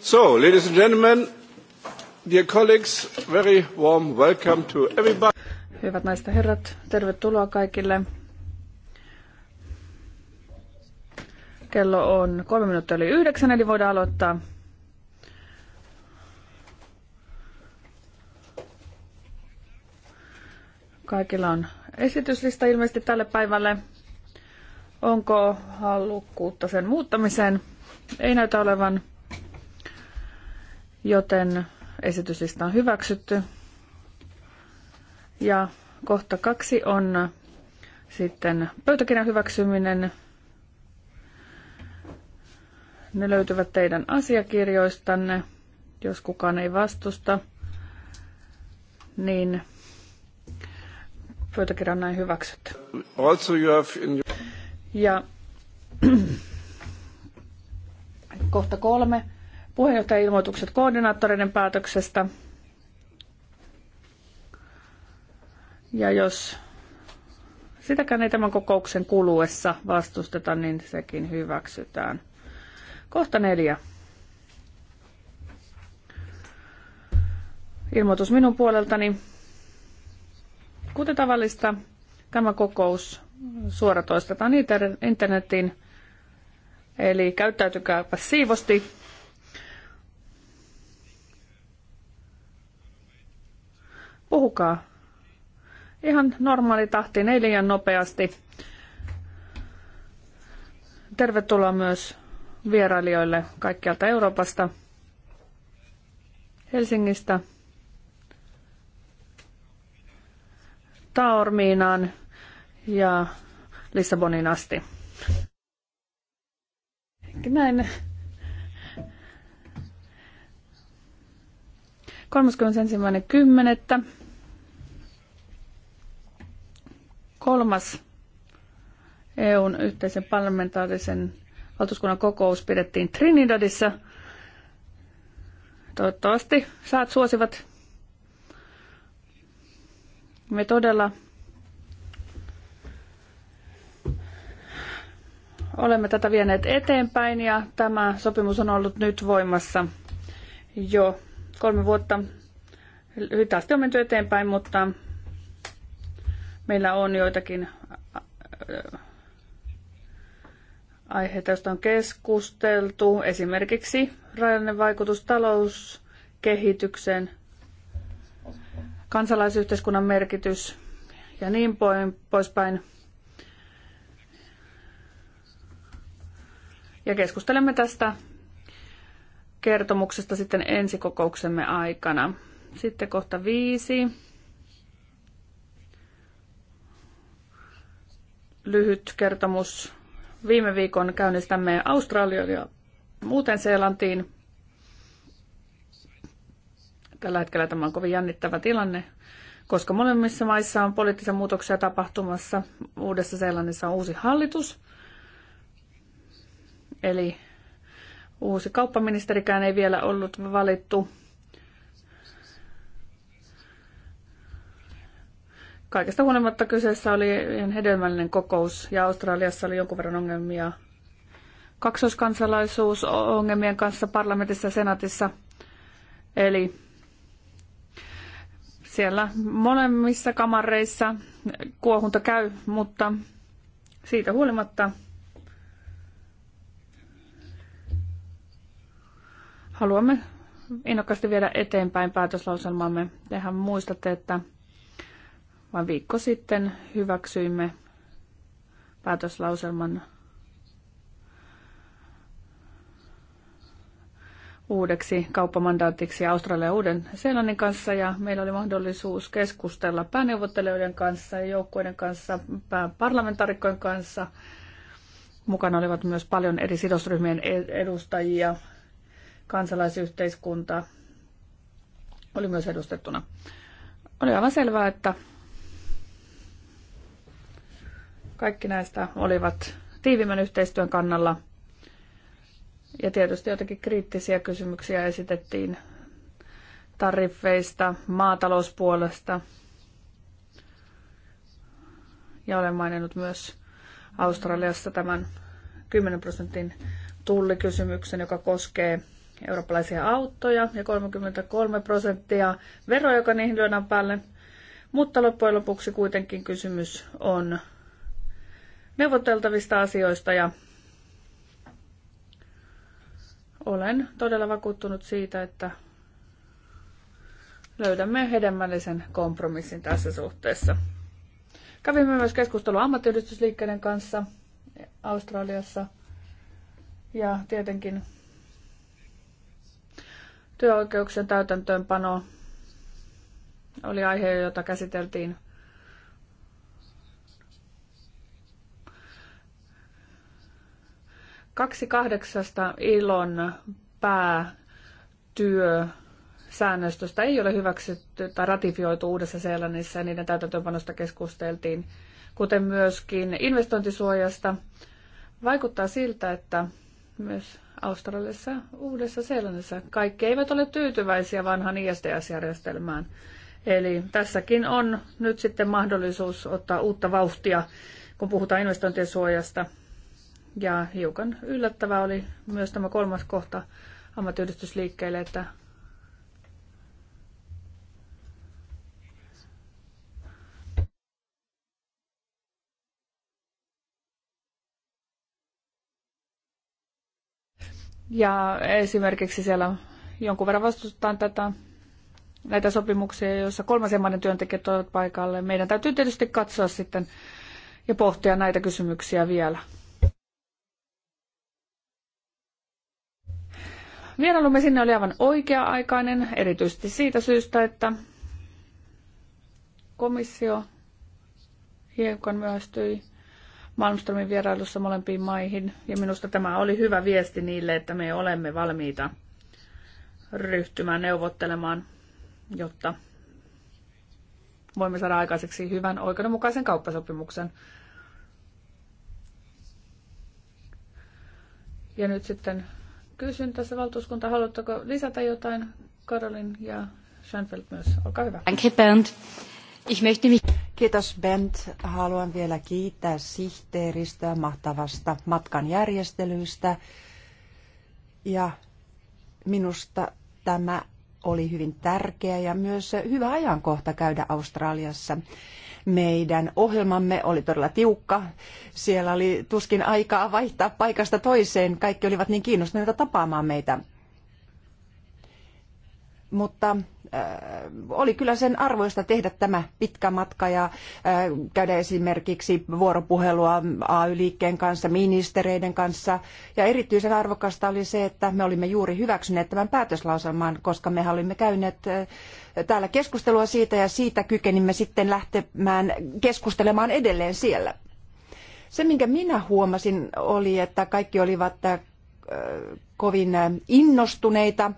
So, ladies and gentlemen, dear colleagues, very warm welcome to everybody. Hyvät naiset ja herrat, tervetuloa kaikille. Kello on kolme minuuttia yli yhdeksän, eli voidaan aloittaa. Kaikilla on esityslista ilmeisesti tälle päivälle. Onko halukkuutta sen muuttamiseen? Ei näytä olevan, joten esityslista on hyväksytty. Ja kohta kaksi on sitten pöytäkirjan hyväksyminen. Ne löytyvät teidän asiakirjoistanne. Jos kukaan ei vastusta, niin pöytäkirja on näin hyväksytty. Also you have in... Ja Kohta kolme. Puheenjohtajailmoitukset koordinaattoreiden päätöksestä. Ja jos sitäkään ei tämän kokouksen kuluessa vastusteta, niin sekin hyväksytään. Kohta neljä. Ilmoitus minun puoleltani. Kuten tavallista, tämä kokous suoratoistetaan internetin Eli käyttäytykääpä siivosti. Puhukaa. Ihan normaali tahti, ei liian nopeasti. Tervetuloa myös vierailijoille kaikkialta Euroopasta, Helsingistä, Taormiinaan ja Lissabonin asti. Juurikin näin. 31.10. Kolmas EUn yhteisen parlamentaarisen valtuuskunnan kokous pidettiin Trinidadissa. Toivottavasti saat suosivat. Me todella Olemme tätä vieneet eteenpäin ja tämä sopimus on ollut nyt voimassa jo kolme vuotta. Hitaasti on menty eteenpäin, mutta meillä on joitakin äh, aiheita, joista on keskusteltu, esimerkiksi rajallinen vaikutus talouskehitykseen, kansalaisyhteiskunnan merkitys ja niin poispäin. Ja keskustelemme tästä kertomuksesta sitten ensikokouksemme aikana. Sitten kohta viisi. Lyhyt kertomus. Viime viikon käynnistämme Australian ja muuten Seelantiin. Tällä hetkellä tämä on kovin jännittävä tilanne, koska molemmissa maissa on poliittisia muutoksia tapahtumassa. Uudessa Seelannissa on uusi hallitus, Eli uusi kauppaministerikään ei vielä ollut valittu. Kaikesta huolimatta kyseessä oli hedelmällinen kokous ja Australiassa oli jonkun verran ongelmia kaksoiskansalaisuusongelmien kanssa parlamentissa ja senaatissa. Eli siellä molemmissa kamareissa kuohunta käy, mutta siitä huolimatta – Haluamme innokkaasti viedä eteenpäin päätöslauselmamme. Tehän muistatte, että vain viikko sitten hyväksyimme päätöslauselman uudeksi kauppamandaatiksi Australia ja Uuden-Seelannin kanssa ja meillä oli mahdollisuus keskustella pääneuvottelijoiden kanssa ja joukkueiden kanssa, parlamentaarikkojen kanssa. Mukana olivat myös paljon eri sidosryhmien e- edustajia, kansalaisyhteiskunta oli myös edustettuna. Oli aivan selvää, että kaikki näistä olivat tiivimmän yhteistyön kannalla. Ja tietysti jotenkin kriittisiä kysymyksiä esitettiin tariffeista, maatalouspuolesta. Ja olen maininnut myös Australiassa tämän 10 prosentin tullikysymyksen, joka koskee eurooppalaisia autoja ja 33 prosenttia veroa, joka niihin lyödään päälle. Mutta loppujen lopuksi kuitenkin kysymys on neuvoteltavista asioista ja olen todella vakuuttunut siitä, että löydämme hedelmällisen kompromissin tässä suhteessa. Kävimme myös keskustelua ammattiyhdistysliikkeiden kanssa Australiassa ja tietenkin Työoikeuksien täytäntöönpano oli aihe, jota käsiteltiin kaksi kahdeksasta ilon päätyö säännöstöstä ei ole hyväksytty tai ratifioitu Uudessa Seelannissa ja niiden täytäntöönpanosta keskusteltiin, kuten myöskin investointisuojasta. Vaikuttaa siltä, että myös Australiassa ja Uudessa Seelannissa. Kaikki eivät ole tyytyväisiä vanhan ISDS-järjestelmään. Eli tässäkin on nyt sitten mahdollisuus ottaa uutta vauhtia, kun puhutaan investointien suojasta. Ja hiukan yllättävää oli myös tämä kolmas kohta ammattiyhdistysliikkeelle, että Ja esimerkiksi siellä jonkun verran vastustetaan tätä, näitä sopimuksia, joissa kolmasen maiden työntekijät tulevat paikalle. Meidän täytyy tietysti katsoa sitten ja pohtia näitä kysymyksiä vielä. Vierailumme sinne oli aivan oikea-aikainen, erityisesti siitä syystä, että komissio hiukan myöstyi. Malmströmin vierailussa molempiin maihin. Ja minusta tämä oli hyvä viesti niille, että me olemme valmiita ryhtymään neuvottelemaan, jotta voimme saada aikaiseksi hyvän oikeudenmukaisen kauppasopimuksen. Ja nyt sitten kysyn tässä valtuuskunta, haluatteko lisätä jotain Karolin ja Schönfeld myös, olkaa hyvä. Thank you, Kiitos Bent. Haluan vielä kiittää sihteeristöä mahtavasta matkan järjestelyistä. Ja minusta tämä oli hyvin tärkeä ja myös hyvä ajankohta käydä Australiassa. Meidän ohjelmamme oli todella tiukka. Siellä oli tuskin aikaa vaihtaa paikasta toiseen. Kaikki olivat niin kiinnostuneita tapaamaan meitä. Mutta äh, oli kyllä sen arvoista tehdä tämä pitkä matka ja äh, käydä esimerkiksi vuoropuhelua AY-liikkeen kanssa, ministereiden kanssa. Ja erityisen arvokasta oli se, että me olimme juuri hyväksyneet tämän päätöslauselman, koska me olimme käyneet äh, täällä keskustelua siitä ja siitä kykenimme sitten lähtemään keskustelemaan edelleen siellä. Se, minkä minä huomasin, oli, että kaikki olivat kovin innostuneita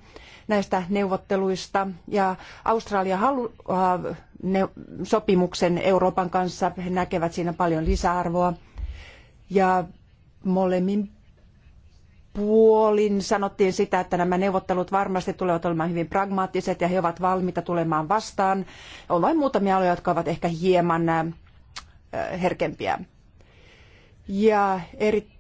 näistä neuvotteluista ja Australia haluaa äh, sopimuksen Euroopan kanssa. He näkevät siinä paljon lisäarvoa ja molemmin puolin sanottiin sitä, että nämä neuvottelut varmasti tulevat olemaan hyvin pragmaattiset ja he ovat valmiita tulemaan vastaan. On vain muutamia aloja, jotka ovat ehkä hieman äh, herkempiä. Ja eri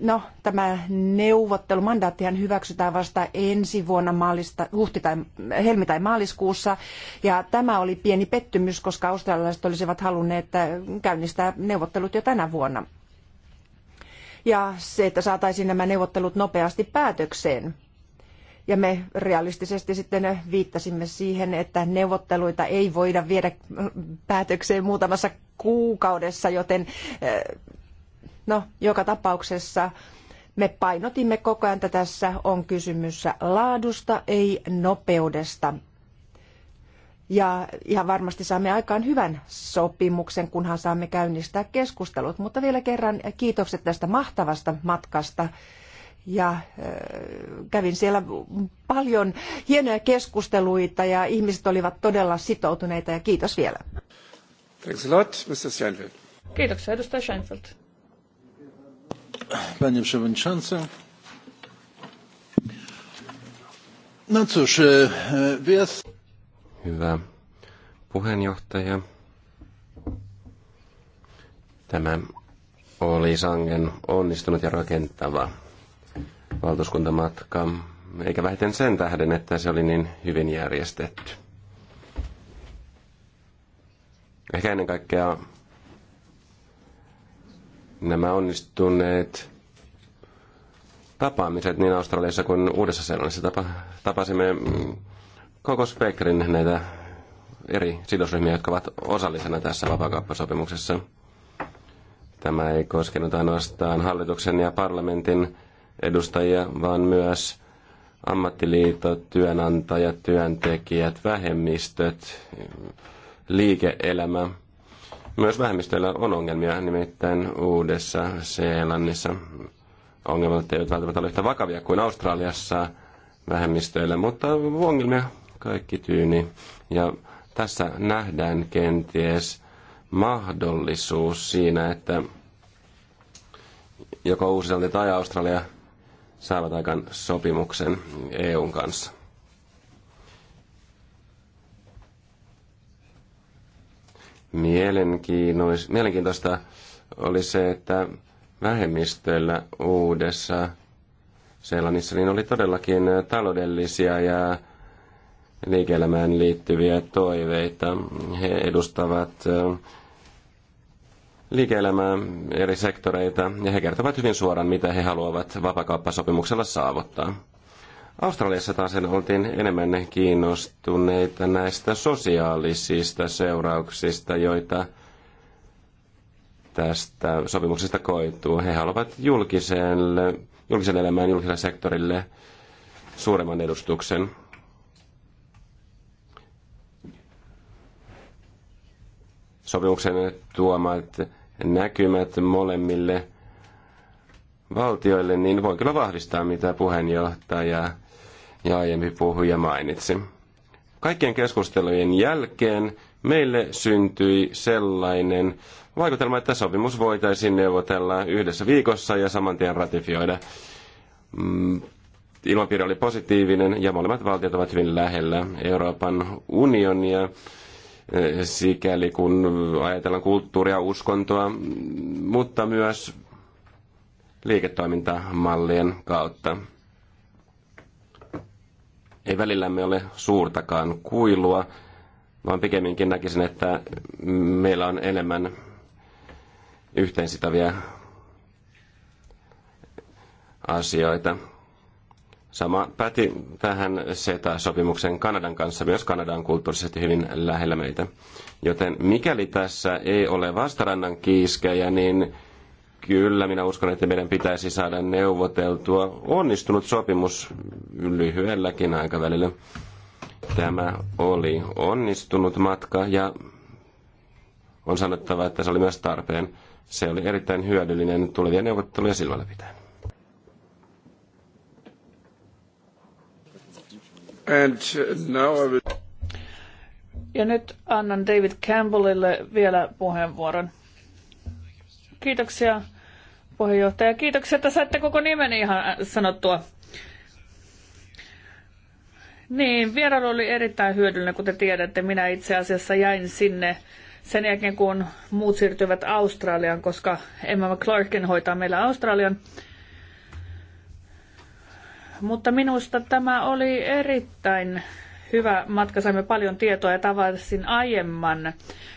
no, tämä neuvottelumandaattihan hyväksytään vasta ensi vuonna maalista, huhti tai, helmi- tai maaliskuussa. Ja tämä oli pieni pettymys, koska australialaiset olisivat halunneet äh, käynnistää neuvottelut jo tänä vuonna. Ja se, että saataisiin nämä neuvottelut nopeasti päätökseen. Ja me realistisesti sitten viittasimme siihen, että neuvotteluita ei voida viedä päätökseen muutamassa kuukaudessa, joten äh, No, joka tapauksessa me painotimme koko ajan, että tässä on kysymys laadusta, ei nopeudesta. Ja ihan varmasti saamme aikaan hyvän sopimuksen, kunhan saamme käynnistää keskustelut. Mutta vielä kerran kiitokset tästä mahtavasta matkasta. Ja äh, kävin siellä paljon hienoja keskusteluita ja ihmiset olivat todella sitoutuneita ja kiitos vielä. Thanks a lot, Mr. Kiitoksia, edustaja Scheinfeld panie przewodniczący! No cóż, e, e, wyjazd... Hyvä puheenjohtaja. Tämä oli sangen onnistunut ja rakentava valtuuskuntamatka, eikä vähiten sen tähden, että se oli niin hyvin järjestetty. Ehkä ennen kaikkea nämä onnistuneet tapaamiset niin Australiassa kuin Uudessa-Seelannissa. Tapa, tapasimme koko spektrin näitä eri sidosryhmiä, jotka ovat osallisena tässä vapaakauppasopimuksessa. Tämä ei koskenut ainoastaan hallituksen ja parlamentin edustajia, vaan myös ammattiliitot, työnantajat, työntekijät, vähemmistöt, liike-elämä – myös vähemmistöillä on ongelmia, nimittäin Uudessa Seelannissa ongelmat eivät välttämättä ole yhtä vakavia kuin Australiassa vähemmistöillä, mutta ongelmia kaikki tyyni. Ja tässä nähdään kenties mahdollisuus siinä, että joko Uusi-Seelanti tai Australia saavat aikaan sopimuksen EUn kanssa. mielenkiintoista oli se, että vähemmistöillä uudessa Seelannissa niin oli todellakin taloudellisia ja liike-elämään liittyviä toiveita. He edustavat liike-elämää eri sektoreita ja he kertovat hyvin suoraan, mitä he haluavat vapakauppasopimuksella saavuttaa. Australiassa taas oltiin enemmän kiinnostuneita näistä sosiaalisista seurauksista, joita tästä sopimuksesta koituu. He haluavat julkiselle, julkisen elämään julkiselle sektorille suuremman edustuksen. Sopimuksen tuomat näkymät molemmille valtioille, niin voi kyllä vahvistaa, mitä puheenjohtaja ja aiempi puhuja mainitsi. Kaikkien keskustelujen jälkeen meille syntyi sellainen vaikutelma, että sopimus voitaisiin neuvotella yhdessä viikossa ja saman tien ratifioida. Mm, ilmapiiri oli positiivinen ja molemmat valtiot ovat hyvin lähellä Euroopan unionia eh, sikäli kun ajatellaan kulttuuria, uskontoa, mm, mutta myös liiketoimintamallien kautta ei välillämme ole suurtakaan kuilua, vaan pikemminkin näkisin, että meillä on enemmän yhteensitäviä asioita. Sama päti tähän SETA-sopimuksen Kanadan kanssa. Myös Kanada on kulttuurisesti hyvin lähellä meitä. Joten mikäli tässä ei ole vastarannan kiiskejä, niin Kyllä, minä uskon, että meidän pitäisi saada neuvoteltua onnistunut sopimus lyhyelläkin aikavälillä. Tämä oli onnistunut matka ja on sanottava, että se oli myös tarpeen. Se oli erittäin hyödyllinen tulevia neuvotteluja silmällä pitäen. And now I will... Ja nyt annan David Campbellille vielä puheenvuoron. Kiitoksia puheenjohtaja. Kiitoksia, että saitte koko nimeni ihan äh, sanottua. Niin, vierailu oli erittäin hyödyllinen, kuten tiedätte. Minä itse asiassa jäin sinne sen jälkeen, kun muut siirtyivät Australiaan, koska Emma McClarkin hoitaa meillä Australian. Mutta minusta tämä oli erittäin hyvä matka. Saimme paljon tietoa ja tavasin aiemman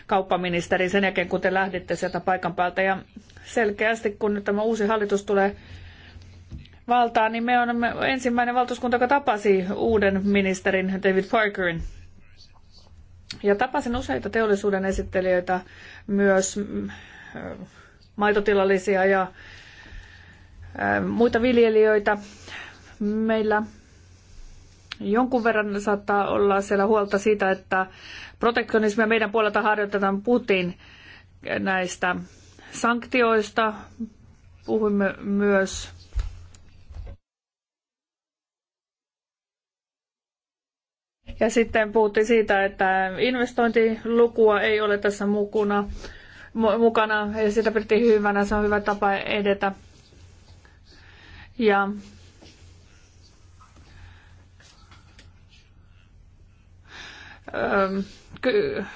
kauppaministerin sen jälkeen, kun te lähditte sieltä paikan päältä. Ja selkeästi, kun nyt tämä uusi hallitus tulee valtaan, niin me olemme ensimmäinen valtuuskunta, joka tapasi uuden ministerin David Parkerin. Ja tapasin useita teollisuuden esittelijöitä, myös äh, maitotilallisia ja äh, muita viljelijöitä. Meillä Jonkun verran saattaa olla siellä huolta siitä, että protektionismia meidän puolelta harjoitetaan Putin näistä sanktioista. Puhuimme myös Ja sitten puhuttiin siitä, että investointilukua ei ole tässä mukana, mukana ja sitä pidettiin hyvänä, se on hyvä tapa edetä. Ja Öm, ähm,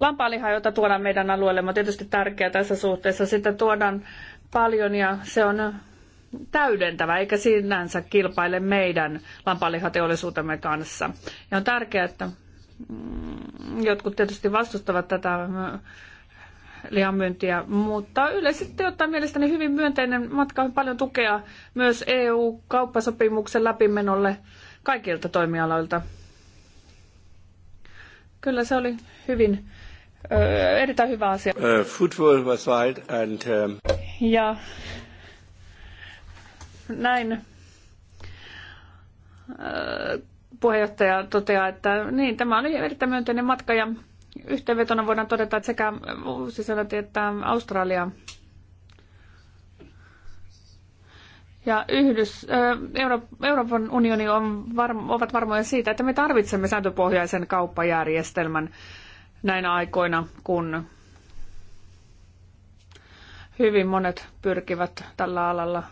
Lampaaliha, jota tuodaan meidän alueelle, on tietysti tärkeää tässä suhteessa. Sitä tuodaan paljon ja se on täydentävä, eikä sinänsä kilpaile meidän lampaalihateollisuutemme kanssa. Ja on tärkeää, että mm, jotkut tietysti vastustavat tätä myyntiä, mutta yleisesti ottaen mielestäni hyvin myönteinen matka on paljon tukea myös EU-kauppasopimuksen läpimenolle kaikilta toimialoilta. Kyllä se oli hyvin erittäin hyvä asia. Uh, football was wild and, um... Ja näin öö, puheenjohtaja toteaa, että niin, tämä oli erittäin myönteinen matka ja yhteenvetona voidaan todeta, että sekä Uusi-Seelanti että Australia ja Yhdys, Euro, Euroopan unioni on var, ovat varmoja siitä, että me tarvitsemme sääntöpohjaisen kauppajärjestelmän näinä aikoina, kun hyvin monet pyrkivät tällä alalla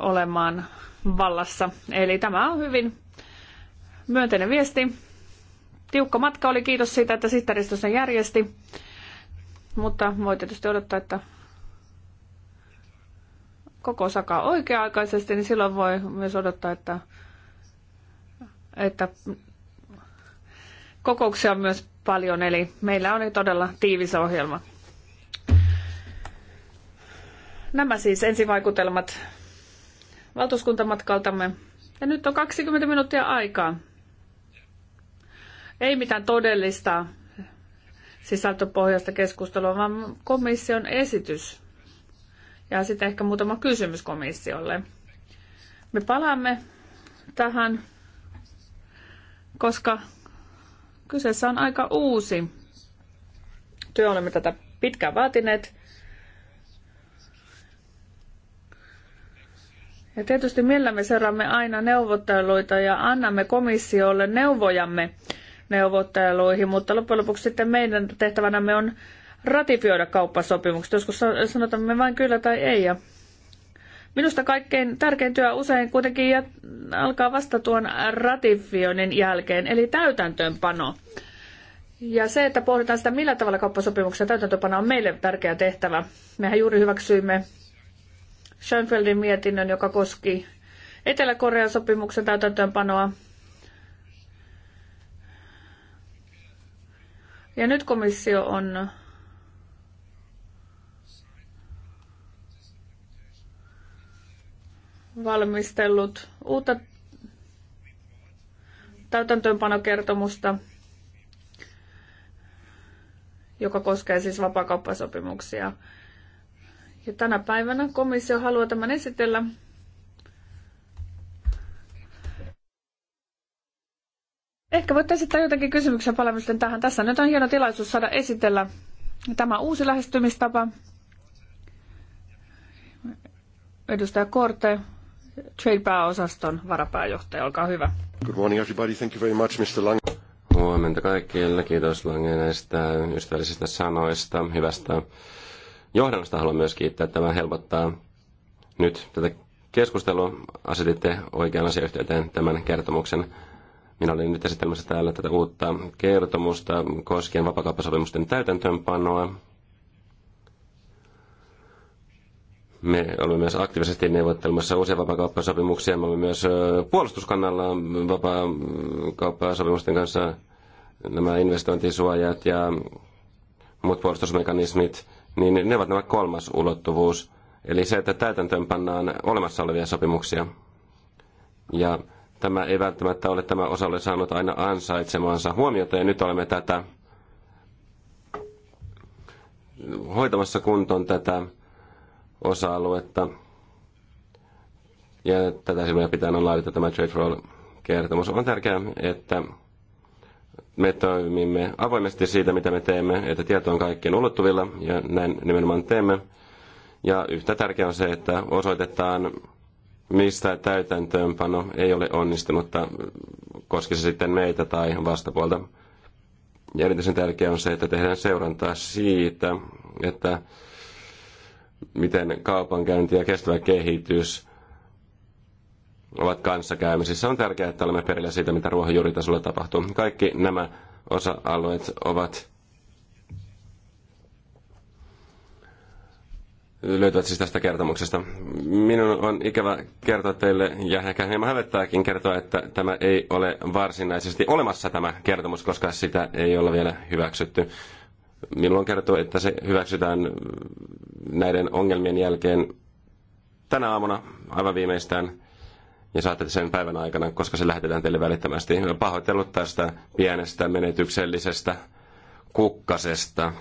olemaan vallassa. Eli tämä on hyvin myönteinen viesti Tiukka matka oli, kiitos siitä, että sihteeristö sen järjesti. Mutta voi tietysti odottaa, että koko sakaa oikea-aikaisesti, niin silloin voi myös odottaa, että, että kokouksia on myös paljon, eli meillä oli todella tiivis ohjelma. Nämä siis ensivaikutelmat valtuuskuntamatkaltamme. Ja nyt on 20 minuuttia aikaa ei mitään todellista sisältöpohjaista keskustelua, vaan komission esitys. Ja sitten ehkä muutama kysymys komissiolle. Me palaamme tähän, koska kyseessä on aika uusi työ. Olemme tätä pitkään vaatineet. Ja tietysti millä me seuraamme aina neuvotteluita ja annamme komissiolle neuvojamme neuvotteluihin, mutta loppujen lopuksi sitten meidän tehtävänämme on ratifioida kauppasopimukset. Joskus sanotaan me vain kyllä tai ei. Ja minusta kaikkein tärkein työ usein kuitenkin alkaa vasta tuon ratifioinnin jälkeen, eli täytäntöönpano. Ja se, että pohditaan sitä, millä tavalla kauppasopimuksen täytäntöpana on meille tärkeä tehtävä. Mehän juuri hyväksyimme Schönfeldin mietinnön, joka koski Etelä-Korean sopimuksen täytäntöönpanoa. Ja nyt komissio on valmistellut uutta täytäntöönpanokertomusta, joka koskee siis vapaakauppasopimuksia. Ja tänä päivänä komissio haluaa tämän esitellä Ehkä voit esittää jotakin kysymyksiä palvelusten tähän. Tässä nyt on hieno tilaisuus saada esitellä tämä uusi lähestymistapa. Edustaja Korte, Trade-pääosaston varapääjohtaja, olkaa hyvä. Good morning everybody, thank you very much Mr. Lange. Huomenta kaikille, kiitos Lange näistä ystävällisistä sanoista, hyvästä johdannosta haluan myös kiittää. Tämä helpottaa nyt tätä keskustelua. Asetitte oikean asiayhteyteen tämän kertomuksen minä olin nyt esittelemässä täällä tätä uutta kertomusta koskien vapakauppasopimusten täytäntöönpanoa. Me olemme myös aktiivisesti neuvottelemassa uusia vapakauppasopimuksia. Me olemme myös puolustuskannalla vapakauppasopimusten kanssa nämä investointisuojat ja muut puolustusmekanismit, niin ne ovat nämä kolmas ulottuvuus. Eli se, että täytäntöön pannaan olemassa olevia sopimuksia. Ja Tämä ei välttämättä ole tämä osalle saanut aina ansaitsemansa huomiota, ja nyt olemme tätä hoitamassa kuntoon tätä osa-aluetta. Ja tätä silmällä pitää on laadita tämä Trade Roll kertomus. On tärkeää, että me toimimme avoimesti siitä, mitä me teemme, että tieto on kaikkien ulottuvilla, ja näin nimenomaan teemme. Ja yhtä tärkeää on se, että osoitetaan mistä täytäntöönpano ei ole onnistunutta, koski se sitten meitä tai vastapuolta. Ja erityisen tärkeää on se, että tehdään seurantaa siitä, että miten kaupankäynti ja kestävä kehitys ovat kanssakäymisissä. On tärkeää, että olemme perillä siitä, mitä ruohonjuuritasolla tapahtuu. Kaikki nämä osa-alueet ovat löytyvät siis tästä kertomuksesta. Minun on ikävä kertoa teille, ja ehkä hieman hävettääkin kertoa, että tämä ei ole varsinaisesti olemassa tämä kertomus, koska sitä ei ole vielä hyväksytty. Minulla on kertoa, että se hyväksytään näiden ongelmien jälkeen tänä aamuna aivan viimeistään, ja saatte sen päivän aikana, koska se lähetetään teille välittömästi. Pahoittelut tästä pienestä menetyksellisestä kukkasesta.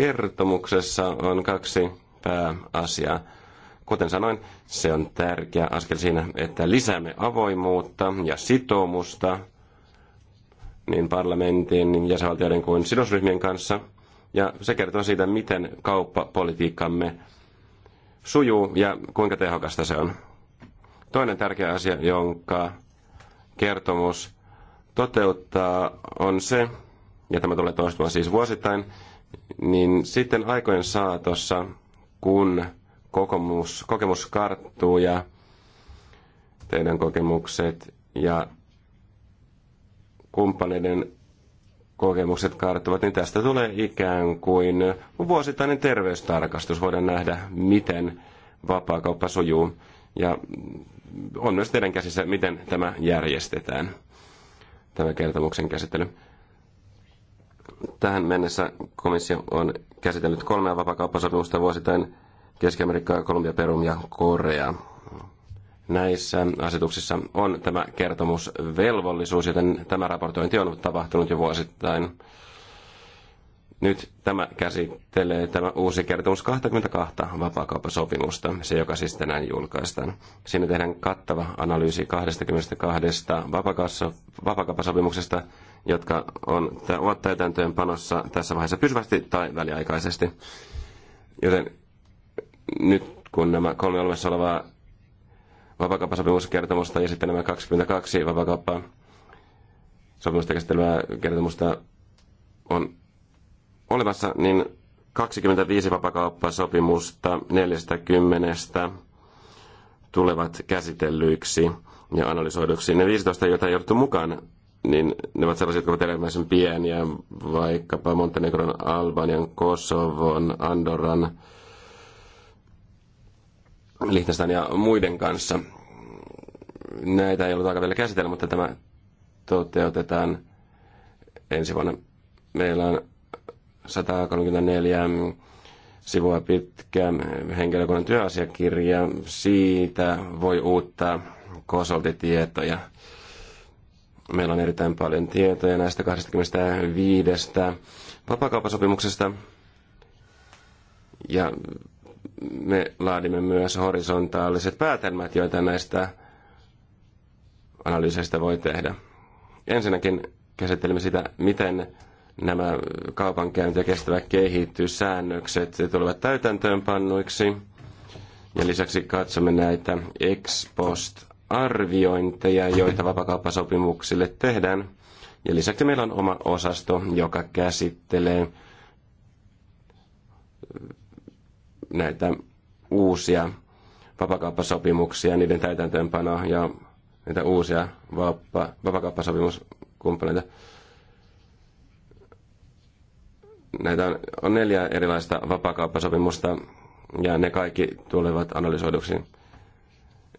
Kertomuksessa on kaksi pääasiaa. Kuten sanoin, se on tärkeä askel siinä, että lisäämme avoimuutta ja sitoumusta niin parlamentin, niin jäsenvaltioiden kuin sidosryhmien kanssa. Ja se kertoo siitä, miten kauppapolitiikkamme sujuu ja kuinka tehokasta se on. Toinen tärkeä asia, jonka kertomus toteuttaa, on se, ja tämä tulee toistumaan siis vuosittain, niin sitten aikojen saatossa, kun kokemus, kokemus karttuu ja teidän kokemukset ja kumppaneiden kokemukset karttuvat, niin tästä tulee ikään kuin vuosittainen terveystarkastus. Voidaan nähdä, miten vapaakauppa sujuu. Ja on myös teidän käsissä, miten tämä järjestetään, tämä kertomuksen käsittely. Tähän mennessä komissio on käsitellyt kolmea vapakauppasopimusta vuosittain Keski-Amerikkaa, Kolumbia, Peru ja Korea. Näissä asetuksissa on tämä kertomusvelvollisuus, joten tämä raportointi on tapahtunut jo vuosittain. Nyt tämä käsittelee tämä uusi kertomus 22 vapaakauppasopimusta, se joka siis tänään julkaistaan. Siinä tehdään kattava analyysi 22 vapaakauppasopimuksesta, jotka on, ovat panossa tässä vaiheessa pysyvästi tai väliaikaisesti. Joten nyt kun nämä kolme olemassa olevaa vapakauppasopimuskertomusta ja sitten nämä 22 vapakauppa sopimusta käsittelevää kertomusta on olemassa, niin 25 vapakauppasopimusta 40 tulevat käsitellyiksi ja analysoiduksi. Ne 15, joita ei jouduttu mukaan niin ne ovat sellaisia, jotka ovat erilaisen pieniä, vaikkapa Montenegron, Albanian, Kosovon, Andorran, Liechtenstein ja muiden kanssa. Näitä ei ollut aika vielä käsitellä, mutta tämä toteutetaan ensi vuonna. Meillä on 134 sivua pitkä henkilökunnan työasiakirja. Siitä voi uuttaa konsultitietoja. tietoja Meillä on erittäin paljon tietoja näistä 25 vapakaupasopimuksesta. Ja me laadimme myös horisontaaliset päätelmät, joita näistä analyyseistä voi tehdä. Ensinnäkin käsittelemme sitä, miten nämä kaupankäynti- ja kestävä kehityssäännökset tulevat täytäntöönpannuiksi. Ja lisäksi katsomme näitä ex post arviointeja, joita vapakauppasopimuksille tehdään. Ja lisäksi meillä on oma osasto, joka käsittelee näitä uusia vapakauppasopimuksia, niiden täytäntöönpanoa ja näitä uusia vappa, vapakauppasopimuskumppaneita. Näitä on, on neljä erilaista vapakauppasopimusta ja ne kaikki tulevat analysoiduksi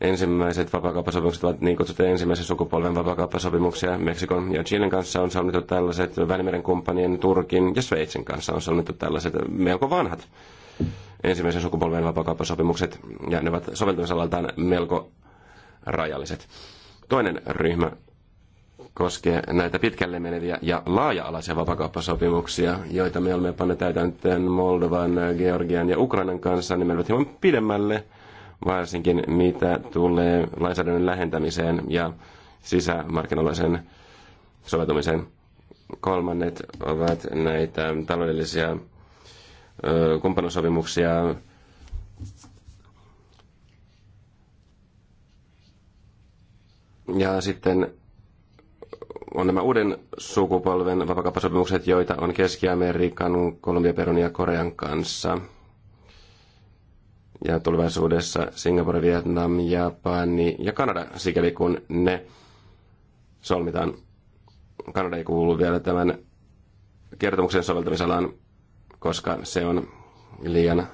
Ensimmäiset vapaakauppasopimukset ovat niin kutsuttuja ensimmäisen sukupolven vapaakauppasopimuksia. Meksikon ja Chilen kanssa on solmittu tällaiset, Välimeren kumppanien, Turkin ja Sveitsin kanssa on solmittu tällaiset melko vanhat ensimmäisen sukupolven vapaakauppasopimukset, ja ne ovat soveltamisalaltaan melko rajalliset. Toinen ryhmä koskee näitä pitkälle meneviä ja laaja-alaisia vapakauppasopimuksia, joita me olemme panneet täytäntöön Moldovan, Georgian ja Ukrainan kanssa, niin menevät hieman pidemmälle – varsinkin mitä tulee lainsäädännön lähentämiseen ja sisämarkkinoiden soveltumiseen. Kolmannet ovat näitä taloudellisia kumppanusopimuksia. Ja sitten on nämä uuden sukupolven vapakauppasopimukset, joita on Keski-Amerikan, Kolumbia, Perun ja Korean kanssa – ja tulevaisuudessa Singapore, Vietnam, Japani ja Kanada, sikäli kun ne solmitaan. Kanada ei kuulu vielä tämän kertomuksen soveltamisalaan, koska se on liian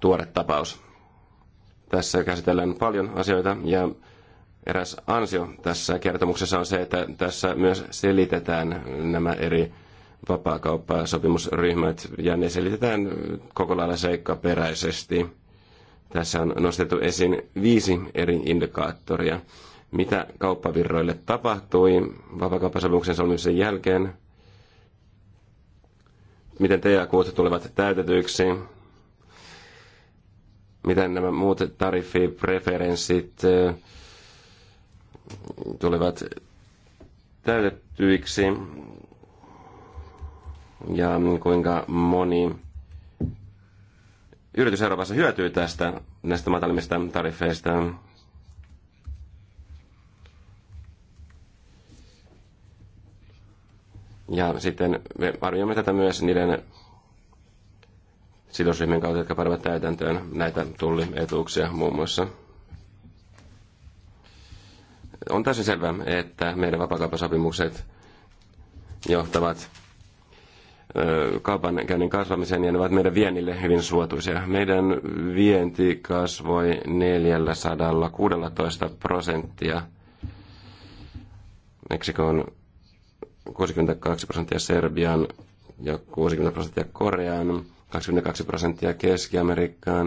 tuore tapaus. Tässä käsitellään paljon asioita ja eräs ansio tässä kertomuksessa on se, että tässä myös selitetään nämä eri vapaakauppasopimusryhmät, ja ne selitetään koko lailla seikkaperäisesti. Tässä on nostettu esiin viisi eri indikaattoria. Mitä kauppavirroille tapahtui vapaakauppasopimuksen solmimisen jälkeen? Miten ja kuut tulevat täytetyiksi? Miten nämä muut tariffipreferenssit tulevat täytettyiksi? ja kuinka moni yritys Euroopassa hyötyy tästä näistä matalimmista tariffeista. Ja sitten me arvioimme tätä myös niiden sidosryhmien kautta, jotka panevat täytäntöön näitä tullietuuksia muun muassa. On täysin selvää, että meidän vapaakauppasopimukset johtavat kaupankäynnin kasvamiseen ja ne ovat meidän viennille hyvin suotuisia. Meidän vienti kasvoi 416 prosenttia. Meksikon 62 prosenttia Serbian ja 60 prosenttia Koreaan, 22 prosenttia Keski-Amerikkaan,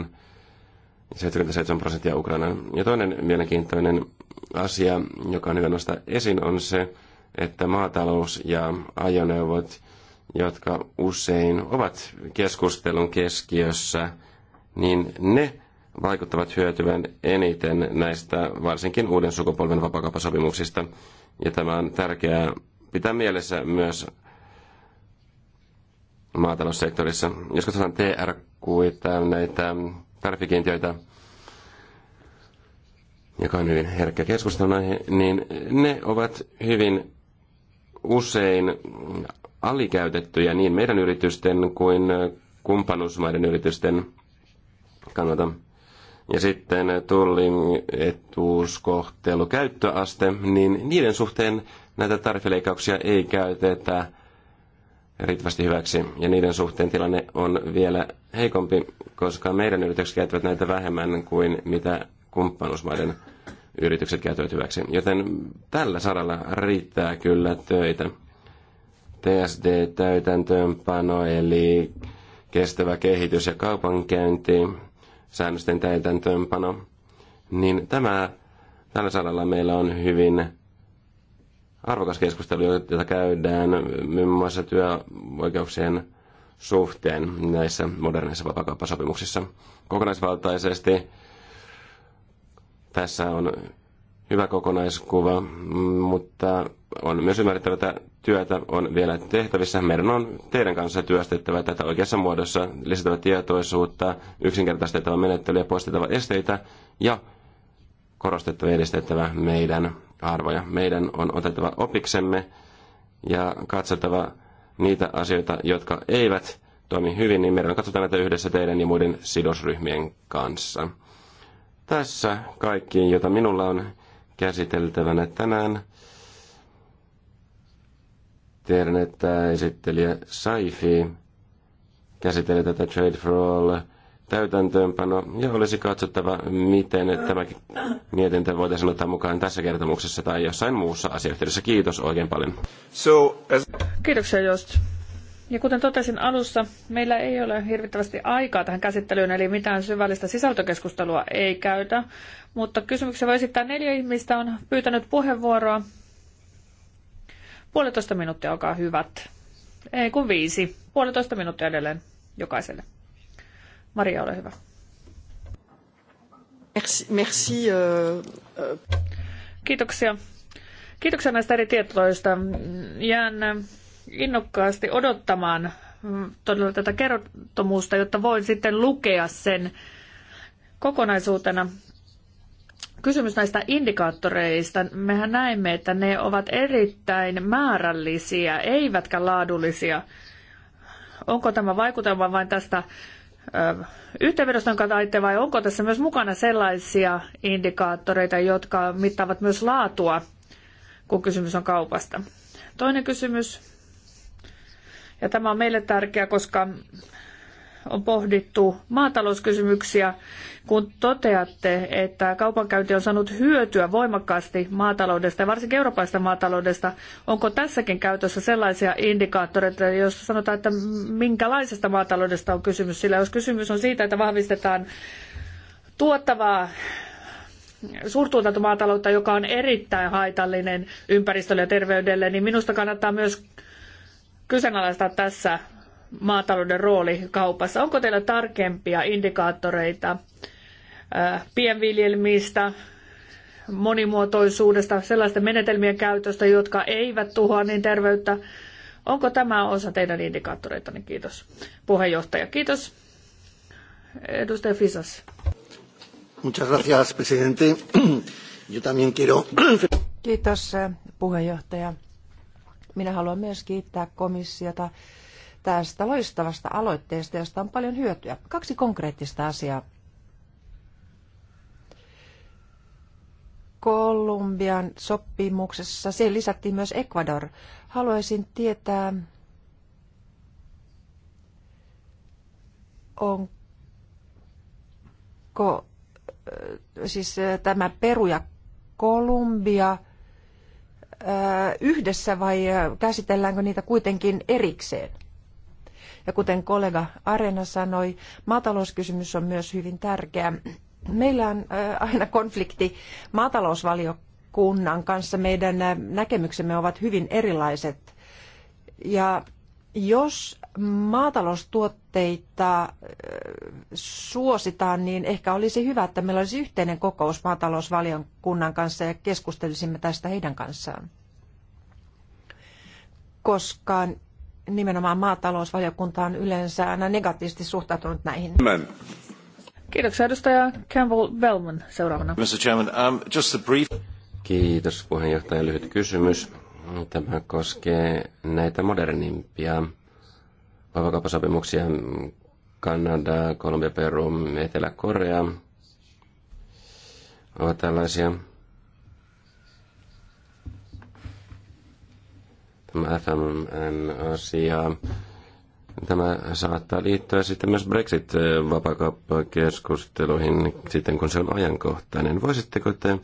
ja 77 prosenttia Ukrainaan. Ja toinen mielenkiintoinen asia, joka on hyvä nostaa esiin, on se, että maatalous ja ajoneuvot – jotka usein ovat keskustelun keskiössä, niin ne vaikuttavat hyötyvän eniten näistä varsinkin uuden sukupolven vapakauppasopimuksista. Ja tämä on tärkeää pitää mielessä myös maataloussektorissa. Jos katsotaan tr näitä tarvikiintiöitä, joka on hyvin herkkä keskustelun aihe, niin ne ovat hyvin usein alikäytettyjä niin meidän yritysten kuin kumppanuusmaiden yritysten kannalta. Ja sitten tullin etuuskohtelu, käyttöaste, niin niiden suhteen näitä tariffileikkauksia ei käytetä riittävästi hyväksi. Ja niiden suhteen tilanne on vielä heikompi, koska meidän yritykset käyttävät näitä vähemmän kuin mitä kumppanuusmaiden yritykset käyttävät hyväksi. Joten tällä saralla riittää kyllä töitä. TSD-täytäntöönpano, eli kestävä kehitys ja kaupankäynti, säännösten täytäntöönpano, niin tämä, tällä saralla meillä on hyvin arvokas keskustelu, jota käydään muun muassa työoikeuksien suhteen näissä moderneissa vapakauppasopimuksissa. Kokonaisvaltaisesti tässä on hyvä kokonaiskuva, mutta on myös ymmärrettävä, että työtä on vielä tehtävissä. Meidän on teidän kanssa työstettävä tätä oikeassa muodossa, lisätävä tietoisuutta, yksinkertaistettava menettelyä, poistettava esteitä ja korostettava ja edistettävä meidän arvoja. Meidän on otettava opiksemme ja katsottava niitä asioita, jotka eivät toimi hyvin, niin meidän on katsotaan näitä yhdessä teidän ja muiden sidosryhmien kanssa. Tässä kaikki, jota minulla on käsiteltävänä tänään että esittelijä Saifi käsittelee tätä Trade for All täytäntöönpano ja olisi katsottava, miten tämä mietintö voitaisiin ottaa mukaan tässä kertomuksessa tai jossain muussa asiayhteydessä. Kiitos oikein paljon. So, as... Kiitoksia Jost. Ja kuten totesin alussa, meillä ei ole hirvittävästi aikaa tähän käsittelyyn, eli mitään syvällistä sisältökeskustelua ei käytä. Mutta kysymyksiä voi esittää neljä ihmistä on pyytänyt puheenvuoroa. Puolitoista minuuttia, olkaa hyvät. Ei kun viisi. Puolitoista minuuttia edelleen jokaiselle. Maria, ole hyvä. Merci, merci, uh, uh. Kiitoksia. Kiitoksia näistä eri tietoista. Jään innokkaasti odottamaan mm, todella tätä kertomusta, jotta voin sitten lukea sen kokonaisuutena kysymys näistä indikaattoreista. Mehän näemme, että ne ovat erittäin määrällisiä, eivätkä laadullisia. Onko tämä vaikutelma vain tästä yhteenvedosta, jonka taitte, vai onko tässä myös mukana sellaisia indikaattoreita, jotka mittaavat myös laatua, kun kysymys on kaupasta? Toinen kysymys, ja tämä on meille tärkeä, koska on pohdittu maatalouskysymyksiä, kun toteatte, että kaupankäynti on saanut hyötyä voimakkaasti maataloudesta ja varsinkin eurooppalaisesta maataloudesta. Onko tässäkin käytössä sellaisia indikaattoreita, joissa sanotaan, että minkälaisesta maataloudesta on kysymys? Sillä jos kysymys on siitä, että vahvistetaan tuottavaa suurtuotantomaataloutta, joka on erittäin haitallinen ympäristölle ja terveydelle, niin minusta kannattaa myös kyseenalaistaa tässä maatalouden rooli kaupassa? Onko teillä tarkempia indikaattoreita pienviljelmistä, monimuotoisuudesta, sellaisten menetelmien käytöstä, jotka eivät tuhoa niin terveyttä? Onko tämä osa teidän indikaattoreitanne? Kiitos. Puheenjohtaja, kiitos. Edustaja Fisas. Muchas gracias, presidente. Yo también quiero... Kiitos, eh, puheenjohtaja. Minä haluan myös kiittää komissiota tästä loistavasta aloitteesta, josta on paljon hyötyä. Kaksi konkreettista asiaa. Kolumbian sopimuksessa, siihen lisättiin myös Ecuador. Haluaisin tietää, onko äh, siis äh, tämä Peru ja Kolumbia äh, yhdessä vai käsitelläänkö niitä kuitenkin erikseen? Ja kuten kollega Arena sanoi, maatalouskysymys on myös hyvin tärkeä. Meillä on aina konflikti maatalousvaliokunnan kanssa. Meidän näkemyksemme ovat hyvin erilaiset. Ja jos maataloustuotteita suositaan, niin ehkä olisi hyvä, että meillä olisi yhteinen kokous maatalousvaliokunnan kanssa ja keskustelisimme tästä heidän kanssaan. Koska nimenomaan maatalousvaliokunta on yleensä aina negatiivisesti suhtautunut näihin. Amen. Kiitoksia edustaja Campbell Bellman seuraavana. Mr. Chairman, um, just a brief... Kiitos puheenjohtaja. Lyhyt kysymys. Tämä koskee näitä modernimpia vapaakauppasopimuksia Kanada, Kolumbia, Peru, Etelä-Korea ovat tällaisia. tämä FMN-asia. Tämä saattaa liittyä sitten myös Brexit-vapakauppakeskusteluihin eh, sitten, kun se on ajankohtainen. Voisitteko te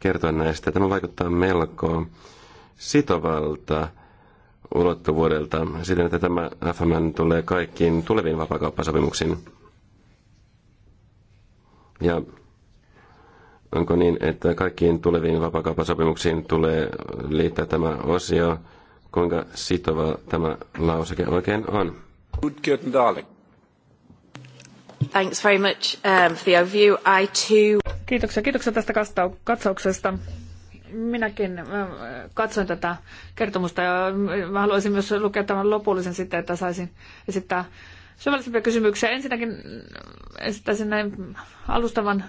kertoa näistä? Tämä vaikuttaa melko sitovalta ulottuvuudelta siten, että tämä FMN tulee kaikkiin tuleviin vapakauppasopimuksiin. Ja onko niin, että kaikkiin tuleviin vapakauppasopimuksiin tulee liittää tämä osio kuinka sitova tämä lauseke oikein on. Thanks very much um, for the overview. I too... Kiitoksia, kiitoksia tästä katsauksesta. Minäkin äh, katsoin tätä kertomusta ja mä äh, haluaisin myös lukea tämän lopullisen sitten, että saisin esittää syvällisempiä kysymyksiä. Ensinnäkin äh, esittäisin näin alustavan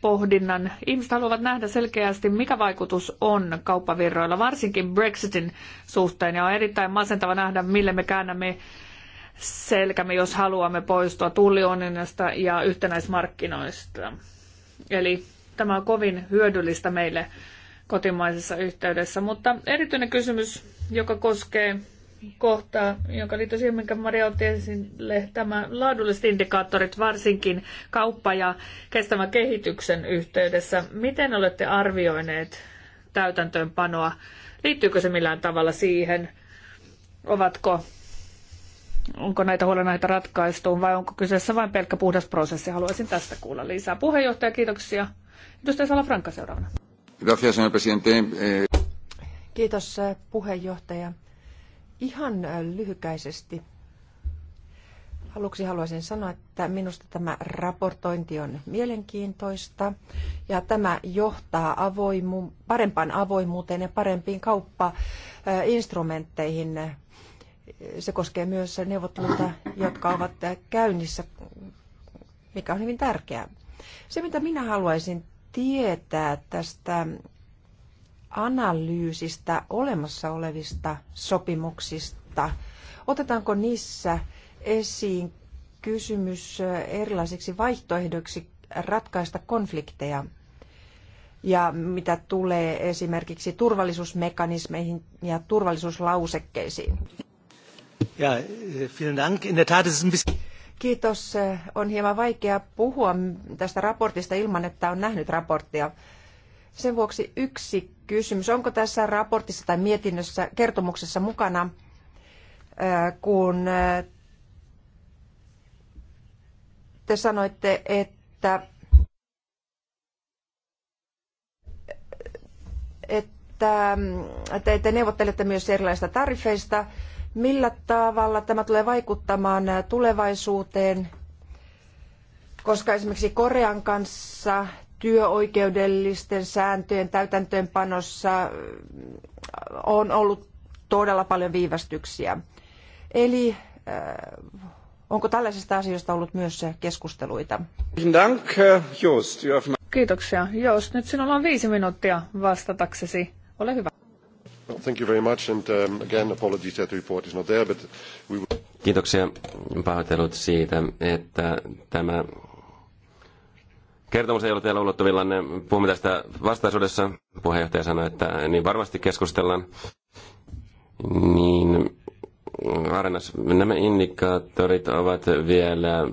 pohdinnan. Ihmiset haluavat nähdä selkeästi, mikä vaikutus on kauppavirroilla, varsinkin Brexitin suhteen. Ja on erittäin masentava nähdä, mille me käännämme selkämme, jos haluamme poistua tullionnista ja yhtenäismarkkinoista. Eli tämä on kovin hyödyllistä meille kotimaisessa yhteydessä. Mutta erityinen kysymys, joka koskee kohtaa, joka liittyy siihen, minkä Maria otti esille, tämä laadulliset indikaattorit, varsinkin kauppa- ja kestävän kehityksen yhteydessä. Miten olette arvioineet täytäntöönpanoa? Liittyykö se millään tavalla siihen? Ovatko, onko näitä huolenaita ratkaistu vai onko kyseessä vain pelkkä puhdas prosessi? Haluaisin tästä kuulla lisää. Puheenjohtaja, kiitoksia. Edustaja Franka seuraavana. Gracias, señor presidente. Eh, Kiitos eh, puheenjohtaja. Ihan äh, lyhykäisesti. Aluksi haluaisin sanoa, että minusta tämä raportointi on mielenkiintoista ja tämä johtaa avoimu, parempaan avoimuuteen ja parempiin kauppainstrumentteihin. Se koskee myös neuvotteluita, jotka ovat käynnissä, mikä on hyvin tärkeää. Se, mitä minä haluaisin tietää tästä analyysistä olemassa olevista sopimuksista. Otetaanko niissä esiin kysymys erilaisiksi vaihtoehdoiksi ratkaista konflikteja? Ja mitä tulee esimerkiksi turvallisuusmekanismeihin ja turvallisuuslausekkeisiin? Ja, vielen Dank. In der Tat ist ein bisschen... Kiitos. On hieman vaikea puhua tästä raportista ilman, että on nähnyt raporttia. Sen vuoksi yksi kysymys. Onko tässä raportissa tai mietinnössä kertomuksessa mukana, kun te sanoitte, että, että mm, te, te neuvottelette myös erilaisista tarifeista. Millä tavalla tämä tulee vaikuttamaan tulevaisuuteen? Koska esimerkiksi Korean kanssa työoikeudellisten sääntöjen täytäntöönpanossa äh, on ollut todella paljon viivästyksiä. Eli äh, onko tällaisista asioista ollut myös keskusteluita? Äh, Kiitoksia. Jos nyt sinulla on viisi minuuttia vastataksesi, ole hyvä. Um, Kiitoksia pahoittelut siitä, että tämä Kertomus ei ole teillä ulottuvilla, puhumme tästä vastaisuudessa. Puheenjohtaja sanoi, että niin varmasti keskustellaan. Niin, Arenas, nämä indikaattorit ovat vielä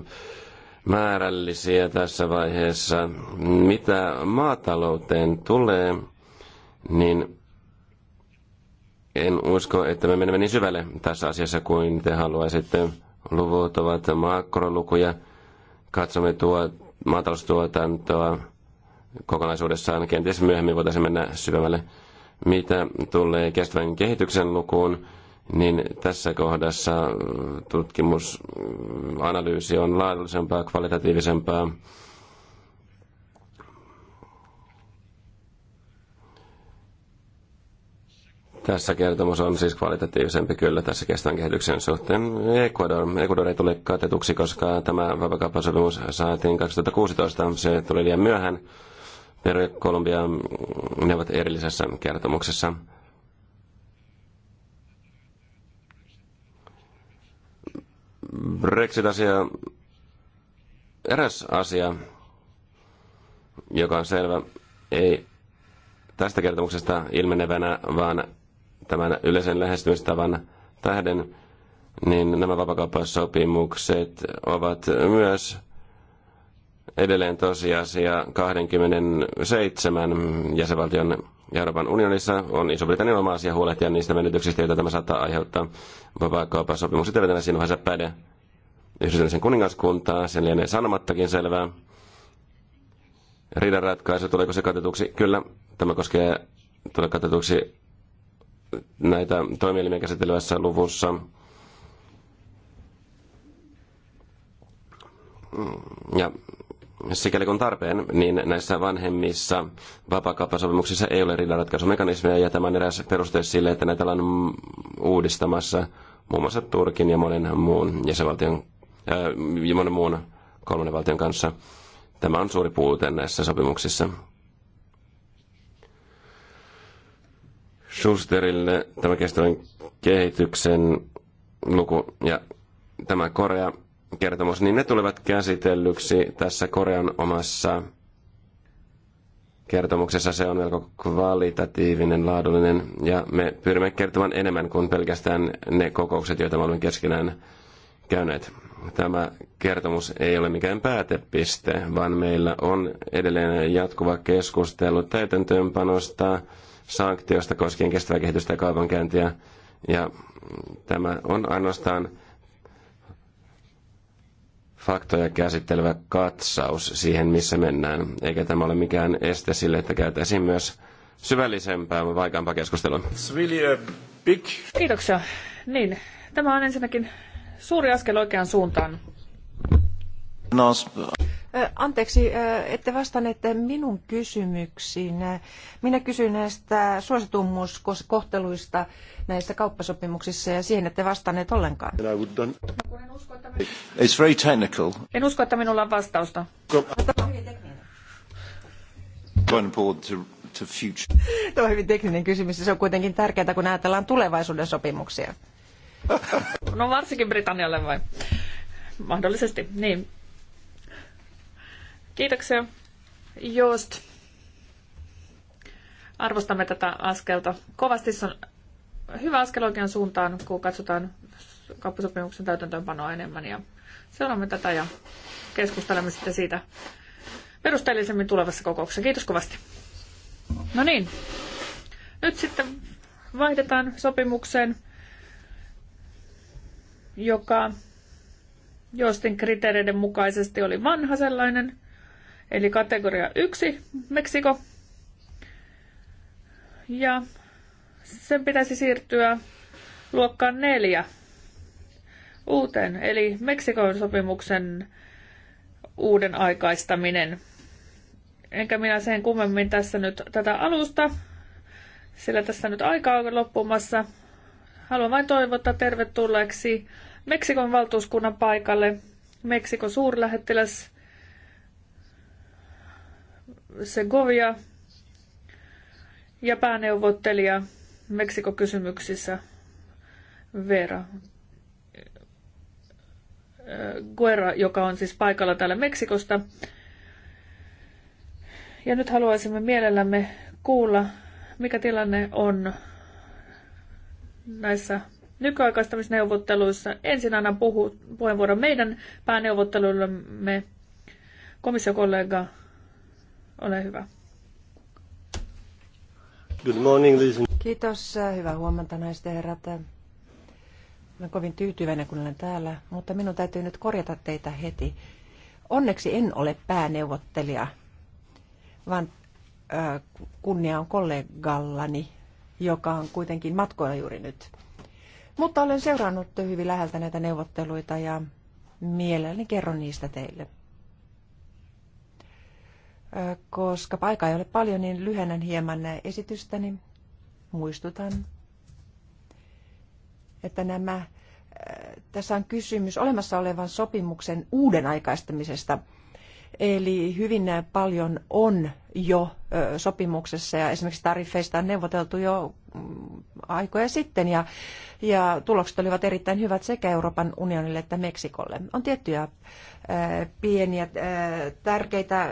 määrällisiä tässä vaiheessa. Mitä maatalouteen tulee, niin en usko, että me menemme niin syvälle tässä asiassa kuin te haluaisitte. Luvut ovat makrolukuja. Katsomme tuota maataloustuotantoa kokonaisuudessaan. Kenties myöhemmin voitaisiin mennä syvemmälle. Mitä tulee kestävän kehityksen lukuun, niin tässä kohdassa tutkimusanalyysi on laadullisempaa, kvalitatiivisempaa Tässä kertomus on siis kvalitatiivisempi kyllä tässä kestävän kehityksen suhteen. Ecuador. Ecuador ei tule katetuksi, koska tämä vapakauppasopimus saatiin 2016. Se tuli liian myöhään. Peru ja Kolumbia, ne ovat erillisessä kertomuksessa. Brexit-asia, eräs asia, joka on selvä, ei tästä kertomuksesta ilmenevänä, vaan tämän yleisen lähestymistavan tähden, niin nämä vapakauppasopimukset ovat myös edelleen tosiasia 27 jäsenvaltion Euroopan unionissa on Iso-Britannian oma asia huolehtia niistä menetyksistä, joita tämä saattaa aiheuttaa. Vapakauppasopimukset eivät enää siinä vaiheessa päde yhdistyneen kuningaskuntaa, sen lienee sanomattakin selvää. Riidan ratkaisu, tuleeko se katetuksi? Kyllä, tämä koskee tulee katetuksi näitä toimielimiä käsittelevässä luvussa ja sikäli kun tarpeen, niin näissä vanhemmissa vapakauppasopimuksissa ei ole riidanratkaisumekanismeja, ja tämä on eräs peruste sille, että näitä ollaan uudistamassa muun muassa Turkin ja monen muun jäsenvaltion äh, ja monen muun kolmannen valtion kanssa. Tämä on suuri puute näissä sopimuksissa. Schusterille tämä kestävän kehityksen luku ja tämä Korea kertomus, niin ne tulevat käsitellyksi tässä Korean omassa kertomuksessa. Se on melko kvalitatiivinen, laadullinen ja me pyrimme kertomaan enemmän kuin pelkästään ne kokoukset, joita me olemme keskenään käyneet. Tämä kertomus ei ole mikään päätepiste, vaan meillä on edelleen jatkuva keskustelu täytäntöönpanosta, sanktioista koskien kestävää kehitystä ja kaupankäyntiä. Ja tämä on ainoastaan faktoja käsittelevä katsaus siihen, missä mennään. Eikä tämä ole mikään este sille, että käytäisiin myös syvällisempää, vaikeampaa keskustelua. Really big... Kiitoksia. Niin, tämä on ensinnäkin suuri askel oikeaan suuntaan. Anteeksi, ette vastanneet minun kysymyksiin. Minä kysyin näistä suositummuuskohteluista näissä kauppasopimuksissa ja siihen ette vastanneet ollenkaan. No, en usko, minulla... It's very technical. En usko, että minulla on vastausta. Tämä on hyvin tekninen. Tämä on hyvin tekninen kysymys ja se on kuitenkin tärkeää, kun ajatellaan tulevaisuuden sopimuksia. No varsinkin Britannialle vai? Mahdollisesti, niin. Kiitoksia, Joost. Arvostamme tätä askelta kovasti. Se on hyvä askel oikean suuntaan, kun katsotaan kauppasopimuksen täytäntöönpanoa enemmän. Ja seuraamme tätä ja keskustelemme sitten siitä perusteellisemmin tulevassa kokouksessa. Kiitos kovasti. No niin, nyt sitten vaihdetaan sopimukseen, joka Jostin kriteereiden mukaisesti oli vanha sellainen. Eli kategoria 1, Meksiko. Ja sen pitäisi siirtyä luokkaan 4 uuteen, eli Meksikon sopimuksen uuden aikaistaminen. Enkä minä sen kummemmin tässä nyt tätä alusta, sillä tässä nyt aika on loppumassa. Haluan vain toivottaa tervetulleeksi Meksikon valtuuskunnan paikalle Meksikon suurlähettiläs Segovia ja pääneuvottelija Meksikokysymyksissä Vera äh, Guerra, joka on siis paikalla täällä Meksikosta. Ja nyt haluaisimme mielellämme kuulla, mikä tilanne on näissä nykyaikaistamisneuvotteluissa. Ensin annan puhu, puheenvuoron meidän pääneuvottelullemme komissiokollega ole hyvä. Good morning, Kiitos, hyvää huomenta naiset ja herrat. Olen kovin tyytyväinen, kun olen täällä, mutta minun täytyy nyt korjata teitä heti. Onneksi en ole pääneuvottelija, vaan äh, kunnia on kollegallani, joka on kuitenkin matkoilla juuri nyt. Mutta olen seurannut hyvin läheltä näitä neuvotteluita ja mielelläni kerron niistä teille koska paikka ei ole paljon, niin lyhennän hieman esitystäni. Muistutan, että nämä, tässä on kysymys olemassa olevan sopimuksen uuden aikaistamisesta. Eli hyvin paljon on jo sopimuksessa ja esimerkiksi tariffeista on neuvoteltu jo mm, aikoja sitten ja, ja tulokset olivat erittäin hyvät sekä Euroopan unionille että Meksikolle. On tiettyjä ää, pieniä ää, tärkeitä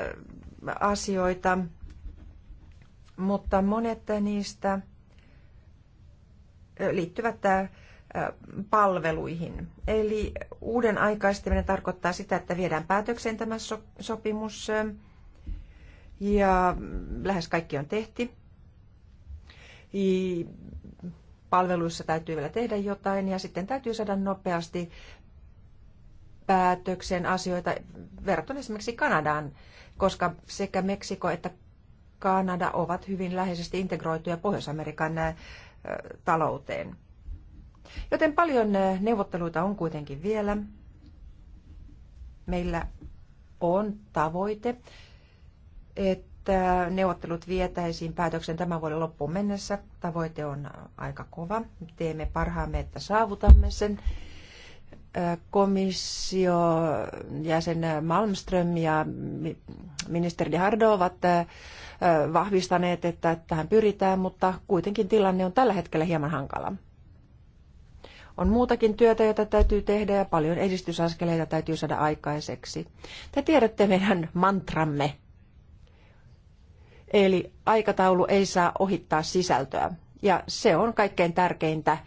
asioita, mutta monet niistä liittyvät palveluihin. Eli uuden aikaistaminen tarkoittaa sitä, että viedään päätökseen tämä sopimus ja lähes kaikki on tehty. Palveluissa täytyy vielä tehdä jotain ja sitten täytyy saada nopeasti päätöksen asioita verrattuna esimerkiksi Kanadaan, koska sekä Meksiko että Kanada ovat hyvin läheisesti integroituja Pohjois-Amerikan talouteen. Joten paljon neuvotteluita on kuitenkin vielä. Meillä on tavoite, että neuvottelut vietäisiin päätöksen tämän vuoden loppuun mennessä. Tavoite on aika kova. Teemme parhaamme, että saavutamme sen komissio jäsen Malmström ja ministeri Hardo ovat vahvistaneet, että tähän pyritään, mutta kuitenkin tilanne on tällä hetkellä hieman hankala. On muutakin työtä, jota täytyy tehdä ja paljon edistysaskeleita täytyy saada aikaiseksi. Te tiedätte meidän mantramme. Eli aikataulu ei saa ohittaa sisältöä. Ja se on kaikkein tärkeintä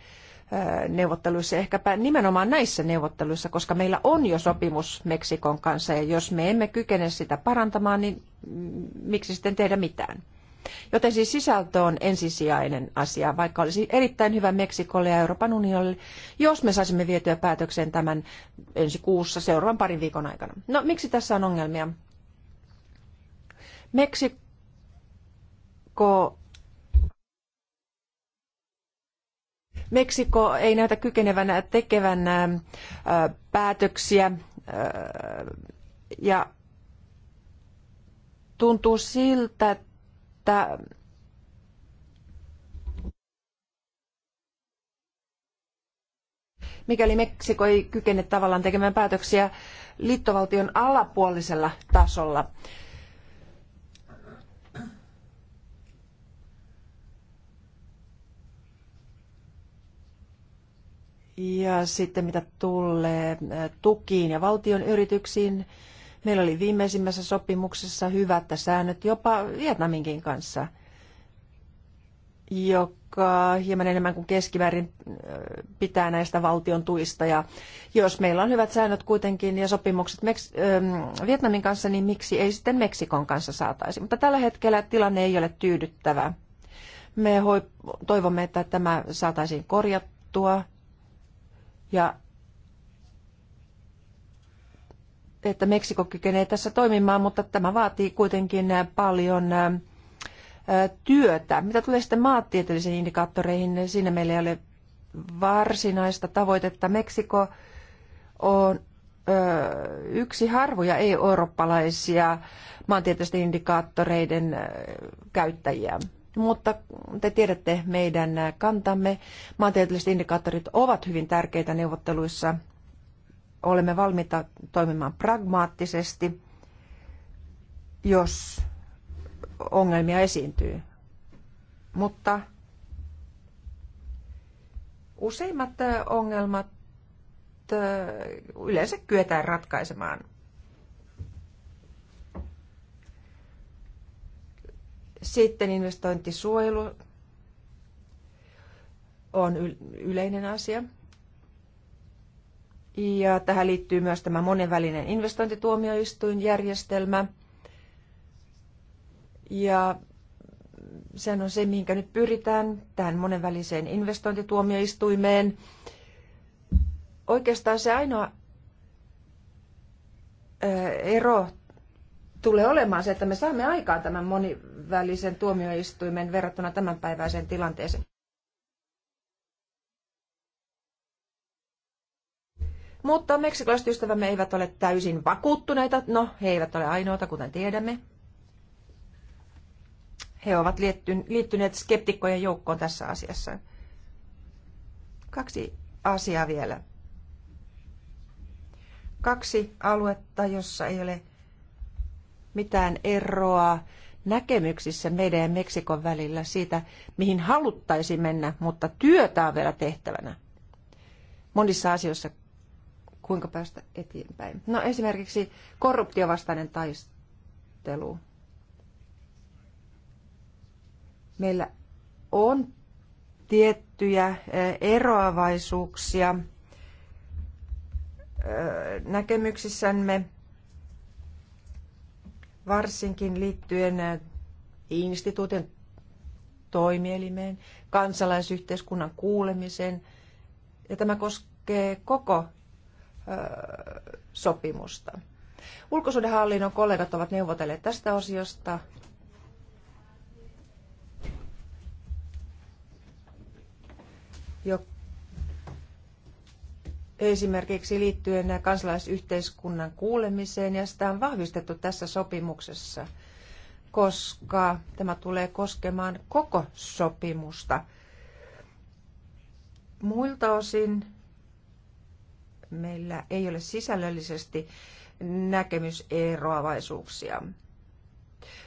neuvotteluissa, ehkäpä nimenomaan näissä neuvotteluissa, koska meillä on jo sopimus Meksikon kanssa ja jos me emme kykene sitä parantamaan, niin miksi sitten tehdä mitään? Joten siis sisältö on ensisijainen asia, vaikka olisi erittäin hyvä Meksikolle ja Euroopan unionille, jos me saisimme vietyä päätökseen tämän ensi kuussa seuraavan parin viikon aikana. No miksi tässä on ongelmia? Meksiko Meksiko ei näytä kykenevänä tekevän päätöksiä ja tuntuu siltä, että mikäli Meksiko ei kykene tavallaan tekemään päätöksiä liittovaltion alapuolisella tasolla, Ja sitten mitä tulee äh, tukiin ja valtion yrityksiin, meillä oli viimeisimmässä sopimuksessa hyvät säännöt jopa Vietnaminkin kanssa, joka hieman enemmän kuin keskimäärin äh, pitää näistä valtion tuista. Ja jos meillä on hyvät säännöt kuitenkin ja sopimukset Meks- ähm, Vietnamin kanssa, niin miksi ei sitten Meksikon kanssa saataisi? Mutta tällä hetkellä tilanne ei ole tyydyttävä. Me toivomme, että tämä saataisiin korjattua ja että Meksiko kykenee tässä toimimaan, mutta tämä vaatii kuitenkin paljon työtä. Mitä tulee sitten maantieteellisiin indikaattoreihin, niin siinä meillä ei ole varsinaista tavoitetta. Meksiko on yksi harvoja ei-eurooppalaisia maantieteellisten indikaattoreiden käyttäjiä. Mutta te tiedätte meidän kantamme. Maantieteelliset indikaattorit ovat hyvin tärkeitä neuvotteluissa. Olemme valmiita toimimaan pragmaattisesti, jos ongelmia esiintyy. Mutta useimmat ongelmat yleensä kyetään ratkaisemaan – Sitten investointisuojelu on yleinen asia. Ja tähän liittyy myös tämä monenvälinen investointituomioistuinjärjestelmä. Ja sehän on se, minkä nyt pyritään, tähän monenväliseen investointituomioistuimeen. Oikeastaan se ainoa ero tulee olemaan se, että me saamme aikaan tämän monivälisen tuomioistuimen verrattuna tämänpäiväiseen tilanteeseen. Mutta meksikolaiset ystävämme eivät ole täysin vakuuttuneita. No, he eivät ole ainoita, kuten tiedämme. He ovat liittyneet skeptikkojen joukkoon tässä asiassa. Kaksi asiaa vielä. Kaksi aluetta, jossa ei ole mitään eroa näkemyksissä meidän ja Meksikon välillä siitä, mihin haluttaisiin mennä, mutta työtä on vielä tehtävänä monissa asioissa, kuinka päästä eteenpäin. No esimerkiksi korruptiovastainen taistelu. Meillä on tiettyjä eroavaisuuksia näkemyksissämme varsinkin liittyen äh, instituutin toimielimeen, kansalaisyhteiskunnan kuulemiseen. Ja tämä koskee koko ö, äh, sopimusta. Ulkosuhdehallinnon kollegat ovat neuvotelleet tästä osiosta. joka esimerkiksi liittyen kansalaisyhteiskunnan kuulemiseen, ja sitä on vahvistettu tässä sopimuksessa, koska tämä tulee koskemaan koko sopimusta. Muilta osin meillä ei ole sisällöllisesti näkemyseroavaisuuksia.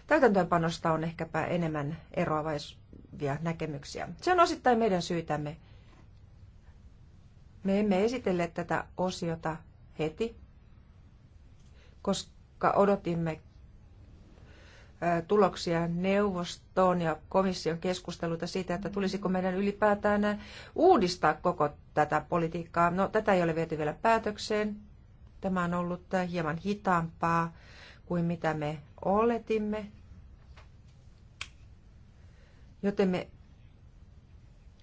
Täytäntöönpanosta on ehkäpä enemmän eroavaisuuksia näkemyksiä. Se on osittain meidän syytämme. Me emme esitelle tätä osiota heti, koska odotimme tuloksia neuvostoon ja komission keskusteluita siitä, että tulisiko meidän ylipäätään uudistaa koko tätä politiikkaa. No, tätä ei ole viety vielä päätökseen. Tämä on ollut hieman hitaampaa kuin mitä me oletimme. Joten me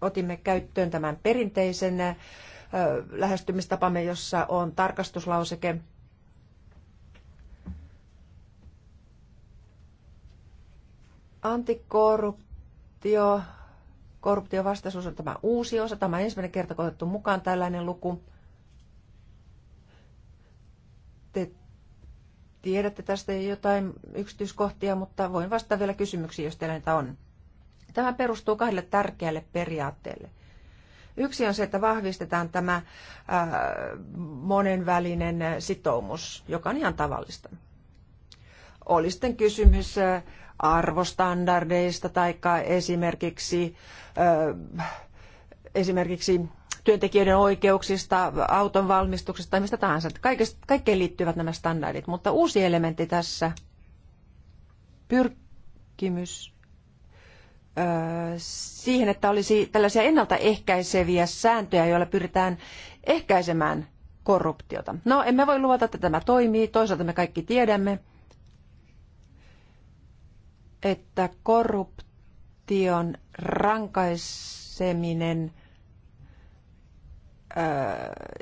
otimme käyttöön tämän perinteisen lähestymistapamme, jossa on tarkastuslauseke. Antikorruptio, korruptiovastaisuus on tämä uusi osa. Tämä ensimmäinen kerta otettu mukaan tällainen luku. Te tiedätte tästä jotain yksityiskohtia, mutta voin vastata vielä kysymyksiin, jos teillä niitä on. Tämä perustuu kahdelle tärkeälle periaatteelle – Yksi on se, että vahvistetaan tämä äh, monenvälinen sitoumus, joka on ihan tavallista. Oli sitten kysymys äh, arvostandardeista tai esimerkiksi, äh, esimerkiksi työntekijöiden oikeuksista, auton valmistuksesta tai mistä tahansa. Kaikesta, kaikkeen liittyvät nämä standardit, mutta uusi elementti tässä, pyrkimys siihen, että olisi tällaisia ennaltaehkäiseviä sääntöjä, joilla pyritään ehkäisemään korruptiota. No, emme voi luvata, että tämä toimii. Toisaalta me kaikki tiedämme, että korruption rankaiseminen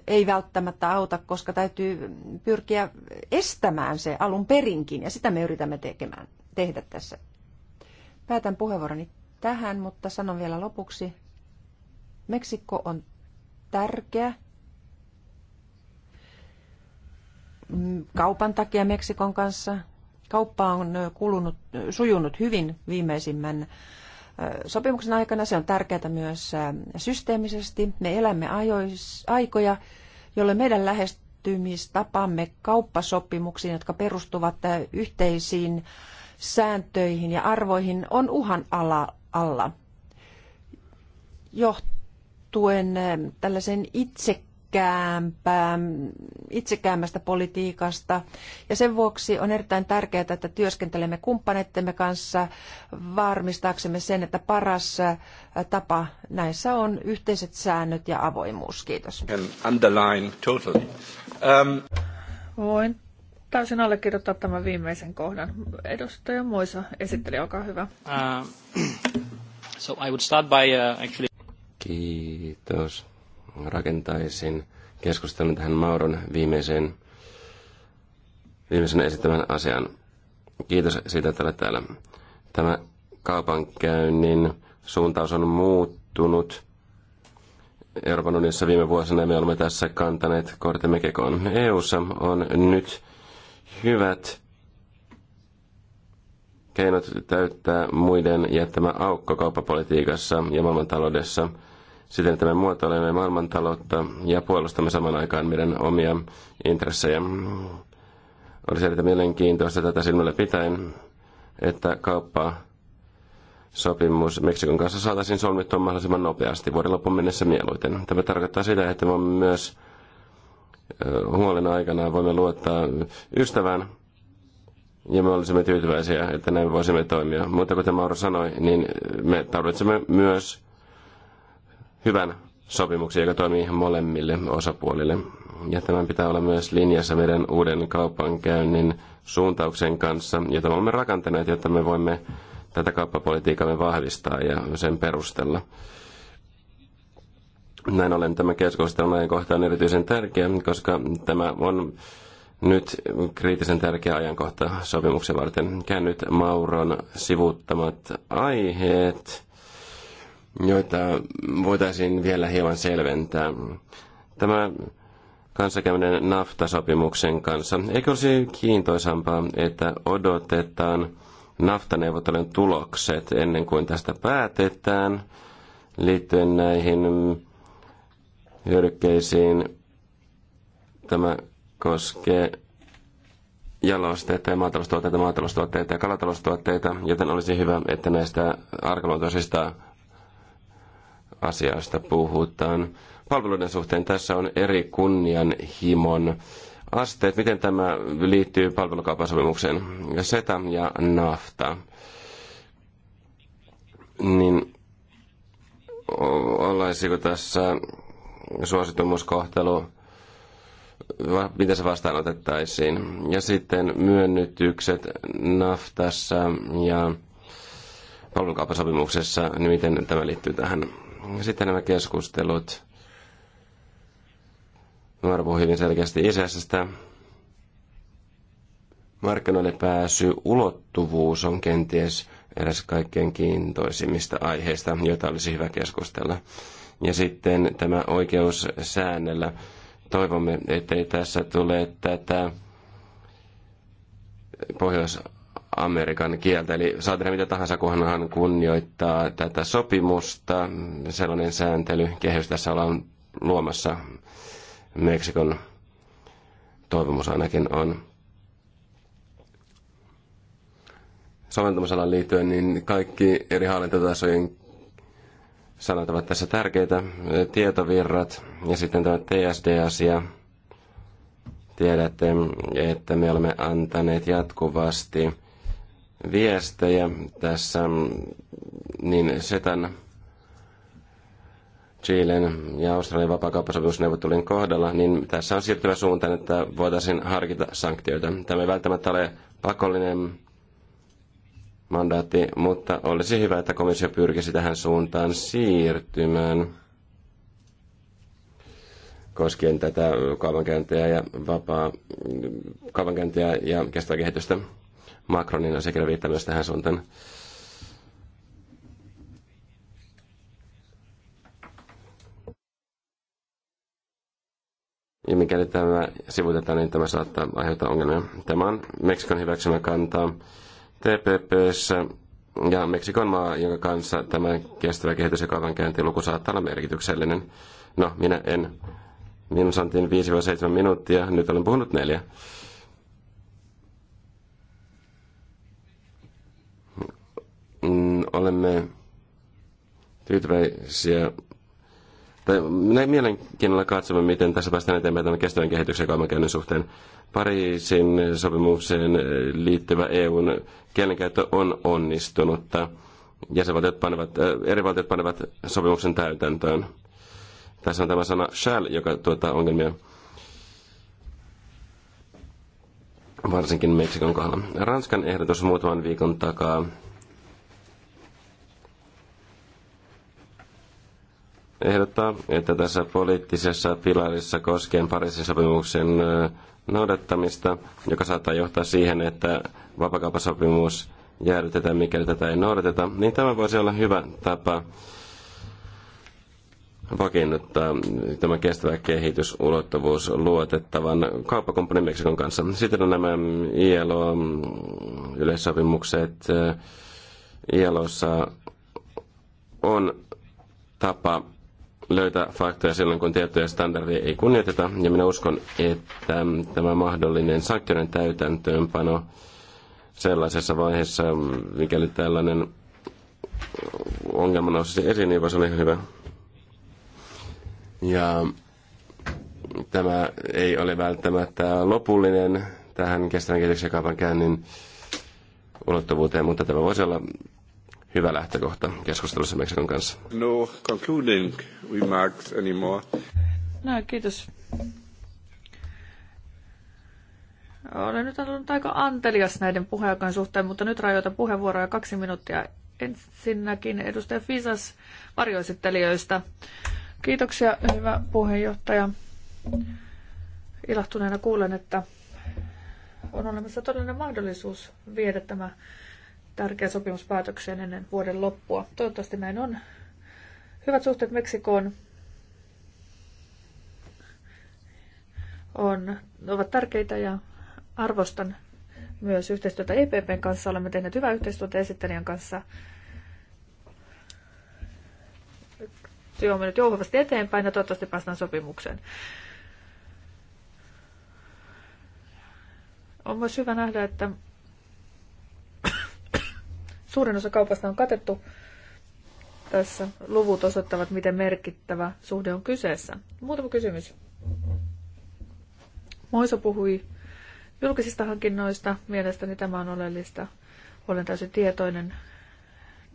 ei välttämättä auta, koska täytyy pyrkiä estämään se alun perinkin, ja sitä me yritämme tekemään, tehdä tässä. Päätän puheenvuoroni tähän, mutta sanon vielä lopuksi. Meksikko on tärkeä kaupan takia Meksikon kanssa. Kauppa on kulunut, sujunut hyvin viimeisimmän sopimuksen aikana. Se on tärkeää myös systeemisesti. Me elämme ajois, aikoja, jolloin meidän lähestymistapamme kauppasopimuksiin, jotka perustuvat yhteisiin sääntöihin ja arvoihin, on uhan ala, alla johtuen eh, tällaisen itsekäämmästä politiikasta. Ja sen vuoksi on erittäin tärkeää, että työskentelemme kumppaneittemme kanssa varmistaaksemme sen, että paras eh, tapa näissä on yhteiset säännöt ja avoimuus. Kiitos. Um, Voin täysin allekirjoittaa tämän viimeisen kohdan. Edustaja Moisa esitteli, olkaa hyvä. Uh, so I would start by, uh, actually... Kiitos. Rakentaisin keskustelun tähän Mauron viimeiseen, viimeisen esittämän asian. Kiitos siitä, että olet täällä. Tämä kaupankäynnin suuntaus on muuttunut. Euroopan unionissa viime vuosina me olemme tässä kantaneet kortemme kekoon. EU-ssa on nyt hyvät keinot täyttää muiden jättämä aukko kauppapolitiikassa ja maailmantaloudessa siten, että me muotoilemme maailmantaloutta ja puolustamme saman aikaan meidän omia intressejä. Olisi erittäin mielenkiintoista tätä silmällä pitäen, että kauppa sopimus Meksikon kanssa saataisiin solmittua mahdollisimman nopeasti vuoden loppuun mennessä mieluiten. Tämä tarkoittaa sitä, että me myös huolen aikana voimme luottaa ystävään, ja me olisimme tyytyväisiä, että näin voisimme toimia. Mutta kuten Mauro sanoi, niin me tarvitsemme myös hyvän sopimuksen, joka toimii molemmille osapuolille. Ja tämän pitää olla myös linjassa meidän uuden kaupankäynnin suuntauksen kanssa, jota me olemme rakentaneet, jotta me voimme tätä kauppapolitiikkaa vahvistaa ja sen perustella. Näin ollen tämä keskustelma ja kohtaan on erityisen tärkeä, koska tämä on nyt kriittisen tärkeä ajankohta sopimuksen varten. Käyn nyt Mauron sivuttamat aiheet, joita voitaisiin vielä hieman selventää. Tämä kanssakäyminen NAFTA-sopimuksen kanssa. Eikö olisi kiintoisampaa, että odotetaan nafta tulokset ennen kuin tästä päätetään liittyen näihin hyödykkeisiin. Tämä koskee jalosteita ja maataloustuotteita, maataloustuotteita ja kalataloustuotteita, joten olisi hyvä, että näistä arkaluontoisista asioista puhutaan. Palveluiden suhteen tässä on eri kunnianhimon asteet. Miten tämä liittyy palvelukaupasopimukseen? SETA ja NAFTA. Niin ollaisiko tässä suositumuskohtelu, miten se vastaanotettaisiin. Ja sitten myönnytykset naftassa ja palvelukaupasopimuksessa, niin miten tämä liittyy tähän. Sitten nämä keskustelut. Mä hyvin selkeästi isästä markkinoille pääsy, ulottuvuus on kenties eräs kaikkein kiintoisimmista aiheista, joita olisi hyvä keskustella ja sitten tämä oikeus säännellä. Toivomme, ettei tässä tule tätä Pohjois-Amerikan kieltä. Eli saa tehdä mitä tahansa, kunhan kunnioittaa tätä sopimusta. Sellainen kehys tässä ollaan luomassa. Meksikon toivomus ainakin on. soveltamisalan liittyen, niin kaikki eri hallintotasojen sanat ovat tässä tärkeitä. E, tietovirrat ja sitten tämä TSD-asia. Tiedätte, että me olemme antaneet jatkuvasti viestejä tässä niin Setan, Chilen ja Australian vapaakauppasopimusneuvottelujen kohdalla, niin tässä on siirtyvä suuntaan, että voitaisiin harkita sanktioita. Tämä ei välttämättä ole pakollinen mandaatti, mutta olisi hyvä, että komissio pyrkisi tähän suuntaan siirtymään koskien tätä kaupankäyntiä ja vapaa kaupankäyntiä ja kestävää kehitystä. Macronin asiakirja viittaa myös tähän suuntaan. Ja mikäli tämä sivutetaan, niin tämä saattaa aiheuttaa ongelmia. Tämä on Meksikon hyväksymä kantaa. TPPssä ja Meksikon maa, jonka kanssa tämä kestävä kehitys ja kaupankäyntiluku saattaa olla merkityksellinen. No, minä en. Minun santiin 5-7 minuuttia, nyt olen puhunut neljä. Mm, olemme tyytyväisiä tai näin mielenkiinnolla katsomme, miten tässä päästään eteenpäin tämän kestävän kehityksen ja kaupankäynnin suhteen. Pariisin sopimukseen liittyvä EUn kielenkäyttö on onnistunut Jäsenvaltiot panevat, äh, eri valtiot panevat sopimuksen täytäntöön. Tässä on tämä sana shall, joka tuottaa ongelmia varsinkin Meksikon kohdalla. Ranskan ehdotus muutaman viikon takaa ehdottaa, että tässä poliittisessa pilarissa koskien Pariisin sopimuksen noudattamista, joka saattaa johtaa siihen, että vapakaupasopimus jäädytetään, mikäli tätä ei noudateta, niin tämä voisi olla hyvä tapa vakiinnuttaa tämä kestävä kehitys ulottuvuus, luotettavan kauppakumppanin Meksikon kanssa. Sitten on nämä ILO-yleissopimukset. ILOssa on tapa löytää faktoja silloin, kun tiettyjä standardeja ei kunnioiteta. Ja minä uskon, että tämä mahdollinen sanktioiden täytäntöönpano sellaisessa vaiheessa, mikäli tällainen ongelma nousisi esiin, niin voisi olla ihan hyvä. Ja tämä ei ole välttämättä lopullinen tähän kestävän kehityksen käynnin ulottuvuuteen, mutta tämä voisi olla hyvä lähtökohta keskustelussa Meksikon kanssa. No concluding remarks anymore. No, kiitos. Olen nyt ollut aika antelias näiden puheenjohtajan suhteen, mutta nyt rajoitan puheenvuoroja kaksi minuuttia. Ensinnäkin edustaja Fisas varjoesittelijöistä. Kiitoksia, hyvä puheenjohtaja. Ilahtuneena kuulen, että on olemassa todellinen mahdollisuus viedä tämä tärkeä sopimuspäätökseen ennen vuoden loppua. Toivottavasti näin on. Hyvät suhteet Meksikoon on, ovat tärkeitä ja arvostan myös yhteistyötä EPPn kanssa. Olemme tehneet hyvää yhteistyötä esittelijän kanssa. Työ on mennyt jouhuvasti eteenpäin ja toivottavasti päästään sopimukseen. On myös hyvä nähdä, että suurin osa kaupasta on katettu. Tässä luvut osoittavat, miten merkittävä suhde on kyseessä. Muutama kysymys. Moisa puhui julkisista hankinnoista. Mielestäni tämä on oleellista. Olen täysin tietoinen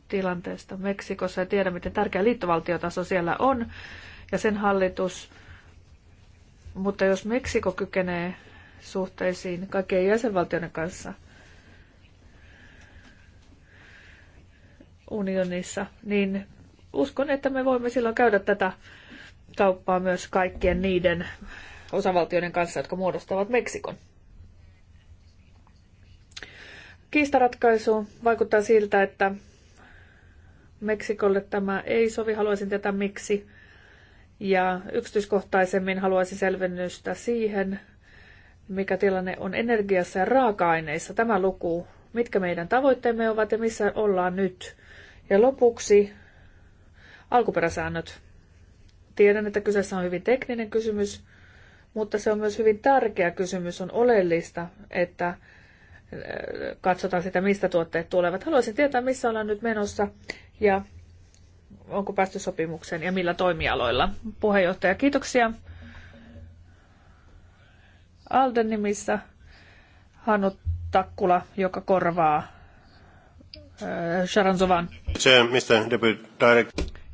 tilanteesta Meksikossa ja tiedän, miten tärkeä liittovaltiotaso siellä on ja sen hallitus. Mutta jos Meksiko kykenee suhteisiin kaikkien jäsenvaltioiden kanssa – unionissa, niin uskon, että me voimme silloin käydä tätä kauppaa myös kaikkien niiden osavaltioiden kanssa, jotka muodostavat Meksikon. Kiistaratkaisu vaikuttaa siltä, että Meksikolle tämä ei sovi. Haluaisin tätä miksi. Ja yksityiskohtaisemmin haluaisin selvennystä siihen, mikä tilanne on energiassa ja raaka-aineissa. Tämä luku, mitkä meidän tavoitteemme ovat ja missä ollaan nyt – ja lopuksi alkuperäsäännöt. Tiedän, että kyseessä on hyvin tekninen kysymys, mutta se on myös hyvin tärkeä kysymys. On oleellista, että äh, katsotaan sitä, mistä tuotteet tulevat. Haluaisin tietää, missä ollaan nyt menossa ja onko päästy sopimukseen ja millä toimialoilla. Puheenjohtaja, kiitoksia. Alden nimissä Hannu Takkula, joka korvaa Äh, Sharanzovan.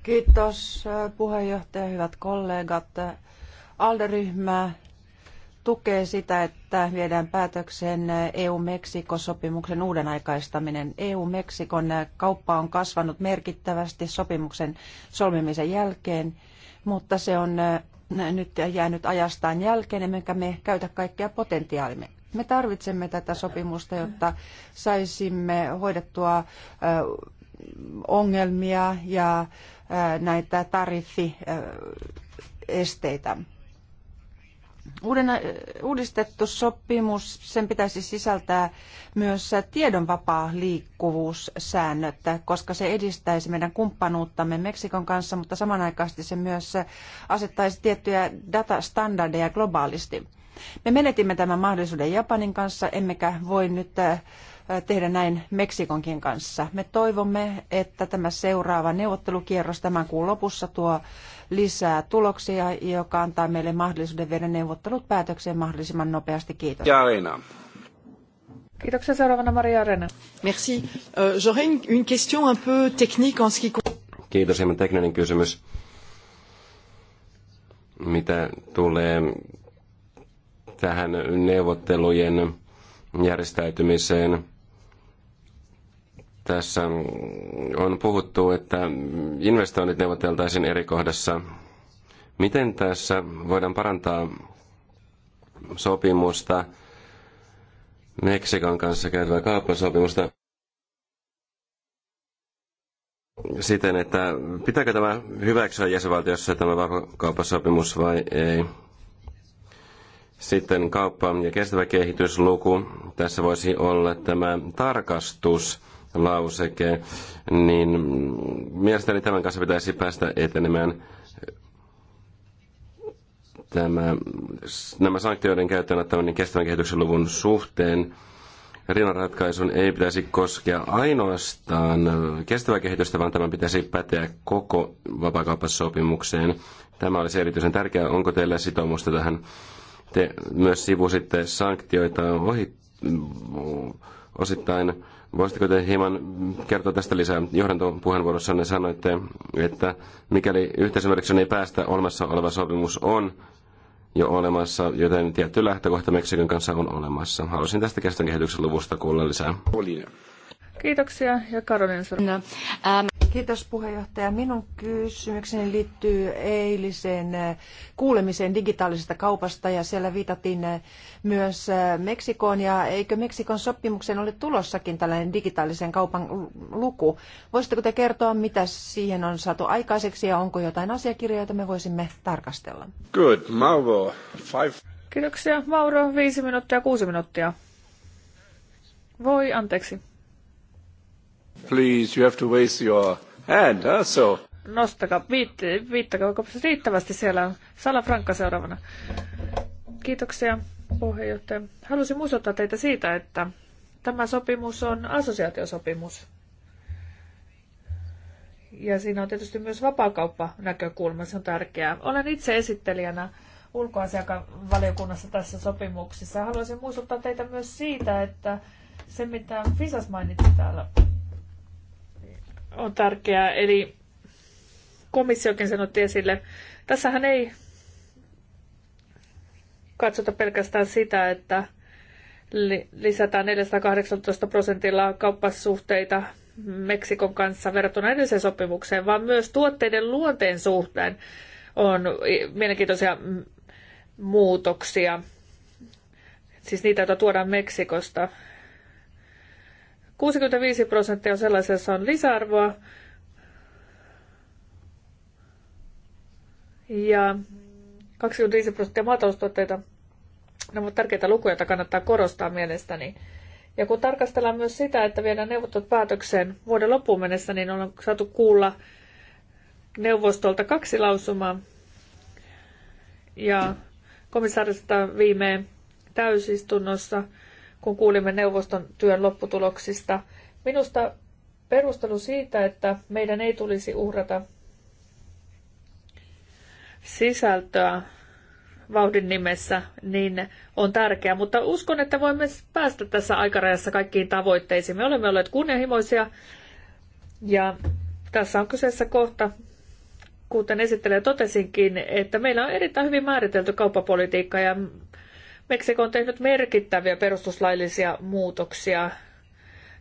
Kiitos äh, puheenjohtaja, hyvät kollegat. ALDE-ryhmä tukee sitä, että viedään päätökseen EU-Meksikosopimuksen uuden aikaistaminen. EU-Meksikon kauppa on kasvanut merkittävästi sopimuksen solmimisen jälkeen, mutta se on äh, nyt jäänyt ajastaan jälkeen, emmekä me käytä kaikkea potentiaalimme. Me tarvitsemme tätä sopimusta, jotta saisimme hoidettua ongelmia ja näitä tariffiesteitä. Uuden, uudistettu sopimus, sen pitäisi sisältää myös tiedonvapaa liikkuvuussäännöt, koska se edistäisi meidän kumppanuuttamme Meksikon kanssa, mutta samanaikaisesti se myös asettaisi tiettyjä datastandardeja globaalisti. Me menetimme tämän mahdollisuuden Japanin kanssa, emmekä voi nyt äh, tehdä näin Meksikonkin kanssa. Me toivomme, että tämä seuraava neuvottelukierros tämän kuun lopussa tuo lisää tuloksia, joka antaa meille mahdollisuuden viedä neuvottelut päätökseen mahdollisimman nopeasti. Kiitos. Ja Reina. Kiitoksia seuraavana Maria Arena. Merci. Uh, une question un peu technique en ce qui Kiitos, hieman tekninen kysymys. Mitä tulee tähän neuvottelujen järjestäytymiseen. Tässä on puhuttu, että investoinnit neuvoteltaisiin eri kohdassa. Miten tässä voidaan parantaa sopimusta, Meksikon kanssa käytävää kauppasopimusta siten, että pitääkö tämä hyväksyä jäsenvaltiossa tämä vapaakauppasopimus vai ei? Sitten kauppa ja kestävä kehitysluku. Tässä voisi olla tämä tarkastus lauseke, niin mielestäni tämän kanssa pitäisi päästä etenemään. Tämä, nämä sanktioiden käyttöön ottaminen niin kestävän kehityksen luvun suhteen rinnanratkaisun ei pitäisi koskea ainoastaan kestävää kehitystä, vaan tämän pitäisi päteä koko vapaakauppasopimukseen. Tämä olisi erityisen tärkeää. Onko teillä sitoumusta tähän? Te myös sivusitte sanktioita ohi, osittain. Voisitteko te hieman kertoa tästä lisää? Johdantopuheenvuorossanne sanoitte, että mikäli yhteisymmärryksen ei päästä, olemassa oleva sopimus on jo olemassa, joten tietty lähtökohta Meksikon kanssa on olemassa. Haluaisin tästä kestän kehityksen luvusta kuulla lisää. Kiitoksia ja Karolin no, ähm. Kiitos puheenjohtaja. Minun kysymykseni liittyy eiliseen äh, kuulemiseen digitaalisesta kaupasta ja siellä viitattiin äh, myös äh, Meksikoon ja eikö Meksikon sopimukseen ole tulossakin tällainen digitaalisen kaupan luku? Voisitteko te kertoa, mitä siihen on saatu aikaiseksi ja onko jotain asiakirjoja, joita me voisimme tarkastella? Good, Mauro. Five. Kiitoksia, Mauro. Viisi minuuttia, kuusi minuuttia. Voi, anteeksi. Please, you have to raise your hand, huh? so. Nostakaa, viitt- viittakaa riittävästi siellä. Sala Frankka seuraavana. Kiitoksia puheenjohtaja. Halusin muistuttaa teitä siitä, että tämä sopimus on assosiaatiosopimus. Ja siinä on tietysti myös vapaakauppanäkökulma, se on tärkeää. Olen itse esittelijänä ulkoasiakavaliokunnassa tässä sopimuksessa. Haluaisin muistuttaa teitä myös siitä, että se mitä Fisas mainitsi täällä on tärkeää. Eli komissiokin sen esille. Tässähän ei katsota pelkästään sitä, että lisätään 418 prosentilla kauppasuhteita Meksikon kanssa verrattuna edelliseen sopimukseen, vaan myös tuotteiden luonteen suhteen on mielenkiintoisia muutoksia. Siis niitä, joita tuodaan Meksikosta. 65 prosenttia on sellaisia, joissa on lisäarvoa. Ja 25 prosenttia maataloustuotteita. Ne ovat tärkeitä lukuja, joita kannattaa korostaa mielestäni. Ja kun tarkastellaan myös sitä, että viedään neuvottelut päätökseen vuoden loppuun mennessä, niin on saatu kuulla neuvostolta kaksi lausumaa. Ja komissaarista viime täysistunnossa – kun kuulimme neuvoston työn lopputuloksista. Minusta perustelu siitä, että meidän ei tulisi uhrata sisältöä vauhdin nimessä, niin on tärkeää. Mutta uskon, että voimme päästä tässä aikarajassa kaikkiin tavoitteisiin. Me olemme olleet kunnianhimoisia ja tässä on kyseessä kohta, kuten esittelijä totesinkin, että meillä on erittäin hyvin määritelty kauppapolitiikka ja Meksiko on tehnyt merkittäviä perustuslaillisia muutoksia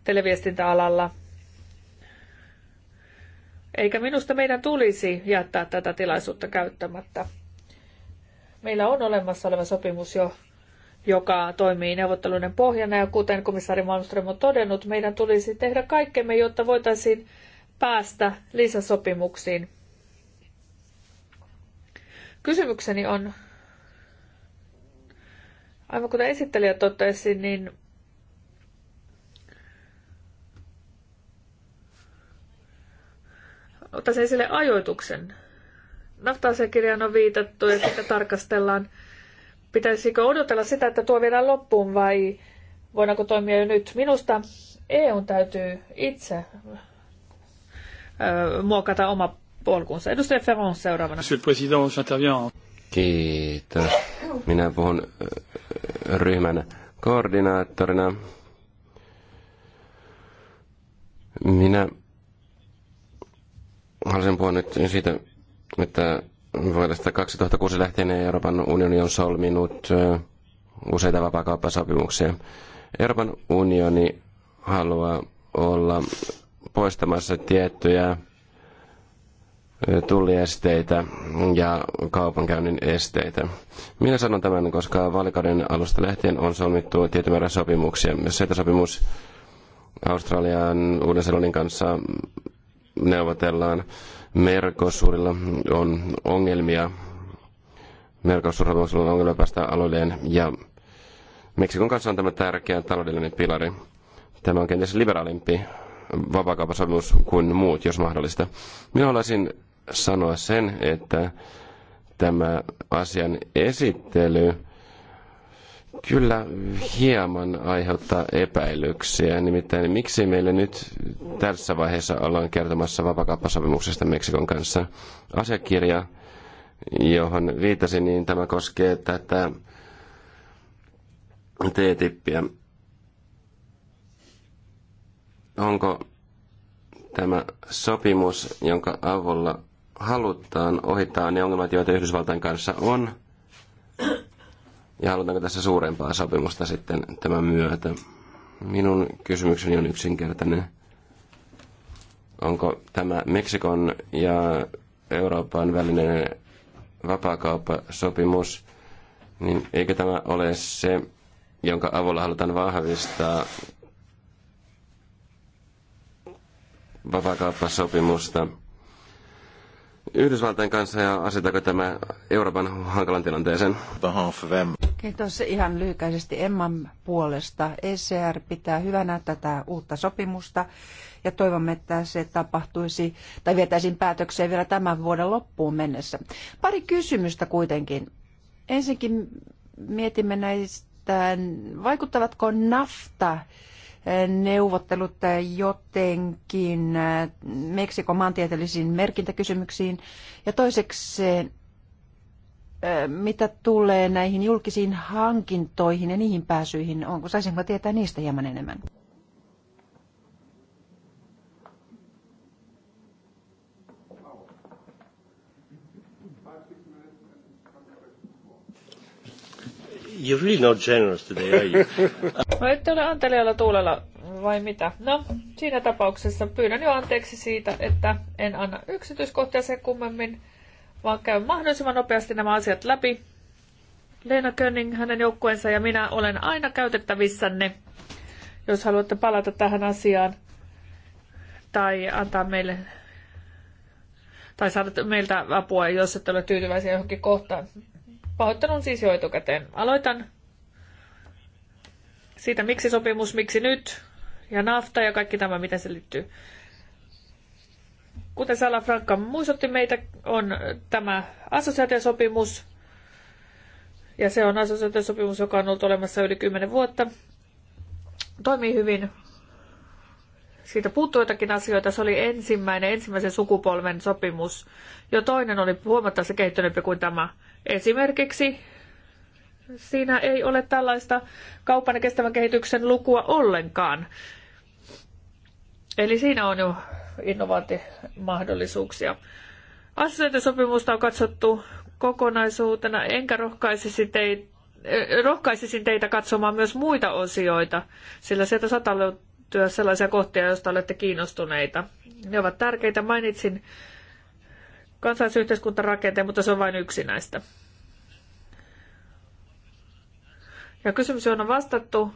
televiestintäalalla. Eikä minusta meidän tulisi jättää tätä tilaisuutta käyttämättä. Meillä on olemassa oleva sopimus jo, joka toimii neuvotteluiden pohjana, ja kuten komissaari Malmström on todennut, meidän tulisi tehdä kaikkemme, jotta voitaisiin päästä lisäsopimuksiin. Kysymykseni on, Aivan kuten esittelijä totesi, niin ottaisin esille ajoituksen. Nafta-asiakirjaan on viitattu ja sitten tarkastellaan. Pitäisikö odotella sitä, että tuo viedään loppuun vai voidaanko toimia jo nyt? Minusta EU täytyy itse muokata oma polkunsa. Edustaja Ferron seuraavana. Monsieur le Président, j'interviens. Kiitos. Minä puhun ryhmän koordinaattorina. Minä haluaisin puhua nyt siitä, että vuodesta 2006 lähtien Euroopan unioni on solminut useita vapaakauppasopimuksia. Euroopan unioni haluaa olla poistamassa tiettyjä tulliesteitä ja kaupankäynnin esteitä. Minä sanon tämän, koska valikauden alusta lähtien on solmittu tietty määrä sopimuksia. SETA-sopimus Australian uuden Selonin kanssa neuvotellaan. Merkosuurilla on ongelmia. Merkosuurilla on ongelmia päästä aloilleen ja Meksikon kanssa on tämä tärkeä taloudellinen pilari. Tämä on kenties liberaalimpi vapaakaupasopimus kuin muut, jos mahdollista. Minä haluaisin sanoa sen, että tämä asian esittely kyllä hieman aiheuttaa epäilyksiä. Nimittäin miksi meille nyt tässä vaiheessa ollaan kertomassa vapakauppasopimuksesta Meksikon kanssa asiakirja, johon viitasin, niin tämä koskee tätä T-tippiä. Onko tämä sopimus, jonka avulla halutaan ohittaa ne ongelmat, joita Yhdysvaltain kanssa on, ja halutaanko tässä suurempaa sopimusta sitten tämän myötä. Minun kysymykseni on yksinkertainen. Onko tämä Meksikon ja Euroopan välinen vapaakauppasopimus, niin eikö tämä ole se, jonka avulla halutaan vahvistaa vapaakauppasopimusta – Yhdysvaltain kanssa ja asetaanko tämä Euroopan hankalan tilanteeseen? Kiitos ihan lyhykäisesti Emman puolesta. ECR pitää hyvänä tätä uutta sopimusta ja toivomme, että se tapahtuisi tai vietäisiin päätökseen vielä tämän vuoden loppuun mennessä. Pari kysymystä kuitenkin. Ensinnäkin mietimme näistä, vaikuttavatko nafta neuvottelut jotenkin Meksikon maantieteellisiin merkintäkysymyksiin. Ja toiseksi mitä tulee näihin julkisiin hankintoihin ja niihin pääsyihin, onko, saisinko tietää niistä hieman enemmän? You're really not generous today, are you? no ette ole antelijalla tuulella, vai mitä? No, siinä tapauksessa pyydän jo anteeksi siitä, että en anna yksityiskohtia sen kummemmin, vaan käyn mahdollisimman nopeasti nämä asiat läpi. Leena König, hänen joukkueensa ja minä olen aina käytettävissänne, jos haluatte palata tähän asiaan tai antaa meille tai saada meiltä apua, jos et ole tyytyväisiä johonkin kohtaan pahoittanut siis jo etukäteen. Aloitan siitä, miksi sopimus, miksi nyt, ja nafta ja kaikki tämä, mitä se liittyy. Kuten Sala Frankka muistutti meitä, on tämä assosiaatiosopimus, ja se on assosiaatiosopimus, joka on ollut olemassa yli 10 vuotta. Toimii hyvin. Siitä puuttuu jotakin asioita. Se oli ensimmäinen, ensimmäisen sukupolven sopimus. Jo toinen oli huomattavasti kehittyneempi kuin tämä. Esimerkiksi siinä ei ole tällaista kaupan ja kestävän kehityksen lukua ollenkaan. Eli siinä on jo innovaatimahdollisuuksia. Assosiaatiosopimusta on katsottu kokonaisuutena, enkä rohkaisisi teitä, rohkaisisin teitä katsomaan myös muita osioita, sillä sieltä saattaa löytyä sellaisia kohtia, joista olette kiinnostuneita. Ne ovat tärkeitä. Mainitsin kansallisyhteiskuntarakenteen, mutta se on vain yksi näistä. Ja kysymys, on vastattu,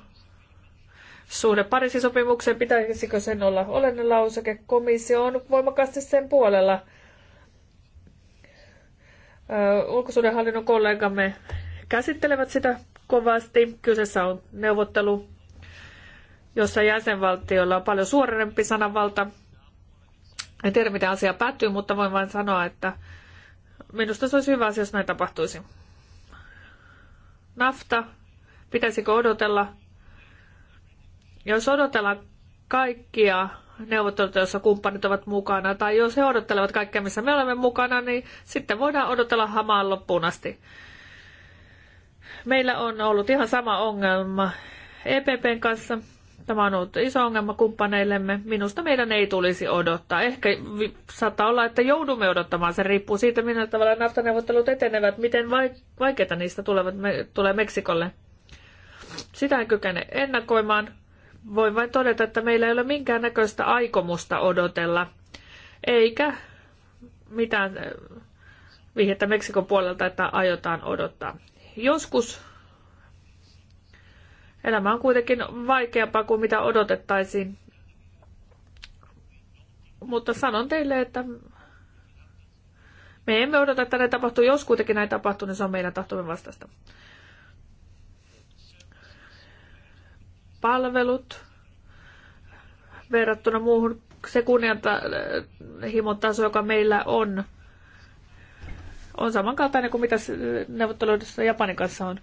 suhde Pariisin sopimukseen, pitäisikö sen olla olennainen lauseke? Komissio on voimakkaasti sen puolella. Ö, ulkosuudenhallinnon kollegamme käsittelevät sitä kovasti. Kyseessä on neuvottelu, jossa jäsenvaltioilla on paljon suorempi sananvalta en tiedä, miten asia päättyy, mutta voin vain sanoa, että minusta se olisi hyvä asia, jos näin tapahtuisi. Nafta, pitäisikö odotella? Jos odotellaan kaikkia neuvotteluita, joissa kumppanit ovat mukana, tai jos he odottelevat kaikkea, missä me olemme mukana, niin sitten voidaan odotella hamaan loppuun asti. Meillä on ollut ihan sama ongelma EPPn kanssa. Tämä on ollut iso ongelma kumppaneillemme. Minusta meidän ei tulisi odottaa. Ehkä saattaa olla, että joudumme odottamaan. Se riippuu siitä, millä tavalla naftaneuvottelut etenevät, miten vaikeita niistä tulevat, me, tulee Meksikolle. Sitä en kykene ennakoimaan. Voin vain todeta, että meillä ei ole minkäännäköistä aikomusta odotella, eikä mitään eh, vihjettä Meksikon puolelta, että aiotaan odottaa. Joskus Elämä on kuitenkin vaikeampaa kuin mitä odotettaisiin. Mutta sanon teille, että me emme odota, että näin tapahtuu. Jos kuitenkin näin tapahtuu, niin se on meidän tahtomme vastaista. Palvelut verrattuna muuhun se kunnianhimon eh, taso, joka meillä on, on samankaltainen kuin mitä neuvotteluissa Japanin kanssa on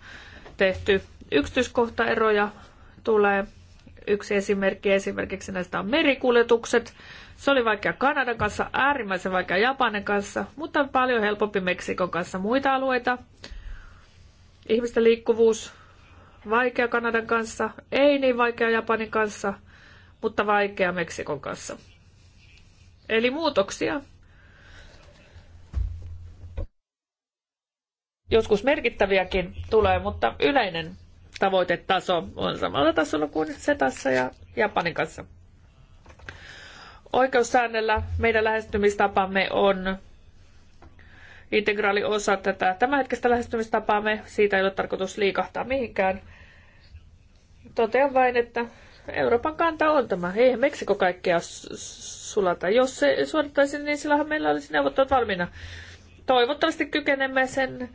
tehty yksityiskohtaeroja tulee. Yksi esimerkki esimerkiksi näistä on merikuljetukset. Se oli vaikea Kanadan kanssa, äärimmäisen vaikea Japanin kanssa, mutta paljon helpompi Meksikon kanssa muita alueita. Ihmisten liikkuvuus vaikea Kanadan kanssa, ei niin vaikea Japanin kanssa, mutta vaikea Meksikon kanssa. Eli muutoksia. Joskus merkittäviäkin tulee, mutta yleinen tavoitetaso on samalla tasolla kuin Setassa ja Japanin kanssa. Oikeussäännöllä meidän lähestymistapamme on integraali osa tätä tämänhetkistä lähestymistapaamme. Siitä ei ole tarkoitus liikahtaa mihinkään. Totean vain, että Euroopan kanta on tämä. ei Meksiko kaikkea sulata. Jos se suorittaisi, niin silloinhan meillä olisi neuvottelut valmiina. Toivottavasti kykenemme sen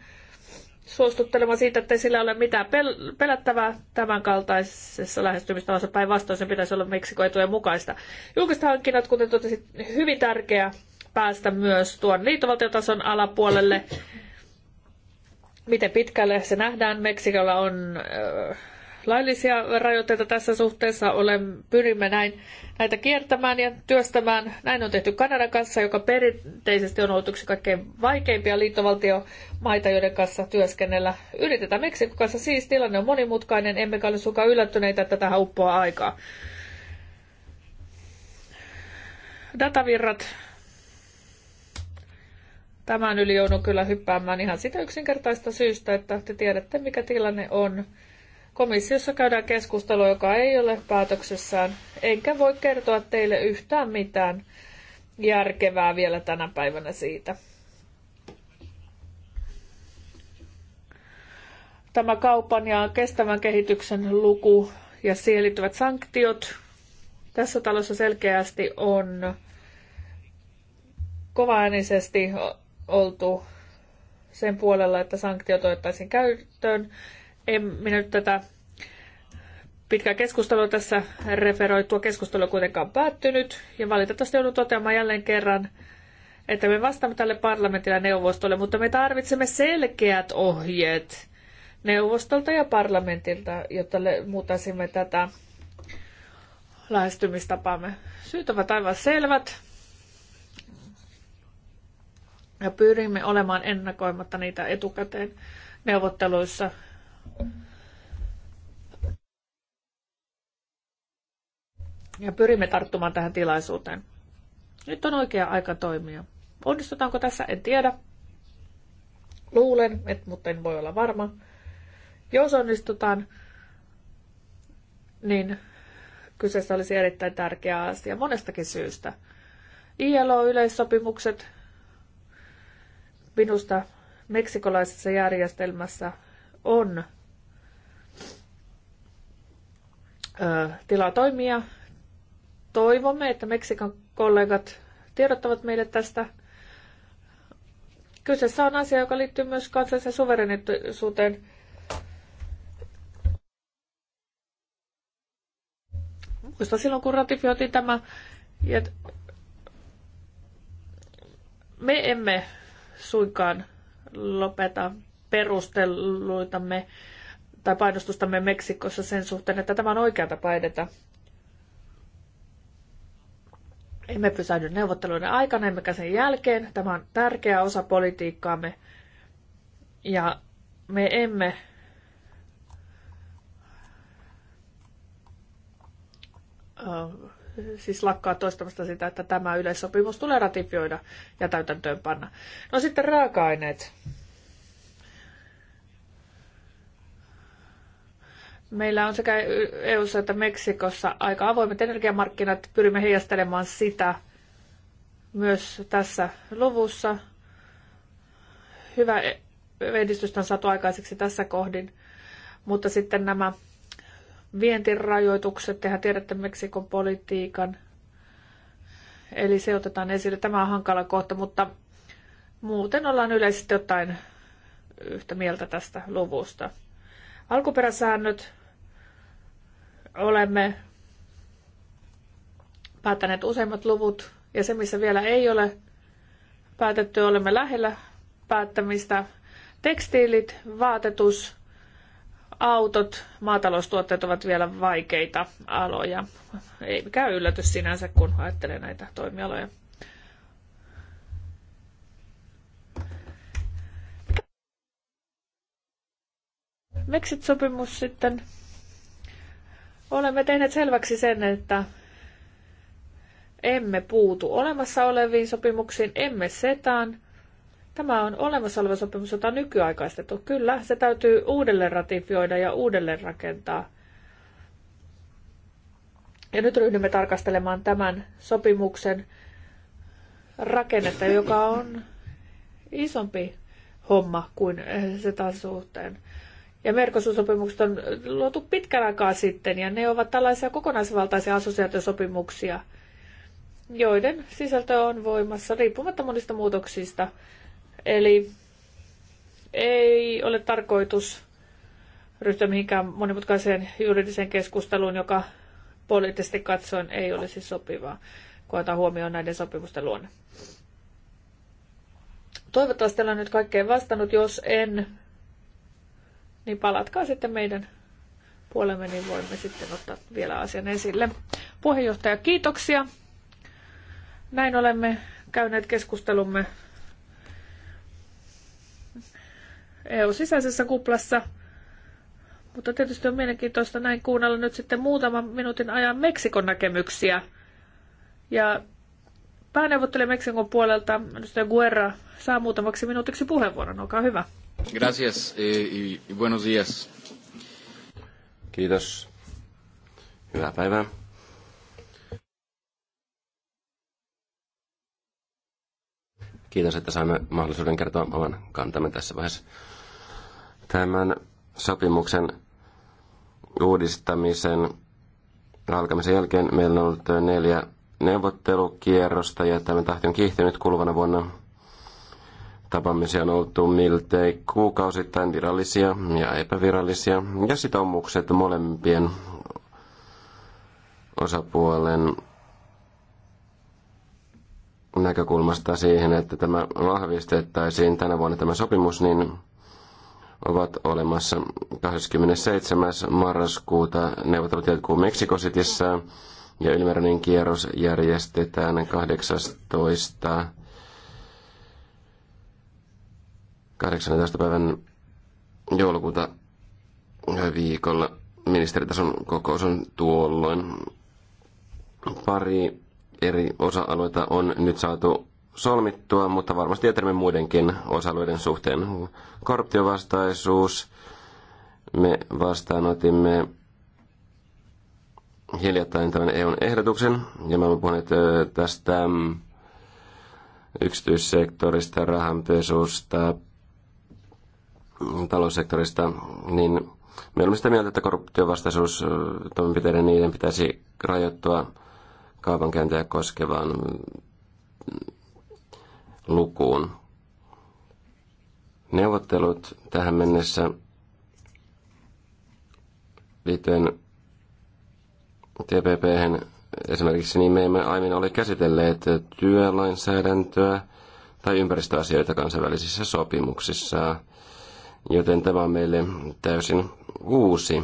suostuttelemaan siitä, että ei sillä ole mitään pel- pelättävää tämän kaltaisessa lähestymistavassa. Päinvastoin sen pitäisi olla Meksikon etujen mukaista. Julkiset hankinnat, kuten totesit, hyvin tärkeää päästä myös tuon liittovaltiotason alapuolelle. Miten pitkälle se nähdään? Meksikolla on laillisia rajoitteita tässä suhteessa. Olen, pyrimme näin, näitä kiertämään ja työstämään. Näin on tehty Kanadan kanssa, joka perinteisesti on ollut yksi kaikkein vaikeimpia liittovaltiomaita, joiden kanssa työskennellä. Yritetään Meksikon kanssa siis. Tilanne on monimutkainen, emmekä ole suinkaan yllättyneitä, että tähän uppoaa aikaa. Datavirrat tämän yli joudun kyllä hyppäämään ihan sitä yksinkertaista syystä, että te tiedätte mikä tilanne on. Komissiossa käydään keskustelua, joka ei ole päätöksessään, enkä voi kertoa teille yhtään mitään järkevää vielä tänä päivänä siitä. Tämä kaupan ja kestävän kehityksen luku ja siihen liittyvät sanktiot tässä talossa selkeästi on kovaäänisesti oltu sen puolella, että sanktiot otettaisiin käyttöön. En minä nyt tätä pitkää keskustelua tässä referoi. Tuo keskustelu on kuitenkaan päättynyt ja valitettavasti joudun toteamaan jälleen kerran, että me vastaamme tälle parlamentille ja neuvostolle, mutta me tarvitsemme selkeät ohjeet neuvostolta ja parlamentilta, jotta muutaisimme tätä lähestymistapaamme. Syyt ovat aivan selvät. Ja pyrimme olemaan ennakoimatta niitä etukäteen neuvotteluissa ja pyrimme tarttumaan tähän tilaisuuteen. Nyt on oikea aika toimia. Onnistutaanko tässä, en tiedä. Luulen, et, mutta en voi olla varma. Jos onnistutaan, niin kyseessä olisi erittäin tärkeä asia monestakin syystä. ILO-yleissopimukset minusta meksikolaisessa järjestelmässä on tilaa toimia. Toivomme, että Meksikan kollegat tiedottavat meille tästä. Kyseessä on asia, joka liittyy myös kansalliseen suverenisuuteen. Muista silloin, kun ratifioitiin tämä, ja me emme suinkaan lopeta perusteluitamme tai painostustamme Meksikossa sen suhteen, että tämä on oikea tapa edetä. Emme pysähdy neuvotteluiden aikana emmekä sen jälkeen. Tämä on tärkeä osa politiikkaamme. Ja me emme siis lakkaa toistamasta sitä, että tämä yleissopimus tulee ratifioida ja täytäntöön panna. No sitten raaka-aineet. Meillä on sekä eu että Meksikossa aika avoimet energiamarkkinat. Pyrimme heijastelemaan sitä myös tässä luvussa. Hyvä edistystä on saatu aikaiseksi tässä kohdin. Mutta sitten nämä vientirajoitukset, tehän tiedätte Meksikon politiikan, eli se otetaan esille. Tämä on hankala kohta, mutta muuten ollaan yleisesti jotain yhtä mieltä tästä luvusta. Alkuperäsäännöt olemme päättäneet useimmat luvut ja se, missä vielä ei ole päätetty, olemme lähellä päättämistä. Tekstiilit, vaatetus, autot, maataloustuotteet ovat vielä vaikeita aloja. Ei mikään yllätys sinänsä, kun ajattelee näitä toimialoja. Brexit-sopimus sitten Olemme tehneet selväksi sen, että emme puutu olemassa oleviin sopimuksiin, emme setaan. Tämä on olemassa oleva sopimus, jota on nykyaikaistettu. Kyllä, se täytyy uudelleen ratifioida ja uudelleen rakentaa. Ja nyt ryhdymme tarkastelemaan tämän sopimuksen rakennetta, joka on isompi homma kuin se taas suhteen ja Mercosur-sopimukset on luotu pitkän aikaa sitten, ja ne ovat tällaisia kokonaisvaltaisia assosiaatiosopimuksia, joiden sisältö on voimassa riippumatta monista muutoksista. Eli ei ole tarkoitus ryhtyä mihinkään monimutkaiseen juridiseen keskusteluun, joka poliittisesti katsoen ei olisi sopivaa, kun otetaan huomioon näiden sopimusten luonne. Toivottavasti olen nyt kaikkeen vastannut. Jos en, niin palatkaa sitten meidän puolemme, niin voimme sitten ottaa vielä asian esille. Puheenjohtaja, kiitoksia. Näin olemme käyneet keskustelumme EU-sisäisessä kuplassa. Mutta tietysti on mielenkiintoista näin kuunnella nyt sitten muutaman minuutin ajan Meksikon näkemyksiä. Ja pääneuvottelija Meksikon puolelta, edustaja Guerra, saa muutamaksi minuutiksi puheenvuoron. Olkaa hyvä. Gracias eh, y buenos días. Kiitos. Hyvää päivää. Kiitos, että saimme mahdollisuuden kertoa oman kantamme tässä vaiheessa. Tämän sopimuksen uudistamisen alkamisen jälkeen meillä on ollut neljä neuvottelukierrosta ja tämä tahti on kiihtynyt kuluvana vuonna Tapaamisia on oltu miltei kuukausittain virallisia ja epävirallisia, ja sitoumukset molempien osapuolen näkökulmasta siihen, että tämä vahvistettaisiin tänä vuonna tämä sopimus, niin ovat olemassa 27. marraskuuta neuvottelut jatkuu Meksikositissa ja ylimääräinen kierros järjestetään 18. 18. päivän joulukuuta viikolla ministeritason kokous on tuolloin. Pari eri osa-alueita on nyt saatu solmittua, mutta varmasti etenemme muidenkin osa-alueiden suhteen. Korruptiovastaisuus, me vastaanotimme hiljattain tämän EUn ehdotuksen, ja me olemme puhuneet tästä yksityissektorista, rahanpesusta, taloussektorista, niin me olemme sitä mieltä, että korruptiovastaisuus toimenpiteiden niiden pitäisi rajoittua kaupankäyntiä koskevaan mm, lukuun. Neuvottelut tähän mennessä liittyen TPP esimerkiksi, niin me emme aiemmin ole käsitelleet työlainsäädäntöä tai ympäristöasioita kansainvälisissä sopimuksissa joten tämä on meille täysin uusi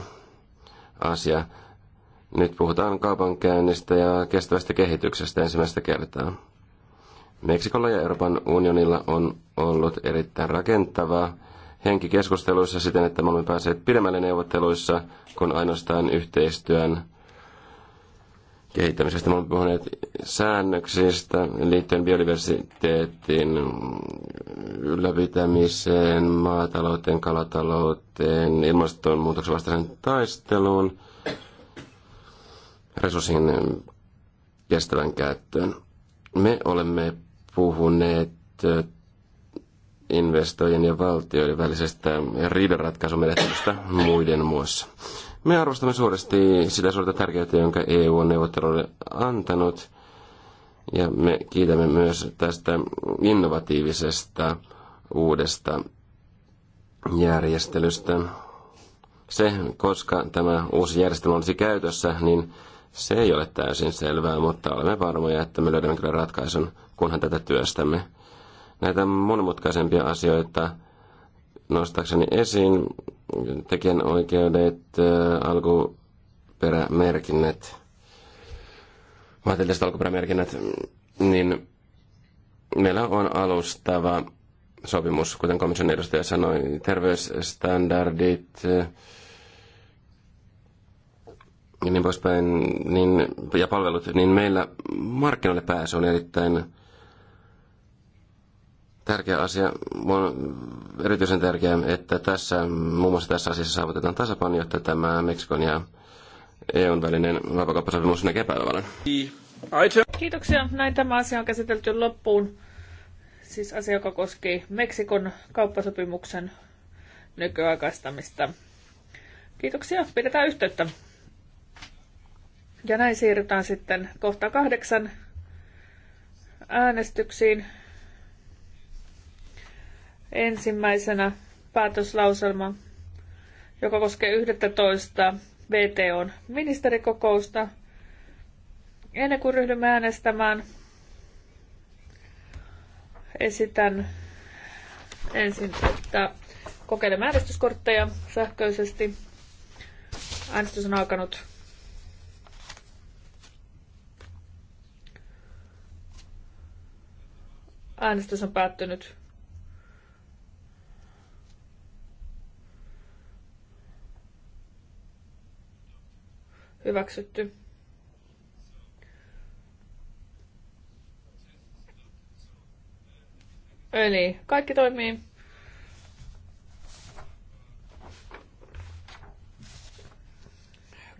asia. Nyt puhutaan kaupankäynnistä ja kestävästä kehityksestä ensimmäistä kertaa. Meksikolla ja Euroopan unionilla on ollut erittäin rakentavaa henki keskusteluissa siten, että me olemme päässeet pidemmälle neuvotteluissa kuin ainoastaan yhteistyön kehittämisestä. Me olemme puhuneet säännöksistä liittyen biodiversiteettiin, ylläpitämiseen, maatalouteen, kalatalouteen, ilmastonmuutoksen vastaisen taisteluun, resurssin kestävän käyttöön. Me olemme puhuneet investoijien ja valtioiden välisestä riidanratkaisumenettelystä muiden muassa. Me arvostamme suuresti sitä suurta tärkeyttä, jonka EU on neuvotteluille antanut, ja me kiitämme myös tästä innovatiivisesta uudesta järjestelystä. Se, koska tämä uusi järjestelmä olisi käytössä, niin se ei ole täysin selvää, mutta olemme varmoja, että me löydämme kyllä ratkaisun, kunhan tätä työstämme. Näitä monimutkaisempia asioita nostaakseni esiin tekijänoikeudet, äh, alkuperämerkinnät, vaatilliset alkuperämerkinnät, niin meillä on alustava sopimus, kuten komission edustaja sanoi, terveysstandardit äh, ja niin poispäin, niin, ja palvelut, niin meillä markkinoille pääsy on erittäin tärkeä asia, on erityisen tärkeää, että tässä, muun muassa tässä asiassa saavutetaan tasapaino, jotta tämä Meksikon ja EUn välinen vapakauppasopimus näkee päivävalon. Kiitoksia. Näin tämä asia on käsitelty loppuun. Siis asia, joka koski Meksikon kauppasopimuksen nykyaikaistamista. Kiitoksia. Pidetään yhteyttä. Ja näin siirrytään sitten kohta kahdeksan äänestyksiin. Ensimmäisenä päätöslauselma, joka koskee 11 VTOn ministerikokousta. Ennen kuin ryhdymme äänestämään, esitän ensin, että kokeilemme äänestyskortteja sähköisesti. Äänestys on alkanut. Äänestys on päättynyt. Hyväksytty. Eli kaikki toimii.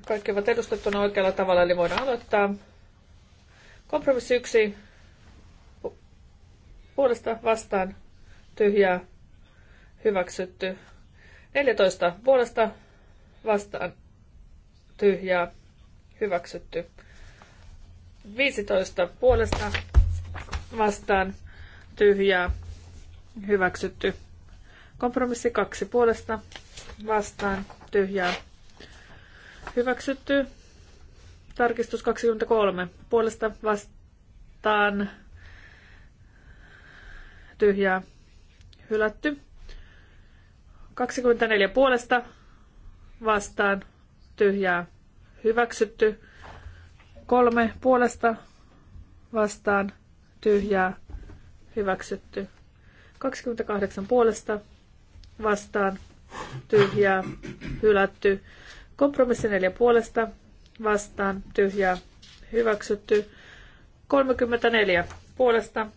Kaikki ovat edustettuna oikealla tavalla, eli voidaan aloittaa. Kompromissi yksi. Puolesta vastaan. Tyhjää. Hyväksytty. 14. Puolesta vastaan tyhjää, hyväksytty. 15 puolesta vastaan tyhjää, hyväksytty. Kompromissi 2 puolesta vastaan tyhjää, hyväksytty. Tarkistus 23 puolesta vastaan tyhjää, hylätty. 24 puolesta vastaan tyhjää hyväksytty. Kolme puolesta vastaan tyhjää hyväksytty. 28 puolesta vastaan tyhjää hylätty. Kompromissi neljä puolesta vastaan tyhjää hyväksytty. 34 puolesta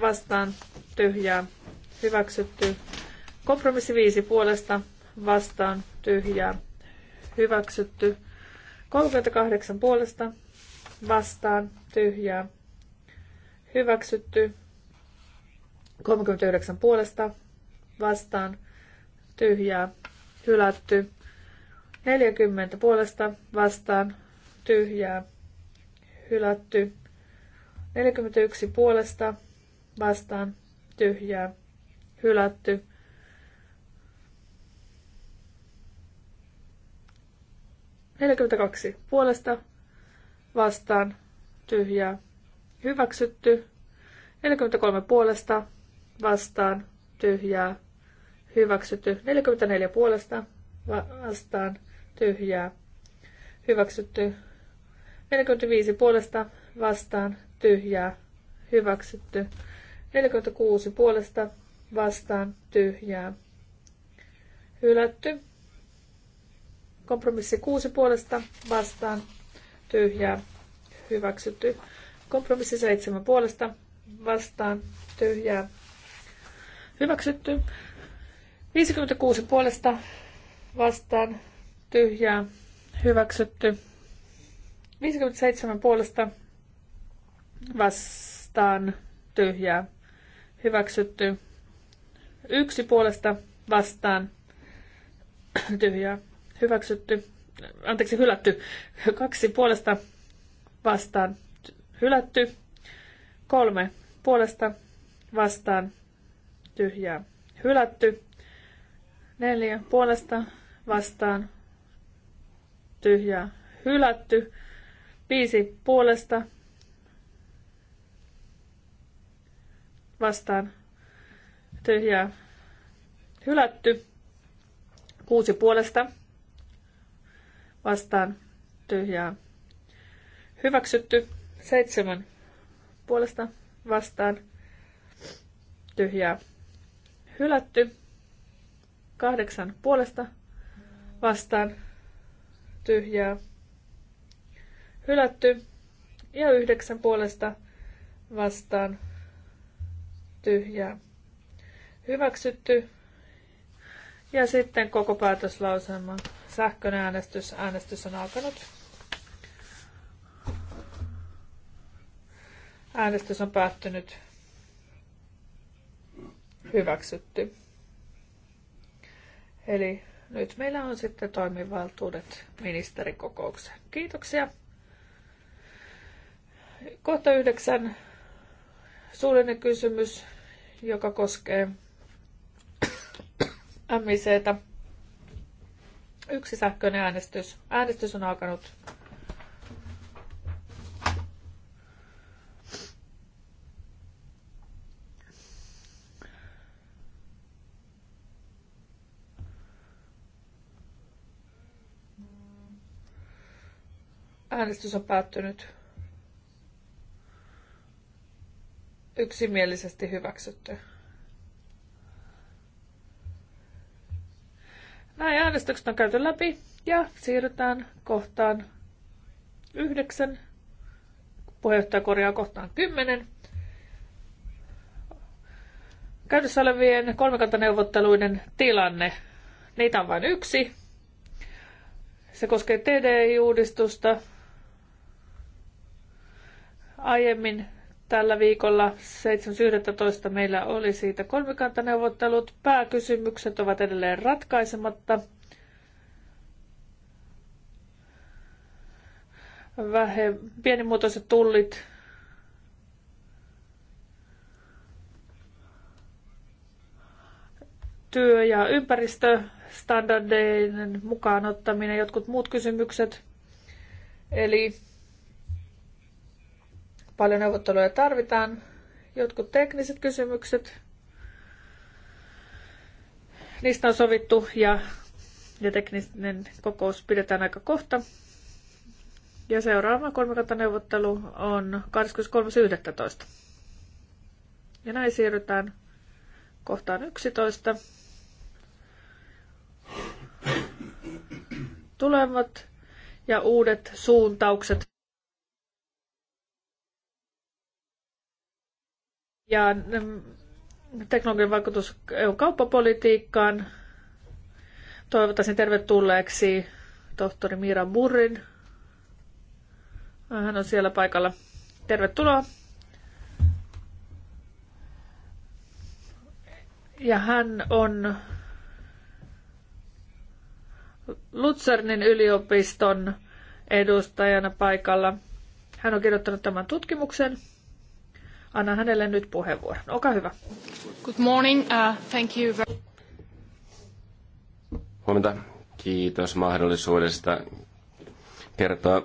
vastaan tyhjää hyväksytty. Kompromissi viisi puolesta vastaan tyhjää hyväksytty. 38 puolesta vastaan tyhjää hyväksytty. 39 puolesta vastaan tyhjää hylätty. 40 puolesta vastaan tyhjää hylätty. 41 puolesta vastaan tyhjää hylätty. 42 puolesta vastaan tyhjää hyväksytty. 43 puolesta vastaan tyhjää hyväksytty. 44 puolesta vastaan tyhjää hyväksytty. 45 puolesta vastaan tyhjää hyväksytty. 46 puolesta vastaan tyhjää hylätty. Kompromissi 6 puolesta vastaan tyhjää hyväksytty. Kompromissi 7 puolesta vastaan tyhjää hyväksytty. 56 puolesta vastaan tyhjää hyväksytty. 57 puolesta vastaan tyhjää hyväksytty. Yksi puolesta vastaan tyhjää hyväksytty, anteeksi hylätty, kaksi puolesta vastaan hylätty, kolme puolesta vastaan tyhjää hylätty, neljä puolesta vastaan tyhjää hylätty, viisi puolesta vastaan tyhjää hylätty, kuusi puolesta vastaan tyhjää hyväksytty. Seitsemän puolesta vastaan tyhjää hylätty. Kahdeksan puolesta vastaan tyhjää hylätty. Ja yhdeksän puolesta vastaan tyhjää hyväksytty. Ja sitten koko päätöslauselma Sähköinen äänestys. Äänestys on alkanut. Äänestys on päättynyt. Hyväksytty. Eli nyt meillä on sitten toimivaltuudet ministerikokoukseen. Kiitoksia. Kohta yhdeksän suullinen kysymys, joka koskee MICtä. Yksi sähköinen äänestys. Äänestys on alkanut. Äänestys on päättynyt. Yksimielisesti hyväksytty. Näin äänestykset on käyty läpi ja siirrytään kohtaan yhdeksän. Puheenjohtaja korjaa kohtaan kymmenen. Käytössä olevien kolmikantaneuvotteluiden tilanne. Niitä on vain yksi. Se koskee TDI-uudistusta. Aiemmin Tällä viikolla 7.11. meillä oli siitä kolmikantaneuvottelut. Pääkysymykset ovat edelleen ratkaisematta. Vähe, pienimuotoiset tullit työ- ja ympäristöstandardeiden mukaan ottaminen, jotkut muut kysymykset. Eli Paljon neuvotteluja tarvitaan. Jotkut tekniset kysymykset, niistä on sovittu ja, ja tekninen kokous pidetään aika kohta. Ja seuraava kolmikantaneuvottelu on 23.11. Ja näin siirrytään kohtaan 11. Tulevat ja uudet suuntaukset. ja mm, teknologian vaikutus EU-kauppapolitiikkaan. toivottaisin tervetulleeksi tohtori Miira Burrin. Hän on siellä paikalla. Tervetuloa. Ja hän on Lutsernin yliopiston edustajana paikalla. Hän on kirjoittanut tämän tutkimuksen – Anna hänelle nyt puheenvuoron. Olkaa hyvä. Good morning. Uh, thank you very... Huomenta. Kiitos mahdollisuudesta kertoa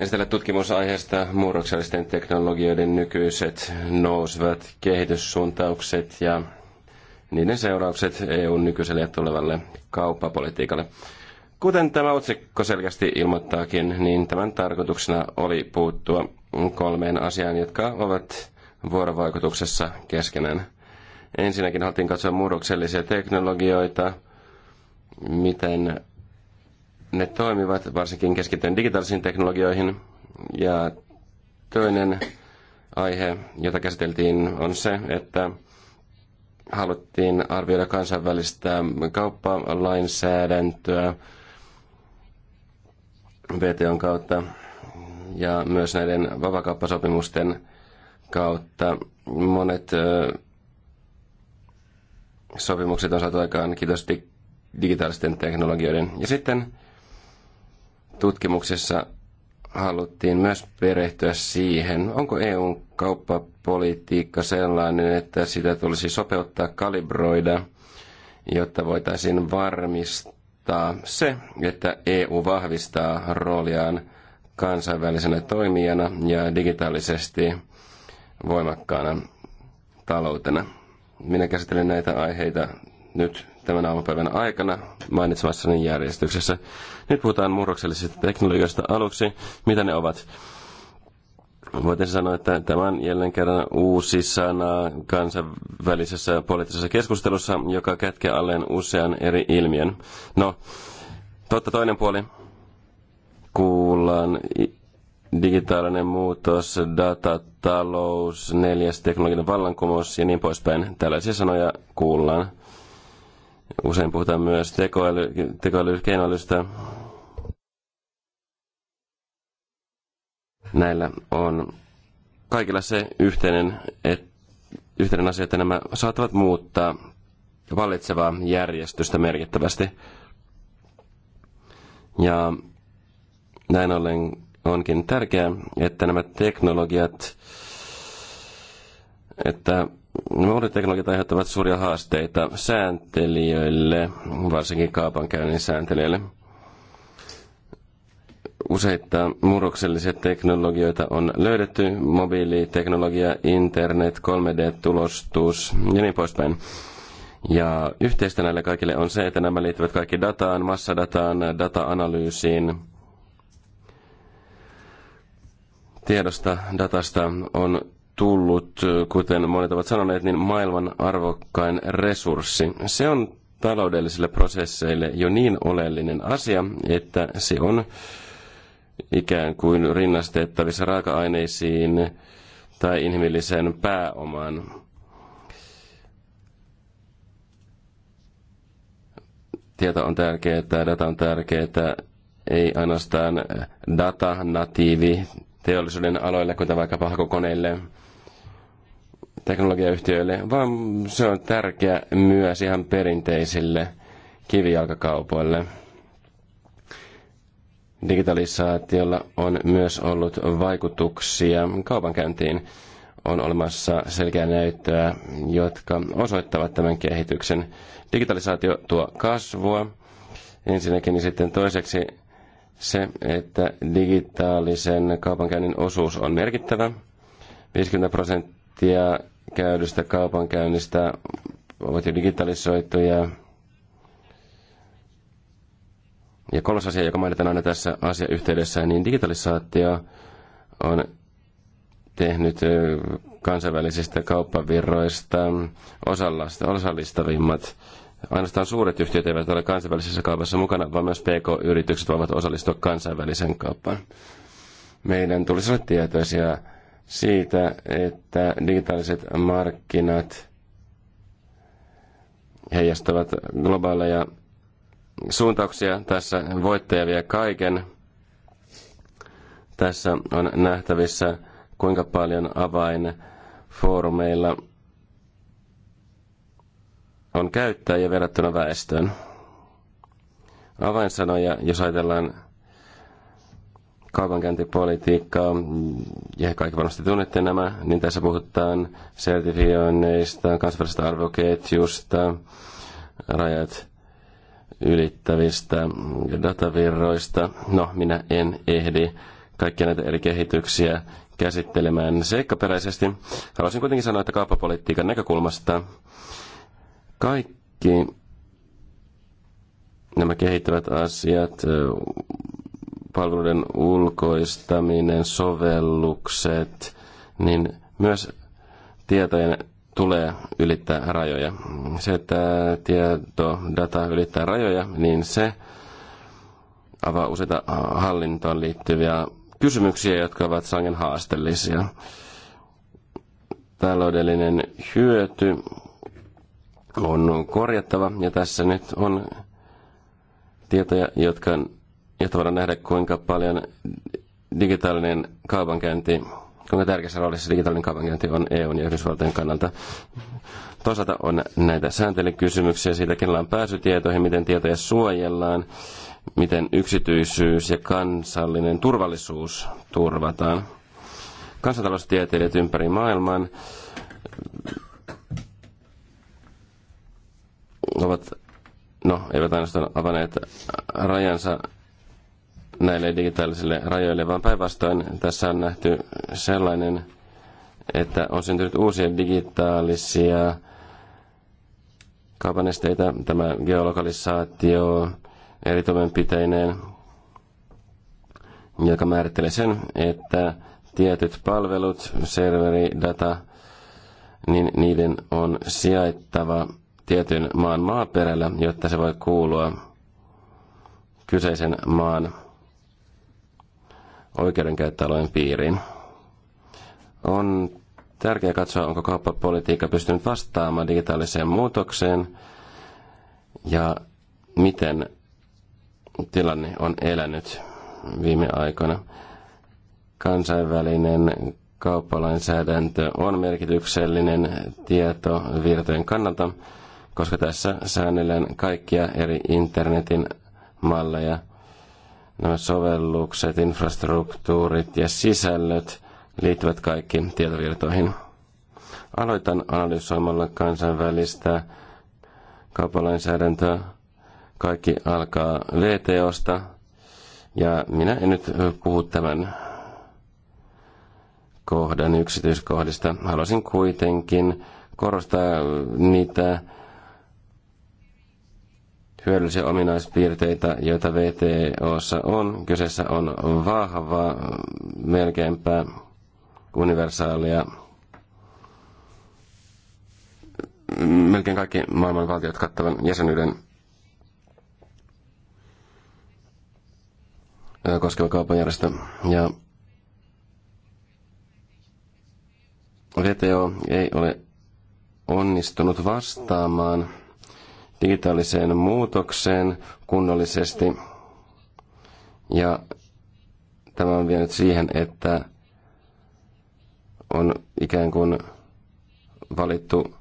esitellä tutkimusaiheesta murroksellisten teknologioiden nykyiset nousevat kehityssuuntaukset ja niiden seuraukset EUn nykyiselle ja tulevalle kauppapolitiikalle. Kuten tämä otsikko selkeästi ilmoittaakin, niin tämän tarkoituksena oli puuttua kolmeen asiaan, jotka ovat vuorovaikutuksessa keskenään. Ensinnäkin haluttiin katsoa murroksellisia teknologioita, miten ne toimivat, varsinkin keskittyen digitaalisiin teknologioihin. Ja toinen aihe, jota käsiteltiin, on se, että haluttiin arvioida kansainvälistä kauppalainsäädäntöä VTOn kautta ja myös näiden vapakauppasopimusten kautta monet sopimukset on saatu aikaan kiitos digitaalisten teknologioiden. Ja sitten tutkimuksessa haluttiin myös perehtyä siihen, onko EUn kauppapolitiikka sellainen, että sitä tulisi sopeuttaa, kalibroida, jotta voitaisiin varmistaa se, että EU vahvistaa rooliaan kansainvälisenä toimijana ja digitaalisesti voimakkaana taloutena. Minä käsittelen näitä aiheita nyt tämän aamupäivän aikana mainitsemassani järjestyksessä. Nyt puhutaan murroksellisista teknologioista aluksi. Mitä ne ovat? Voitin sanoa, että tämä on jälleen kerran uusi sana kansainvälisessä poliittisessa keskustelussa, joka kätkee alleen usean eri ilmiön. No, totta toinen puoli kuullaan digitaalinen muutos, datatalous, neljäs teknologinen vallankumous ja niin poispäin. Tällaisia sanoja kuullaan. Usein puhutaan myös tekoäly, Näillä on kaikilla se yhteinen, et, yhteinen asia, että nämä saattavat muuttaa vallitsevaa järjestystä merkittävästi. Ja näin ollen onkin tärkeää, että nämä teknologiat, että Uudet teknologiat aiheuttavat suuria haasteita sääntelijöille, varsinkin kaupankäynnin sääntelijöille. Useita murroksellisia teknologioita on löydetty, mobiiliteknologia, internet, 3D-tulostus ja niin poispäin. Ja yhteistä näille kaikille on se, että nämä liittyvät kaikki dataan, massadataan, data-analyysiin – tiedosta, datasta on tullut, kuten monet ovat sanoneet, niin maailman arvokkain resurssi. Se on taloudellisille prosesseille jo niin oleellinen asia, että se on ikään kuin rinnastettavissa raaka-aineisiin tai inhimilliseen pääomaan. Tieto on tärkeää, data on tärkeää, ei ainoastaan data, natiivi, teollisuuden aloille, kuten vaikka hakokoneille, teknologiayhtiöille, vaan se on tärkeä myös ihan perinteisille kivijalkakaupoille. Digitalisaatiolla on myös ollut vaikutuksia kaupankäyntiin. On olemassa selkeää näyttöä, jotka osoittavat tämän kehityksen. Digitalisaatio tuo kasvua ensinnäkin, niin sitten toiseksi se, että digitaalisen kaupankäynnin osuus on merkittävä. 50 prosenttia käydystä kaupankäynnistä ovat jo digitalisoituja. Ja kolmas asia, joka mainitaan aina tässä asiayhteydessä, niin digitalisaatio on tehnyt kansainvälisistä kauppavirroista osallistavimmat. Ainoastaan suuret yhtiöt eivät ole kansainvälisessä kaupassa mukana, vaan myös PK-yritykset voivat osallistua kansainväliseen kauppaan. Meidän tulisi olla tietoisia siitä, että digitaaliset markkinat heijastavat globaaleja suuntauksia. Tässä voittaja vie kaiken. Tässä on nähtävissä, kuinka paljon avainfoorumeilla – on käyttäjä verrattuna väestöön. Avainsanoja, jos ajatellaan kaupankäyntipolitiikkaa, ja kaikki varmasti tunnette nämä, niin tässä puhutaan sertifioinneista, kansainvälisestä arvoketjusta, rajat ylittävistä datavirroista. No, minä en ehdi kaikkia näitä eri kehityksiä käsittelemään seikkaperäisesti. Haluaisin kuitenkin sanoa, että kauppapolitiikan näkökulmasta kaikki nämä kehittävät asiat, palveluiden ulkoistaminen, sovellukset, niin myös tietojen tulee ylittää rajoja. Se, että tieto, data ylittää rajoja, niin se avaa useita hallintoon liittyviä kysymyksiä, jotka ovat sangen haasteellisia. Taloudellinen hyöty on korjattava. Ja tässä nyt on tietoja, jotka, jotta voidaan nähdä, kuinka paljon digitaalinen kaupankäynti, kuinka tärkeässä roolissa digitaalinen kaupankäynti on EUn ja Yhdysvaltojen kannalta. Toisaalta on näitä sääntelykysymyksiä siitä, kenellä on pääsy tietoihin, miten tietoja suojellaan, miten yksityisyys ja kansallinen turvallisuus turvataan. Kansantaloustieteilijät ympäri maailman ovat, no, eivät ainoastaan avanneet rajansa näille digitaalisille rajoille, vaan päinvastoin tässä on nähty sellainen, että on syntynyt uusia digitaalisia kaupanesteitä, tämä geolokalisaatio eri toimenpiteineen, joka määrittelee sen, että tietyt palvelut, serveri, data, niin niiden on sijaittava tietyn maan maaperällä, jotta se voi kuulua kyseisen maan oikeudenkäyttöalueen piiriin. On tärkeää katsoa, onko kauppapolitiikka pystynyt vastaamaan digitaaliseen muutokseen ja miten tilanne on elänyt viime aikoina. Kansainvälinen kauppalainsäädäntö on merkityksellinen tieto virtojen kannalta koska tässä säännellään kaikkia eri internetin malleja. Nämä sovellukset, infrastruktuurit ja sisällöt liittyvät kaikki tietovirtoihin. Aloitan analysoimalla kansainvälistä kaupalainsäädäntöä. Kaikki alkaa VTOsta, ja minä en nyt puhu tämän kohdan yksityiskohdista. Haluaisin kuitenkin korostaa niitä hyödyllisiä ominaispiirteitä, joita VTOssa on. Kyseessä on vahva, melkeinpä universaalia melkein kaikki maailman valtiot kattavan jäsenyyden koskeva kaupanjärjestö. Ja VTO ei ole onnistunut vastaamaan – digitaaliseen muutokseen kunnollisesti. Ja tämä on vienyt siihen, että on ikään kuin valittu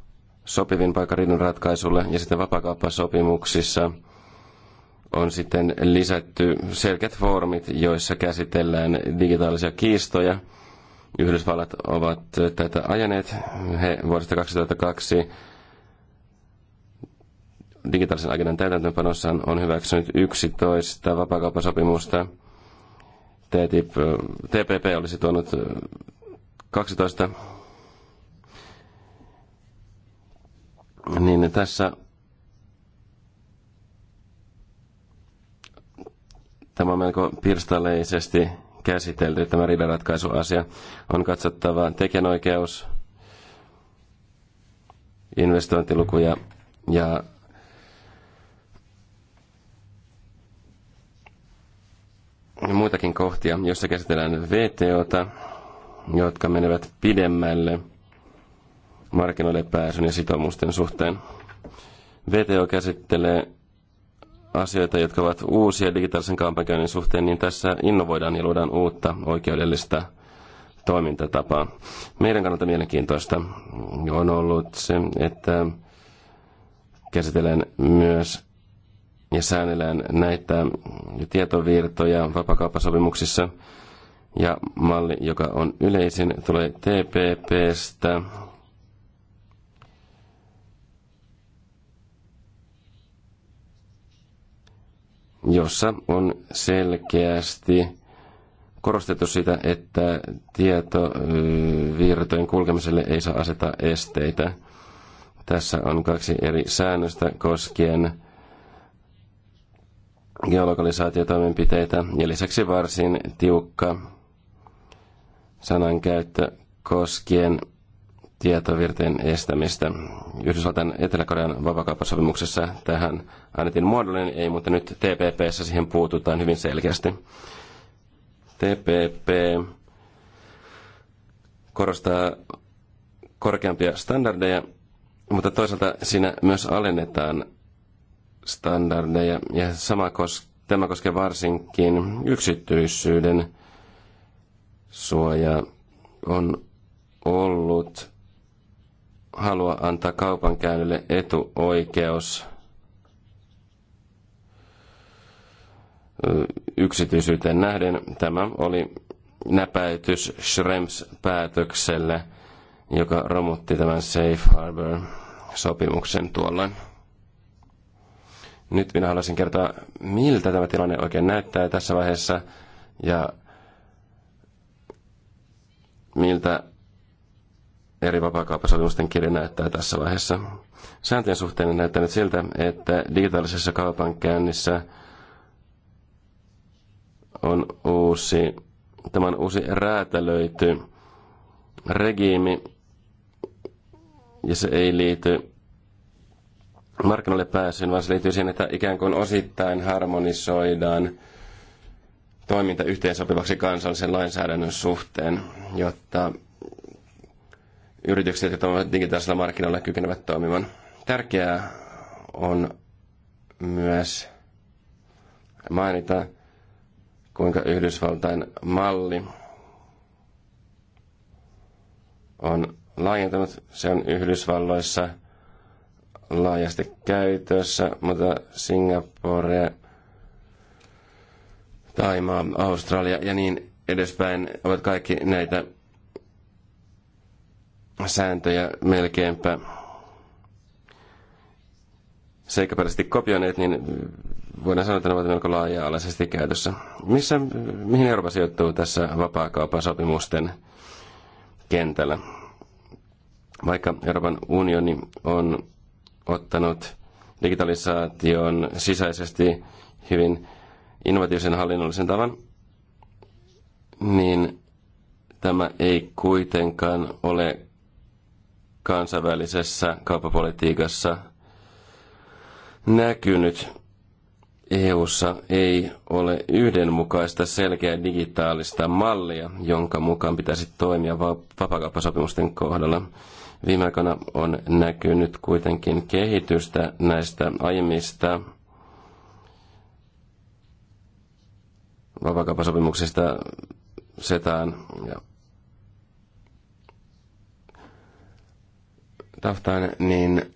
sopivin paikka riidon ratkaisulle ja sitten vapakauppasopimuksissa on sitten lisätty selkeät foorumit, joissa käsitellään digitaalisia kiistoja. Yhdysvallat ovat tätä ajaneet. He vuodesta 2002 digitaalisen agendan täytäntöönpanossa on hyväksynyt 11 vapaakauppasopimusta. TTIP, TPP olisi tuonut 12. Niin tässä tämä on melko pirstaleisesti käsitelty, tämä riidanratkaisuasia. On katsottava tekijänoikeus, investointilukuja ja muitakin kohtia, joissa käsitellään VTOta, jotka menevät pidemmälle markkinoille pääsyn ja sitoumusten suhteen. VTO käsittelee asioita, jotka ovat uusia digitaalisen kampanjoinnin suhteen, niin tässä innovoidaan ja luodaan uutta oikeudellista toimintatapaa. Meidän kannalta mielenkiintoista on ollut se, että käsitellään myös ja säännellään näitä tietovirtoja vapakauppasopimuksissa. Ja malli, joka on yleisin, tulee TPPstä. jossa on selkeästi korostettu sitä, että tietovirtojen kulkemiselle ei saa asettaa esteitä. Tässä on kaksi eri säännöstä koskien geolokalisaatiotoimenpiteitä ja lisäksi varsin tiukka sanankäyttö koskien tietovirteen estämistä. Yhdysvaltain Etelä-Korean vapakauppasopimuksessa tähän annettiin muodollinen ei, mutta nyt TPPssä siihen puututaan hyvin selkeästi. TPP korostaa korkeampia standardeja, mutta toisaalta siinä myös alennetaan standardeja. Ja sama kos, tämä koskee varsinkin yksityisyyden suojaa. On ollut halua antaa kaupankäynnille etuoikeus yksityisyyteen nähden. Tämä oli näpäytys Schrems-päätökselle, joka romutti tämän Safe Harbor-sopimuksen tuolloin. Nyt minä haluaisin kertoa, miltä tämä tilanne oikein näyttää tässä vaiheessa ja miltä eri vapaakauppasopimusten kirja näyttää tässä vaiheessa. Sääntöjen suhteen näyttää näyttänyt siltä, että digitaalisessa kaupankäynnissä on uusi, tämä on uusi räätälöity regiimi, ja se ei liity markkinoille pääsyyn, vaan se liittyy siihen, että ikään kuin osittain harmonisoidaan toiminta yhteensopivaksi kansallisen lainsäädännön suhteen, jotta yritykset, jotka ovat digitaalisella markkinoilla, kykenevät toimimaan. Tärkeää on myös mainita, kuinka Yhdysvaltain malli on laajentunut. Se on Yhdysvalloissa – laajasti käytössä, mutta Singapore, Taimaa, Australia ja niin edespäin ovat kaikki näitä sääntöjä melkeinpä seikkaperäisesti kopioineet, niin voidaan sanoa, että ne ovat melko laaja-alaisesti käytössä. Missä, mihin Eurooppa sijoittuu tässä vapaakaupasopimusten kentällä? Vaikka Euroopan unioni on ottanut digitalisaation sisäisesti hyvin innovatiivisen hallinnollisen tavan, niin tämä ei kuitenkaan ole kansainvälisessä kauppapolitiikassa näkynyt. EU:ssa ei ole yhdenmukaista selkeää digitaalista mallia, jonka mukaan pitäisi toimia vapaakauppasopimusten kohdalla. Viime aikoina on näkynyt kuitenkin kehitystä näistä aiemmista vapakaupasopimuksista setään ja taftaan, niin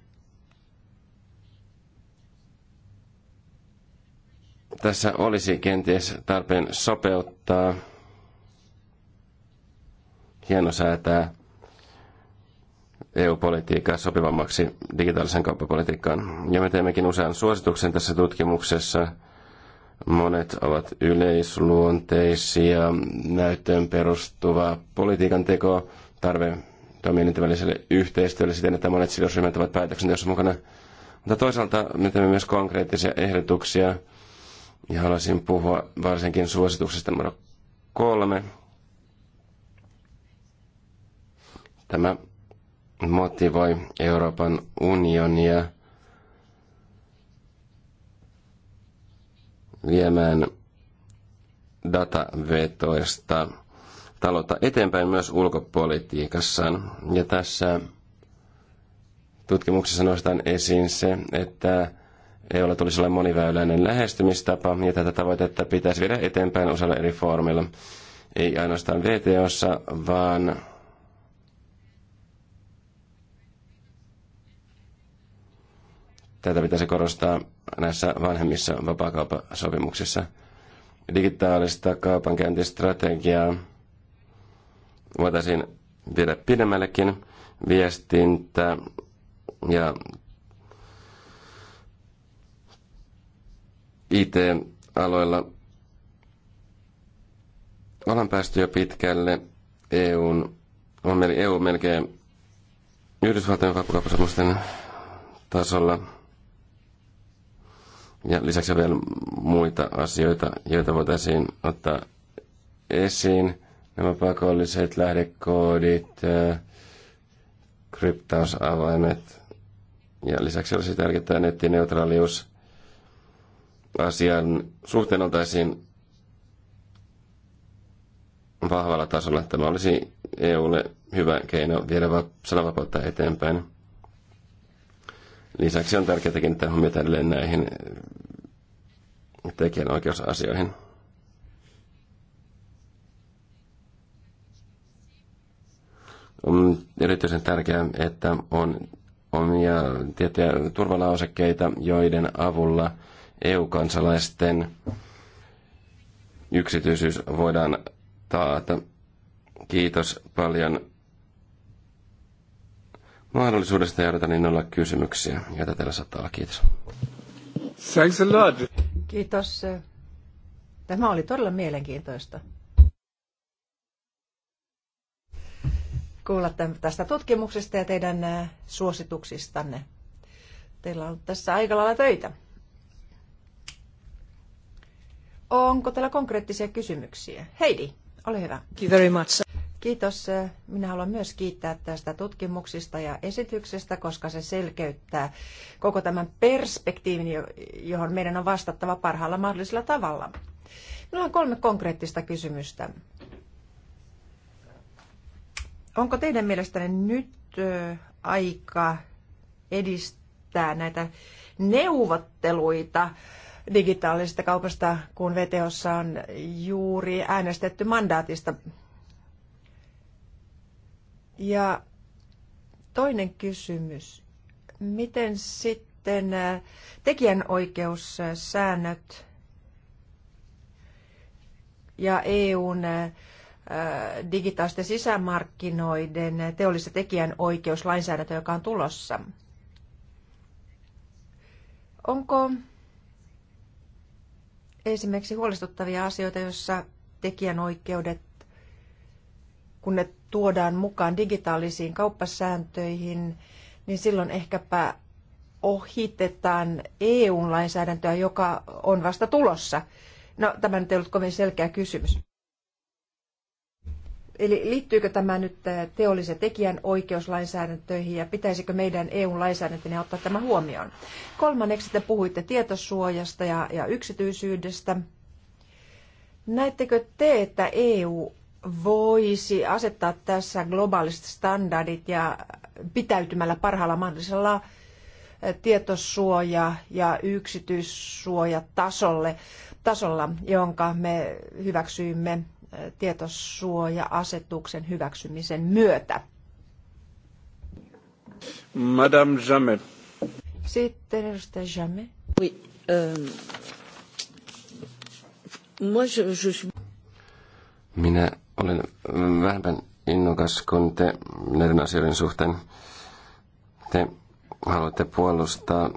tässä olisi kenties tarpeen sopeuttaa hienosäätää EU-politiikkaa sopivammaksi digitaalisen kauppapolitiikkaan. Ja me teemmekin usean suosituksen tässä tutkimuksessa. Monet ovat yleisluonteisia, näyttöön perustuva politiikan teko, tarve toimijoiden väliselle yhteistyölle siten, että monet sidosryhmät ovat päätöksenteossa mukana. Mutta toisaalta me teemme myös konkreettisia ehdotuksia, ja haluaisin puhua varsinkin suosituksesta numero kolme. Tämä motivoi Euroopan unionia viemään datavetoista taloutta eteenpäin myös ulkopolitiikassaan. Ja tässä tutkimuksessa nostan esiin se, että EUlla tulisi olla moniväyläinen lähestymistapa, ja tätä tavoitetta pitäisi viedä eteenpäin usealla eri foorumilla. Ei ainoastaan VTOssa, vaan Tätä pitäisi korostaa näissä vanhemmissa vapaakauppasopimuksissa. Digitaalista kaupankäyntistrategiaa voitaisiin viedä pidemmällekin. Viestintä ja IT-aloilla ollaan päästy jo pitkälle. EUn, on meillä EU melkein Yhdysvaltojen vapaakauppasopimusten tasolla – ja lisäksi on vielä muita asioita, joita voitaisiin ottaa esiin. Nämä pakolliset lähdekoodit, äh, kryptausavaimet ja lisäksi olisi tärkeää että nettineutraalius. Asian suhteen oltaisiin vahvalla tasolla. Tämä olisi EUlle hyvä keino viedä sananvapautta eteenpäin. Lisäksi on tärkeää kiinnittää huomiota edelleen näihin tekijänoikeusasioihin. On erityisen tärkeää, että on omia tiettyjä turvalausekkeita, joiden avulla EU-kansalaisten yksityisyys voidaan taata. Kiitos paljon mahdollisuudesta jäädä niin olla kysymyksiä, Jätä teillä saattaa olla. Kiitos. Thanks a lot. Kiitos. Tämä oli todella mielenkiintoista. Kuulla tästä tutkimuksesta ja teidän äh, suosituksistanne. Teillä on tässä aika lailla töitä. Onko teillä konkreettisia kysymyksiä? Heidi, ole hyvä. Thank you very much. Kiitos. Minä haluan myös kiittää tästä tutkimuksista ja esityksestä, koska se selkeyttää koko tämän perspektiivin, johon meidän on vastattava parhaalla mahdollisella tavalla. Minulla on kolme konkreettista kysymystä. Onko teidän mielestänne nyt aika edistää näitä neuvotteluita digitaalisesta kaupasta, kun VTOssa on juuri äänestetty mandaatista ja toinen kysymys. Miten sitten äh, tekijänoikeussäännöt ja EUn äh, digitaalisten sisämarkkinoiden äh, teollista tekijänoikeuslainsäädäntö, joka on tulossa? Onko esimerkiksi huolestuttavia asioita, joissa tekijänoikeudet, kun ne tuodaan mukaan digitaalisiin kauppasääntöihin, niin silloin ehkäpä ohitetaan EU-lainsäädäntöä, joka on vasta tulossa. No, tämä nyt ei ollut kovin selkeä kysymys. Eli liittyykö tämä nyt teollisen tekijän oikeuslainsäädäntöihin ja pitäisikö meidän EU-lainsäädäntönä ottaa tämä huomioon? Kolmanneksi te puhuitte tietosuojasta ja, ja yksityisyydestä. Näettekö te, että EU voisi asettaa tässä globaaliset standardit ja pitäytymällä parhaalla mahdollisella eh, tietosuoja- ja yksityissuojatasolle, tasolla, jonka me hyväksyimme eh, tietosuoja-asetuksen hyväksymisen myötä. Madame Jamet. Sitten edustaja Jamet. Oui. Euh, moi, je, je... Minä olen vähän innokas kuin te näiden asioiden suhteen. Te haluatte puolustaa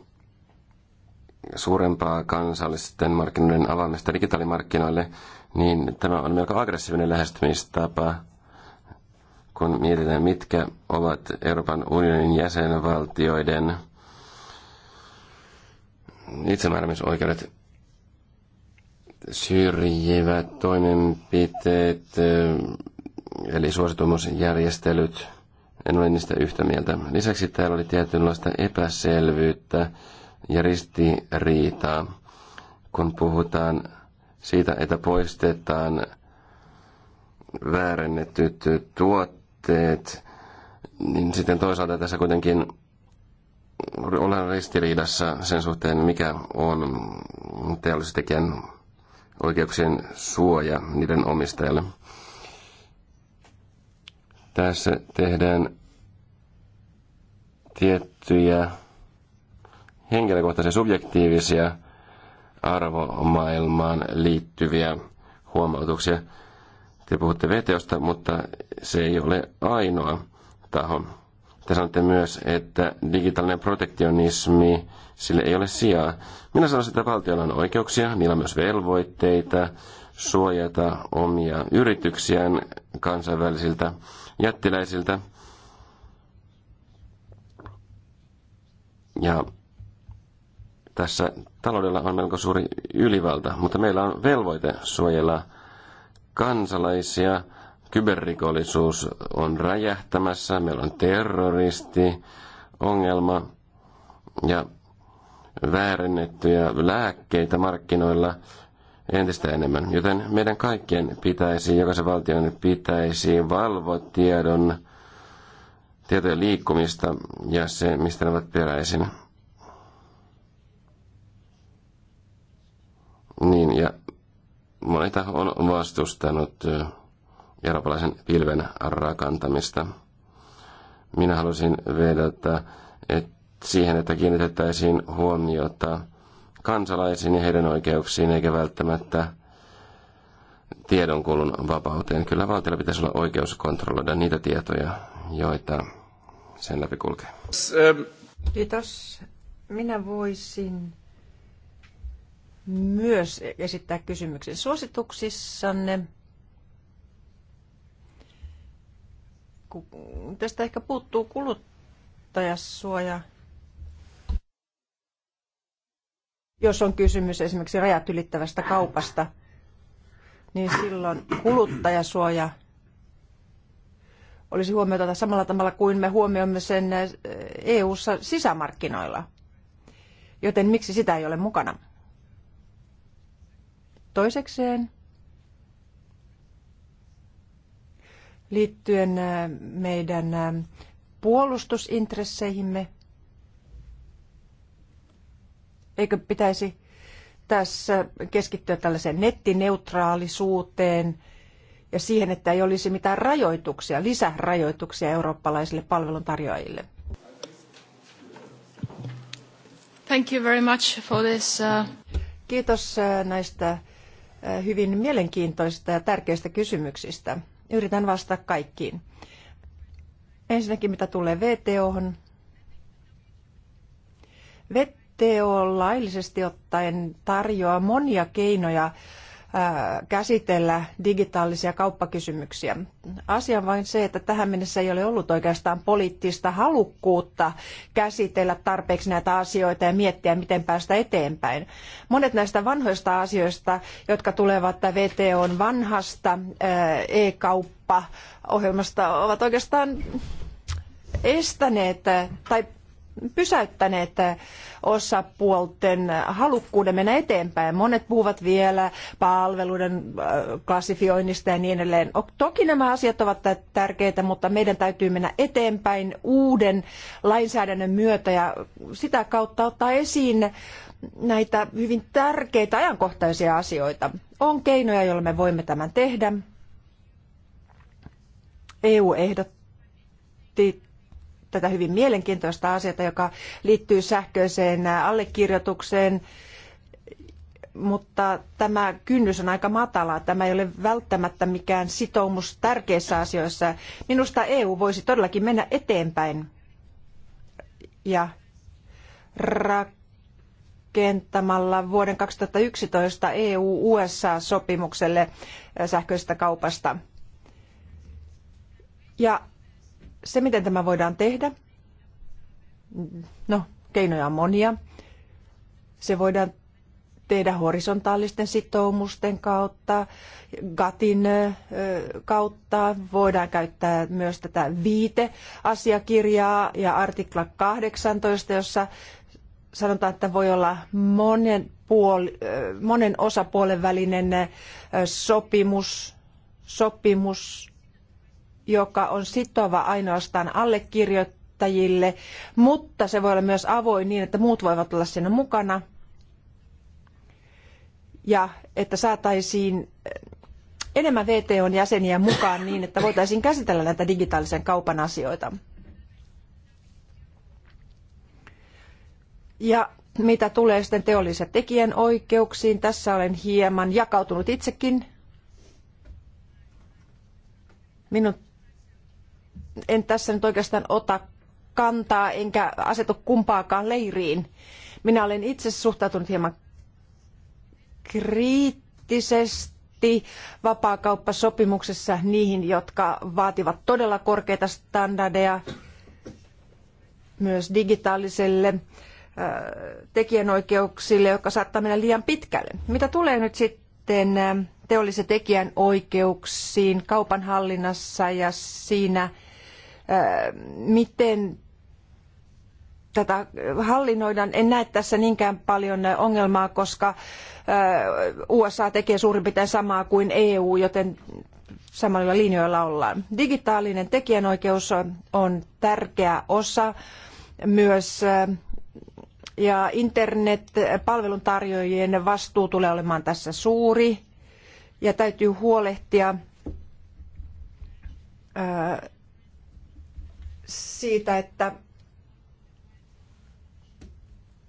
suurempaa kansallisten markkinoiden avaamista digitaalimarkkinoille, niin tämä on melko aggressiivinen lähestymistapa, kun mietitään, mitkä ovat Euroopan unionin jäsenvaltioiden itsemääräämisoikeudet syrjivät toimenpiteet, eh, eli suositumusjärjestelyt, en ole niistä yhtä mieltä. Lisäksi täällä oli tietynlaista epäselvyyttä ja ristiriitaa, kun puhutaan siitä, että poistetaan väärennetyt tuotteet, niin sitten toisaalta tässä kuitenkin ollaan ristiriidassa sen suhteen, mikä on teollistekijän oikeuksien suoja niiden omistajalle. Tässä tehdään tiettyjä henkilökohtaisia subjektiivisia arvomaailmaan liittyviä huomautuksia. Te puhutte veteosta, mutta se ei ole ainoa taho. Te sanotte myös, että digitaalinen protektionismi, sille ei ole sijaa. Minä sanoisin, että valtiolla on oikeuksia, niillä on myös velvoitteita suojata omia yrityksiään kansainvälisiltä jättiläisiltä. Ja tässä taloudella on melko suuri ylivalta, mutta meillä on velvoite suojella kansalaisia – Kyberrikollisuus on räjähtämässä, meillä on terroristi, ongelma ja väärennettyjä lääkkeitä markkinoilla entistä enemmän. Joten meidän kaikkien pitäisi, jokaisen valtion pitäisi valvoa tiedon, tietojen liikkumista ja se, mistä ne ovat peräisin. Niin, ja moni on vastustanut eurooppalaisen pilven rakantamista. Minä halusin vedota et, siihen, että kiinnitettäisiin huomiota kansalaisiin ja heidän oikeuksiin, eikä välttämättä tiedonkulun vapauteen. Kyllä valtiolla pitäisi olla oikeus kontrolloida niitä tietoja, joita sen läpi kulkee. Kiitos. Minä voisin myös esittää kysymyksen suosituksissanne Tästä ehkä puuttuu kuluttajasuoja. Jos on kysymys esimerkiksi rajat ylittävästä kaupasta, niin silloin kuluttajasuoja olisi huomioitava samalla tavalla kuin me huomioimme sen EU-ssa eh, e sisämarkkinoilla. Joten miksi sitä ei ole mukana? Toisekseen liittyen äh, meidän äh, puolustusintresseihimme? Eikö pitäisi tässä keskittyä tällaiseen nettineutraalisuuteen ja siihen, että ei olisi mitään rajoituksia, lisärajoituksia eurooppalaisille palveluntarjoajille? Thank you very much for this, uh... Kiitos äh, näistä hyvin mielenkiintoisista ja tärkeistä kysymyksistä. Yritän vastata kaikkiin. Ensinnäkin mitä tulee VTOhon. VTO laillisesti ottaen tarjoaa monia keinoja käsitellä digitaalisia kauppakysymyksiä. Asia on vain se, että tähän mennessä ei ole ollut oikeastaan poliittista halukkuutta käsitellä tarpeeksi näitä asioita ja miettiä, miten päästä eteenpäin. Monet näistä vanhoista asioista, jotka tulevat VTOn vanhasta e-kauppaohjelmasta, ovat oikeastaan estäneet tai pysäyttäneet osapuolten halukkuuden mennä eteenpäin. Monet puhuvat vielä palveluiden äh, klassifioinnista ja niin edelleen. Toki nämä asiat ovat tärkeitä, mutta meidän täytyy mennä eteenpäin uuden lainsäädännön myötä ja sitä kautta ottaa esiin näitä hyvin tärkeitä ajankohtaisia asioita. On keinoja, joilla me voimme tämän tehdä. EU ehdotti tätä hyvin mielenkiintoista asiaa, joka liittyy sähköiseen allekirjoitukseen, mutta tämä kynnys on aika matala. Tämä ei ole välttämättä mikään sitoumus tärkeissä asioissa. Minusta EU voisi todellakin mennä eteenpäin ja rakentamalla vuoden 2011 EU-USA-sopimukselle sähköisestä kaupasta. Ja se, miten tämä voidaan tehdä, no, keinoja on monia. Se voidaan tehdä horisontaalisten sitoumusten kautta, GATin kautta. Voidaan käyttää myös tätä viiteasiakirjaa ja artikla 18, jossa sanotaan, että voi olla monen, puoli, monen osapuolen välinen sopimus, sopimus joka on sitova ainoastaan allekirjoittajille, mutta se voi olla myös avoin niin, että muut voivat olla siinä mukana. Ja että saataisiin eh, enemmän VTOn jäseniä mukaan niin, että voitaisiin käsitellä näitä digitaalisen kaupan asioita. Ja mitä tulee sitten teollis- ja tekijänoikeuksiin, tässä olen hieman jakautunut itsekin. Minun en tässä nyt oikeastaan ota kantaa enkä asetu kumpaakaan leiriin. Minä olen itse suhtautunut hieman kriittisesti vapaakauppasopimuksessa niihin, jotka vaativat todella korkeita standardeja myös digitaaliselle tekijänoikeuksille, jotka saattaa mennä liian pitkälle. Mitä tulee nyt sitten teollisen tekijänoikeuksiin kaupan hallinnassa ja siinä, miten tätä hallinnoidaan. En näe tässä niinkään paljon ongelmaa, koska USA tekee suurin piirtein samaa kuin EU, joten samalla linjoilla ollaan. Digitaalinen tekijänoikeus on tärkeä osa myös ja internet-palveluntarjoajien vastuu tulee olemaan tässä suuri ja täytyy huolehtia siitä, että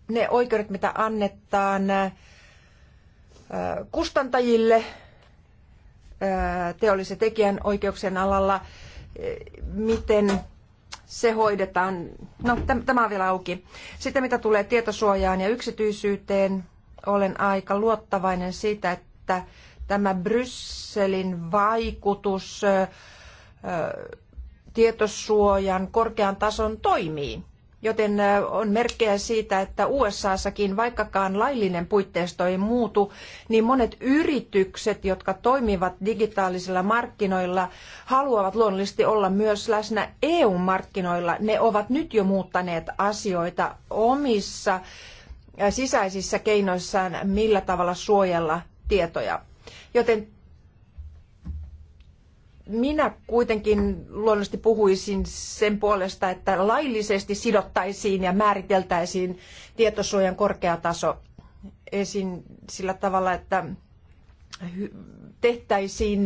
ne oikeudet, mitä annetaan kustantajille teollisen tekijän oikeuksien alalla, miten se hoidetaan. No, tämä on vielä auki. Sitten mitä tulee tietosuojaan ja yksityisyyteen, olen aika luottavainen siitä, että tämä Brysselin vaikutus tietosuojan korkean tason toimii. Joten on merkkejä siitä, että USAssakin, vaikkakaan laillinen puitteisto ei muutu, niin monet yritykset, jotka toimivat digitaalisilla markkinoilla, haluavat luonnollisesti olla myös läsnä EU-markkinoilla. Ne ovat nyt jo muuttaneet asioita omissa sisäisissä keinoissaan, millä tavalla suojella tietoja. Joten minä kuitenkin luonnollisesti puhuisin sen puolesta, että laillisesti sidottaisiin ja määriteltäisiin tietosuojan korkea taso esiin sillä tavalla, että tehtäisiin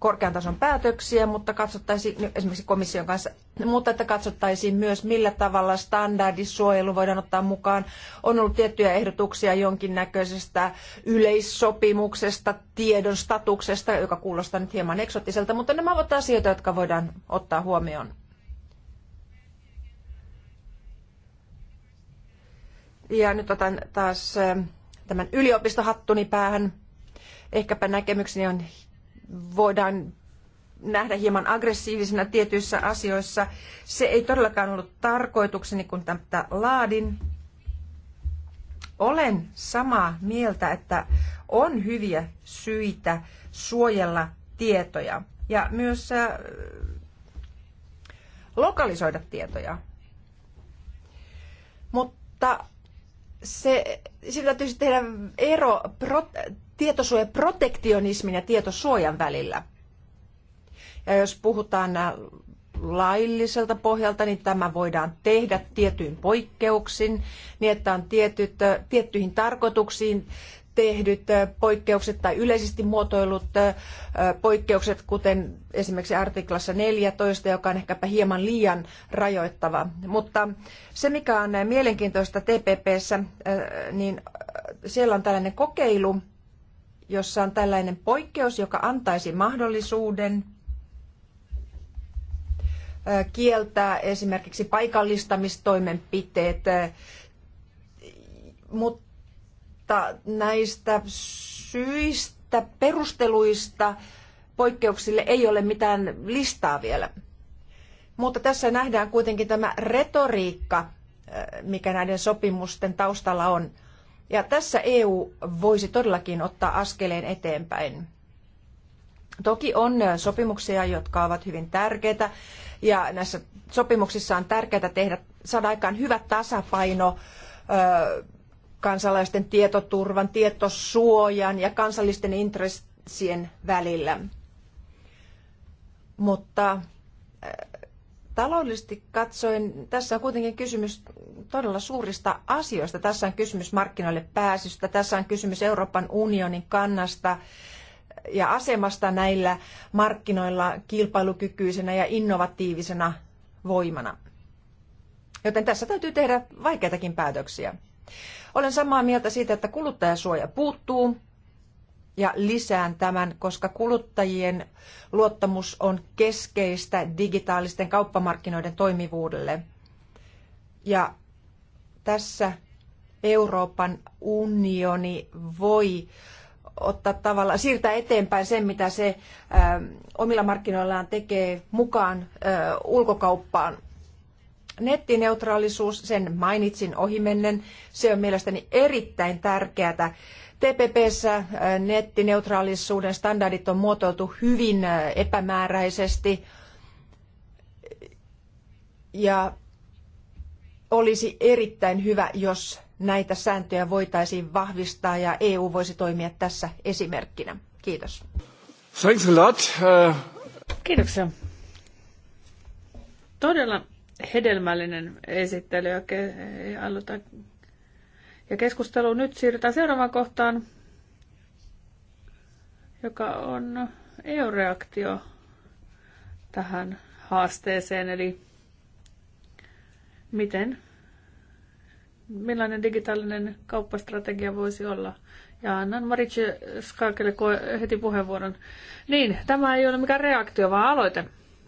korkean tason päätöksiä, mutta katsottaisiin esimerkiksi komission kanssa, mutta että katsottaisiin myös millä tavalla standardisuojelu voidaan ottaa mukaan. On ollut tiettyjä ehdotuksia jonkinnäköisestä yleissopimuksesta, tiedon statuksesta, joka kuulostaa nyt hieman eksoottiselta, mutta nämä ovat asioita, jotka voidaan ottaa huomioon. Ja nyt otan taas tämän yliopistohattuni päähän. Ehkäpä näkemykseni on voidaan nähdä hieman aggressiivisena tietyissä asioissa. Se ei todellakaan ollut tarkoitukseni, kun tätä laadin. Olen samaa mieltä, että on hyviä syitä suojella tietoja ja myös äh, lokalisoida tietoja. Mutta se, sillä täytyisi tehdä ero tietosuojaprotektionismin ja tietosuojan välillä. Ja jos puhutaan äh, lailliselta pohjalta, niin tämä voidaan tehdä tietyin poikkeuksin, niin että on tietyt, äh, tiettyihin tarkoituksiin tehdyt äh, poikkeukset tai yleisesti muotoilut poikkeukset, kuten esimerkiksi artiklassa 14, joka on ehkäpä hieman liian rajoittava. Mutta se, mikä on mielenkiintoista TPPssä, niin siellä on tällainen kokeilu, jossa on tällainen poikkeus, joka antaisi mahdollisuuden kieltää esimerkiksi paikallistamistoimenpiteet, mutta näistä syistä, perusteluista poikkeuksille ei ole mitään listaa vielä. Mutta tässä nähdään kuitenkin tämä retoriikka, mikä näiden sopimusten taustalla on. Ja tässä EU voisi todellakin ottaa askeleen eteenpäin. Toki on sopimuksia, jotka ovat hyvin tärkeitä ja näissä sopimuksissa on tärkeää tehdä, saada aikaan hyvä tasapaino kansalaisten tietoturvan, tietosuojan ja kansallisten intressien välillä. Mutta taloudellisesti katsoen tässä on kuitenkin kysymys todella suurista asioista. Tässä on kysymys markkinoille pääsystä, tässä on kysymys Euroopan unionin kannasta ja asemasta näillä markkinoilla kilpailukykyisenä ja innovatiivisena voimana. Joten tässä täytyy tehdä vaikeitakin päätöksiä. Olen samaa mieltä siitä, että kuluttajasuoja puuttuu ja lisään tämän, koska kuluttajien luottamus on keskeistä digitaalisten kauppamarkkinoiden toimivuudelle. Ja tässä Euroopan unioni voi ottaa tavalla, siirtää eteenpäin sen, mitä se ö, omilla markkinoillaan tekee mukaan ö, ulkokauppaan. Nettineutraalisuus, sen mainitsin ohimennen, se on mielestäni erittäin tärkeää TPPssä äh, nettineutraalisuuden standardit on muotoiltu hyvin äh, epämääräisesti ja olisi erittäin hyvä, jos näitä sääntöjä voitaisiin vahvistaa ja EU voisi toimia tässä esimerkkinä. Kiitos. Thanks a lot. Uh, Kiitoksia. Todella hedelmällinen esittely. Okei, aloitan ja keskustelu nyt siirrytään seuraavaan kohtaan, joka on EU-reaktio tähän haasteeseen, eli miten, millainen digitaalinen kauppastrategia voisi olla. Ja annan Maritse Skakelle heti puheenvuoron. Niin, tämä ei ole mikään reaktio, vaan aloite,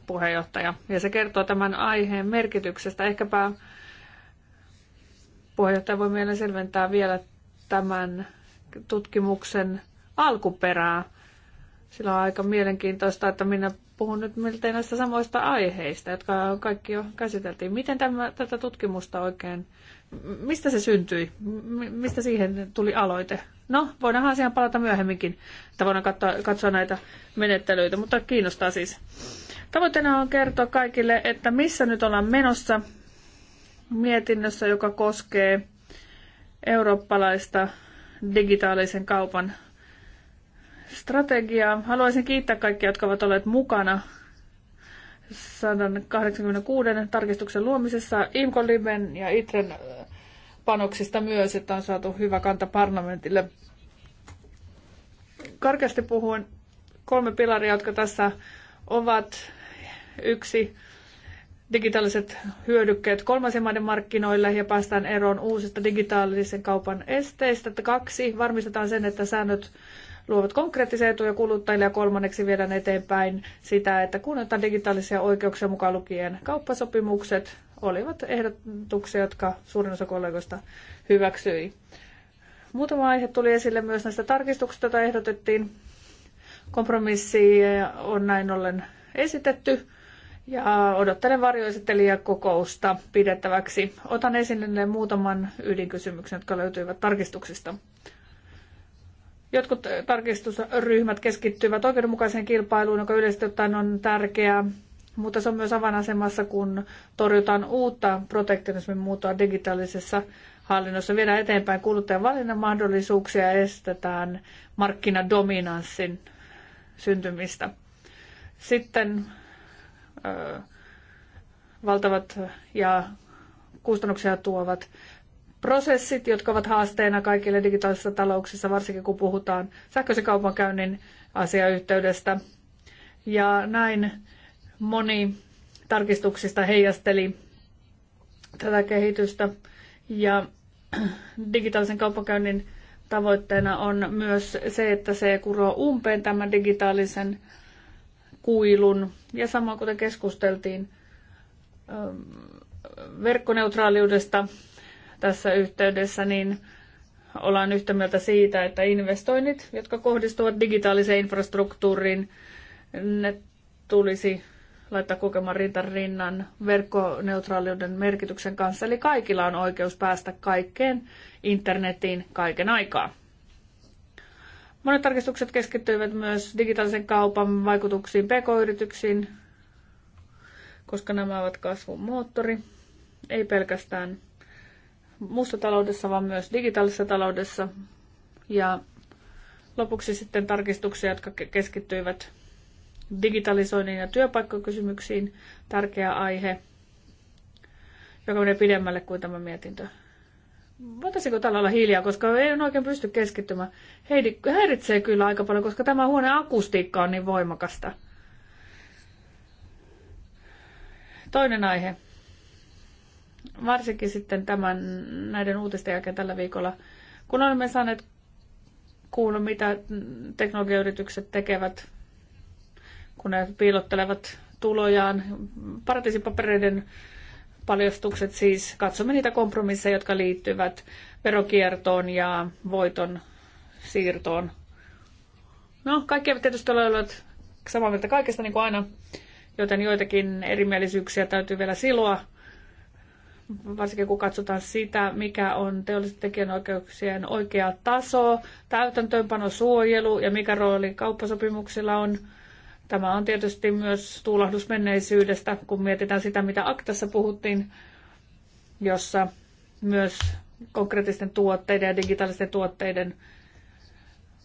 puheenjohtaja. Ja se kertoo tämän aiheen merkityksestä. Ehkäpä Puheenjohtaja voi meillä selventää vielä tämän tutkimuksen alkuperää. Sillä on aika mielenkiintoista, että minä puhun nyt miltei näistä samoista aiheista, jotka kaikki jo käsiteltiin. Miten tämä, tätä tutkimusta oikein, mistä se syntyi? Mistä siihen tuli aloite? No, voidaan asiaan palata myöhemminkin, että voidaan katsoa, katsoa näitä menettelyitä, mutta kiinnostaa siis. Tavoitteena on kertoa kaikille, että missä nyt ollaan menossa, mietinnössä, joka koskee eurooppalaista digitaalisen kaupan strategiaa. Haluaisin kiittää kaikkia, jotka ovat olleet mukana 186 tarkistuksen luomisessa Imko Liben ja Itren äh, panoksista myös, että on saatu hyvä kanta parlamentille. Karkeasti puhuen kolme pilaria, jotka tässä ovat yksi digitaaliset hyödykkeet kolmansien maiden markkinoille ja päästään eroon uusista digitaalisen kaupan esteistä. Kaksi, varmistetaan sen, että säännöt luovat konkreettisia etuja kuluttajille ja kolmanneksi viedään eteenpäin sitä, että kunnioitetaan digitaalisia oikeuksia mukaan lukien kauppasopimukset olivat ehdotuksia, jotka suurin osa kollegoista hyväksyi. Muutama aihe tuli esille myös näistä tarkistuksista, joita ehdotettiin. Kompromissi on näin ollen esitetty ja odottelen varjoesittelijäkokousta pidettäväksi. Otan esille muutaman ydinkysymyksen, jotka löytyivät tarkistuksista. Jotkut tarkistusryhmät keskittyvät oikeudenmukaiseen kilpailuun, joka yleisesti ottaen on tärkeää, mutta se on myös avainasemassa, kun torjutaan uutta protektionismin muutoa digitaalisessa hallinnossa. Viedään eteenpäin kuluttajan valinnan mahdollisuuksia ja estetään markkinadominanssin syntymistä. Sitten valtavat ja kustannuksia tuovat prosessit, jotka ovat haasteena kaikille digitaalisissa talouksissa, varsinkin kun puhutaan sähköisen kaupankäynnin asiayhteydestä. Ja näin moni tarkistuksista heijasteli tätä kehitystä. Ja digitaalisen kaupankäynnin tavoitteena on myös se, että se kuroo umpeen tämän digitaalisen kuilun ja samoin kuten keskusteltiin ähm, verkkoneutraaliudesta tässä yhteydessä, niin ollaan yhtä mieltä siitä, että investoinnit, jotka kohdistuvat digitaaliseen infrastruktuuriin, ne tulisi laittaa kokemaan rintan rinnan verkkoneutraaliuden merkityksen kanssa. Eli kaikilla on oikeus päästä kaikkeen internetiin kaiken aikaa. Monet tarkistukset keskittyivät myös digitaalisen kaupan vaikutuksiin pk-yrityksiin, koska nämä ovat kasvun moottori, ei pelkästään mustataloudessa, vaan myös digitaalisessa taloudessa. Ja lopuksi sitten tarkistuksia, jotka keskittyivät digitalisoinnin ja työpaikkakysymyksiin, tärkeä aihe, joka menee pidemmälle kuin tämä mietintö. Voitaisiinko tällä olla hiljaa, koska ei oikein pysty keskittymään. Heidi häiritsee kyllä aika paljon, koska tämä huoneen akustiikka on niin voimakasta. Toinen aihe. Varsinkin sitten tämän, näiden uutisten jälkeen tällä viikolla, kun olemme saaneet kuulla, mitä teknologiayritykset tekevät, kun ne piilottelevat tulojaan paratiisipapereiden paljastukset siis, katsomme niitä kompromisseja, jotka liittyvät verokiertoon ja voiton siirtoon. No, kaikki eivät tietysti ole olleet samaa mieltä kaikesta niin kuin aina, joten joitakin erimielisyyksiä täytyy vielä siloa, varsinkin kun katsotaan sitä, mikä on teollisten tekijänoikeuksien oikea taso, täytäntöönpano, suojelu ja mikä rooli kauppasopimuksilla on – Tämä on tietysti myös tuulahdus menneisyydestä, kun mietitään sitä, mitä Aktassa puhuttiin, jossa myös konkreettisten tuotteiden ja digitaalisten tuotteiden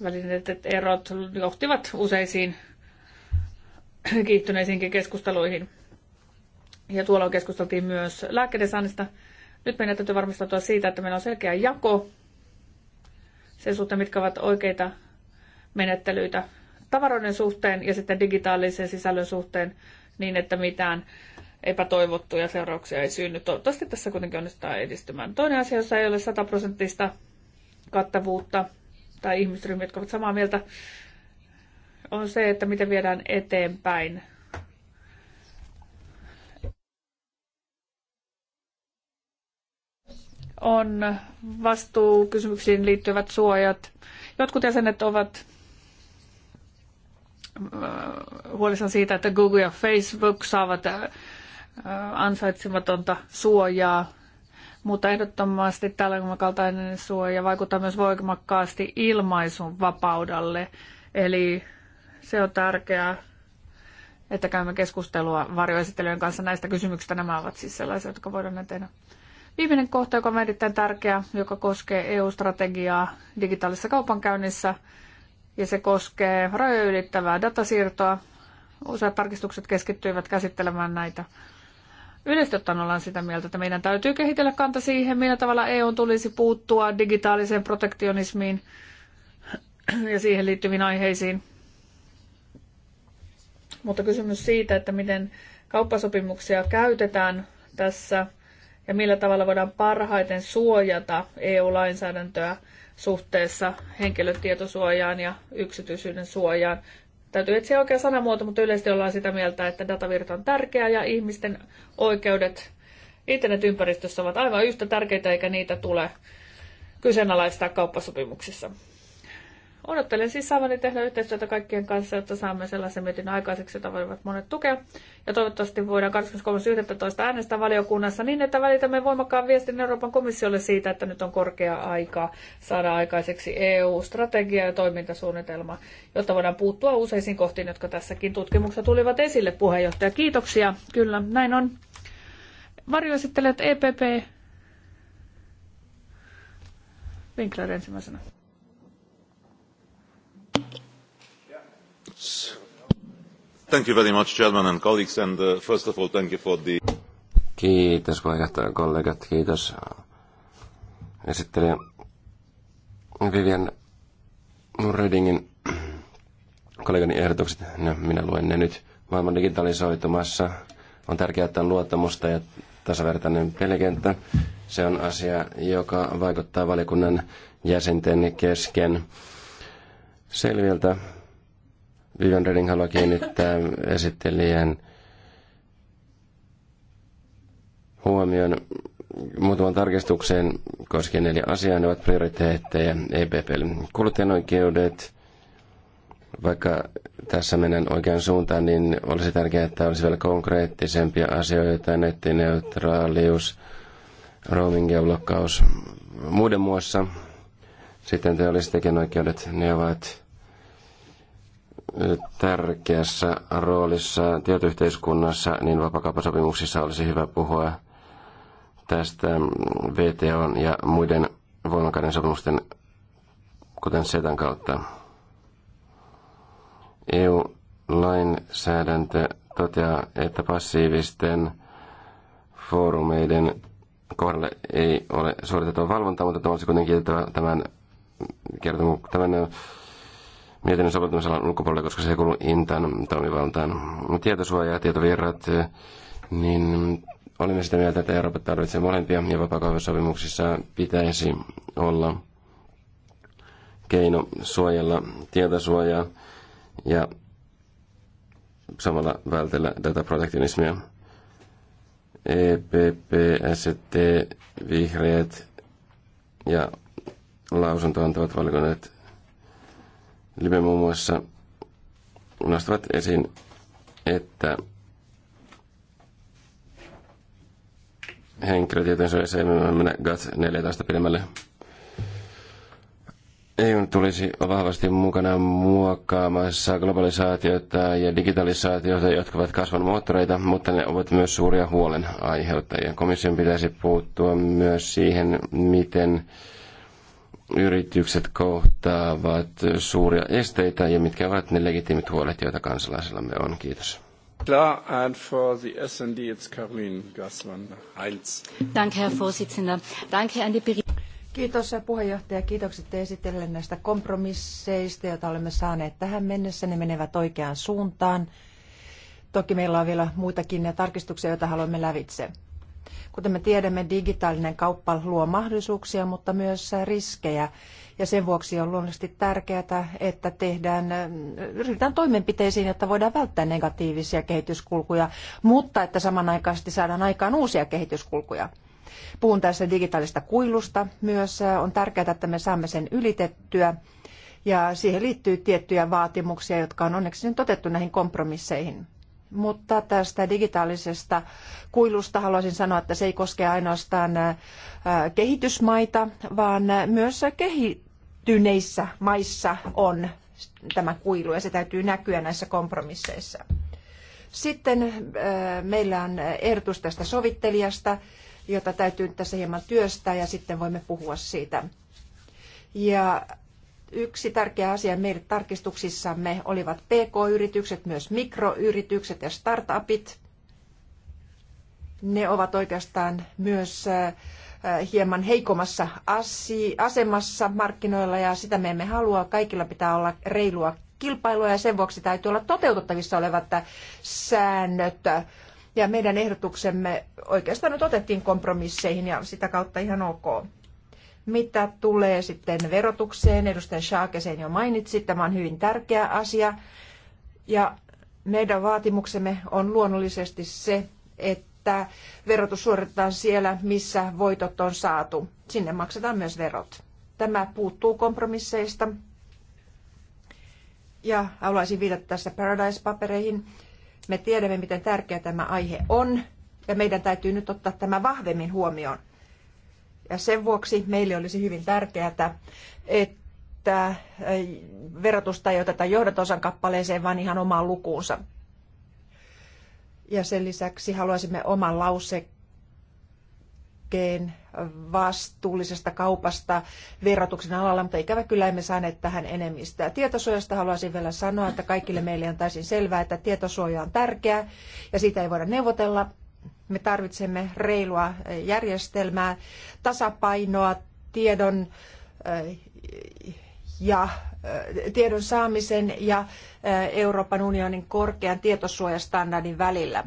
välineet erot johtivat useisiin kiihtyneisiinkin keskusteluihin. Ja tuolla keskusteltiin myös lääkkeiden saannista. Nyt meidän täytyy varmistautua siitä, että meillä on selkeä jako sen suhteen, mitkä ovat oikeita menettelyitä tavaroiden suhteen ja sitten digitaalisen sisällön suhteen niin, että mitään epätoivottuja seurauksia ei synny. Toivottavasti tässä kuitenkin onnistutaan edistymään. Toinen asia, jossa ei ole sataprosenttista kattavuutta tai ihmisryhmiä, jotka ovat samaa mieltä, on se, että miten viedään eteenpäin on vastuukysymyksiin liittyvät suojat. Jotkut jäsenet ovat huolissaan siitä, että Google ja Facebook saavat äh, ansaitsematonta suojaa, mutta ehdottomasti tällainen kaltainen suoja vaikuttaa myös voimakkaasti ilmaisun vapaudelle. Eli se on tärkeää, että käymme keskustelua varjoesittelyjen kanssa näistä kysymyksistä. Nämä ovat siis sellaisia, jotka voidaan näin tehdä. Viimeinen kohta, joka on erittäin tärkeä, joka koskee EU-strategiaa digitaalisessa kaupankäynnissä – ja se koskee rajojen ylittävää datasiirtoa. Useat tarkistukset keskittyivät käsittelemään näitä. Yleisesti ollaan sitä mieltä, että meidän täytyy kehitellä kanta siihen, millä tavalla EU tulisi puuttua digitaaliseen protektionismiin ja siihen liittyviin aiheisiin. Mutta kysymys siitä, että miten kauppasopimuksia käytetään tässä ja millä tavalla voidaan parhaiten suojata EU-lainsäädäntöä – suhteessa henkilötietosuojaan ja yksityisyyden suojaan. Täytyy etsiä oikea sanamuoto, mutta yleisesti ollaan sitä mieltä, että datavirta on tärkeä ja ihmisten oikeudet internetympäristössä ovat aivan yhtä tärkeitä eikä niitä tule kyseenalaistaa kauppasopimuksissa. Odottelen siis saavani tehdä yhteistyötä kaikkien kanssa, jotta saamme sellaisen mietin aikaiseksi, jota voivat monet tukea. Ja toivottavasti voidaan 23.11. äänestää valiokunnassa niin, että välitämme voimakkaan viestin Euroopan komissiolle siitä, että nyt on korkea aika saada aikaiseksi EU-strategia ja toimintasuunnitelma, jotta voidaan puuttua useisiin kohtiin, jotka tässäkin tutkimuksessa tulivat esille. Puheenjohtaja, kiitoksia. Kyllä, näin on. Varjoesittelijät EPP. Winkler ensimmäisenä. Kiitos puheenjohtaja kollegat, kiitos äh, esittelijä Vivian Redingin kollegani ehdotukset. No, minä luen ne nyt. Maailman digitalisoitumassa on tärkeää, että on luottamusta ja tasavertainen pelikenttä. Se on asia, joka vaikuttaa valiokunnan jäsenten kesken selviltä. Vivian Redding haluaa kiinnittää esittelijän huomion muutaman tarkistukseen koskien neljä asiaa. Ne ovat prioriteetteja EPPlle. Kuluttajan oikeudet, vaikka tässä mennään oikean suuntaan, niin olisi tärkeää, että olisi vielä konkreettisempia asioita, nettineutraalius, roaming ja blokkaus muiden muassa. Sitten teolliset tekijänoikeudet, ne ovat tärkeässä roolissa tietoyhteiskunnassa, niin vapakauppasopimuksissa olisi hyvä puhua tästä VTO ja muiden voimakkaiden sopimusten, kuten SETAn kautta. EU-lainsäädäntö toteaa, että passiivisten foorumeiden kohdalle ei ole suoritettava valvontaa, mutta tämä olisi kuitenkin tämän, tämän, tämän mietinnön soveltamisalan ulkopuolelle, koska se ei kuulu Intan toimivaltaan. Tietosuoja ja tietovirrat, eh, niin olimme sitä mieltä, että Eurooppa tarvitsee molempia ja vapaakauppasopimuksissa pitäisi olla keino suojella tietosuojaa ja samalla vältellä dataprotektionismia. EPP, ST, vihreät ja lausuntoantavat valikoneet Libe muun muassa nostavat esiin, että henkilötietojen suojassa ei mennä GATS 14 pidemmälle. EU tulisi vahvasti mukana muokkaamassa globalisaatiota ja digitalisaatiota, jotka ovat kasvun moottoreita, mutta ne ovat myös suuria huolenaiheuttajia. Komission pitäisi puuttua myös siihen, miten yritykset kohtaavat suuria esteitä ja mitkä ovat ne legitiimit huolet, joita kansalaisillamme on. Kiitos. Klar, and for the SND it's Caroline Gassmann-Heinz. Danke, Herr Vorsitzender. Danke an die Kiitos puheenjohtaja. Kiitokset esitellen näistä kompromisseista, joita olemme saaneet tähän mennessä. Ne menevät oikeaan suuntaan. Toki meillä on vielä muitakin tarkistuksia, joita haluamme lävitse. Kuten me tiedämme, digitaalinen kauppa luo mahdollisuuksia, mutta myös riskejä. Ja sen vuoksi on luonnollisesti tärkeää, että tehdään, ryhdytään toimenpiteisiin, jotta voidaan välttää negatiivisia kehityskulkuja, mutta että samanaikaisesti saadaan aikaan uusia kehityskulkuja. Puhun tässä digitaalista kuilusta myös. On tärkeää, että me saamme sen ylitettyä. Ja siihen liittyy tiettyjä vaatimuksia, jotka on onneksi nyt otettu näihin kompromisseihin. Mutta tästä digitaalisesta kuilusta haluaisin sanoa, että se ei koske ainoastaan kehitysmaita, vaan myös kehittyneissä maissa on tämä kuilu ja se täytyy näkyä näissä kompromisseissa. Sitten meillä on ehdotus tästä sovittelijasta, jota täytyy tässä hieman työstää ja sitten voimme puhua siitä. Ja Yksi tärkeä asia meille tarkistuksissamme olivat PK-yritykset, myös mikroyritykset ja startupit. Ne ovat oikeastaan myös äh, hieman heikommassa asemassa markkinoilla ja sitä me emme halua. Kaikilla pitää olla reilua kilpailua ja sen vuoksi täytyy olla toteutettavissa olevat säännöt. Ja meidän ehdotuksemme oikeastaan nyt otettiin kompromisseihin ja sitä kautta ihan ok. Mitä tulee sitten verotukseen, edustaja Schaakeseen jo mainitsi, tämä on hyvin tärkeä asia. Ja meidän vaatimuksemme on luonnollisesti se, että verotus suoritetaan siellä, missä voitot on saatu. Sinne maksetaan myös verot. Tämä puuttuu kompromisseista. Ja haluaisin viitata tässä Paradise-papereihin. Me tiedämme, miten tärkeä tämä aihe on, ja meidän täytyy nyt ottaa tämä vahvemmin huomioon. Ja sen vuoksi meille olisi hyvin tärkeää, että verotusta ei oteta johdatosan kappaleeseen, vaan ihan omaan lukuunsa. Ja sen lisäksi haluaisimme oman lausekkeen vastuullisesta kaupasta verotuksen alalla, mutta ikävä kyllä emme saaneet tähän enemmistöä. Tietosuojasta haluaisin vielä sanoa, että kaikille meille on täysin selvää, että tietosuoja on tärkeää ja siitä ei voida neuvotella, me tarvitsemme reilua eh, järjestelmää, tasapainoa tiedon eh, ja eh, tiedon saamisen ja Euroopan unionin korkean tietosuojastandardin välillä.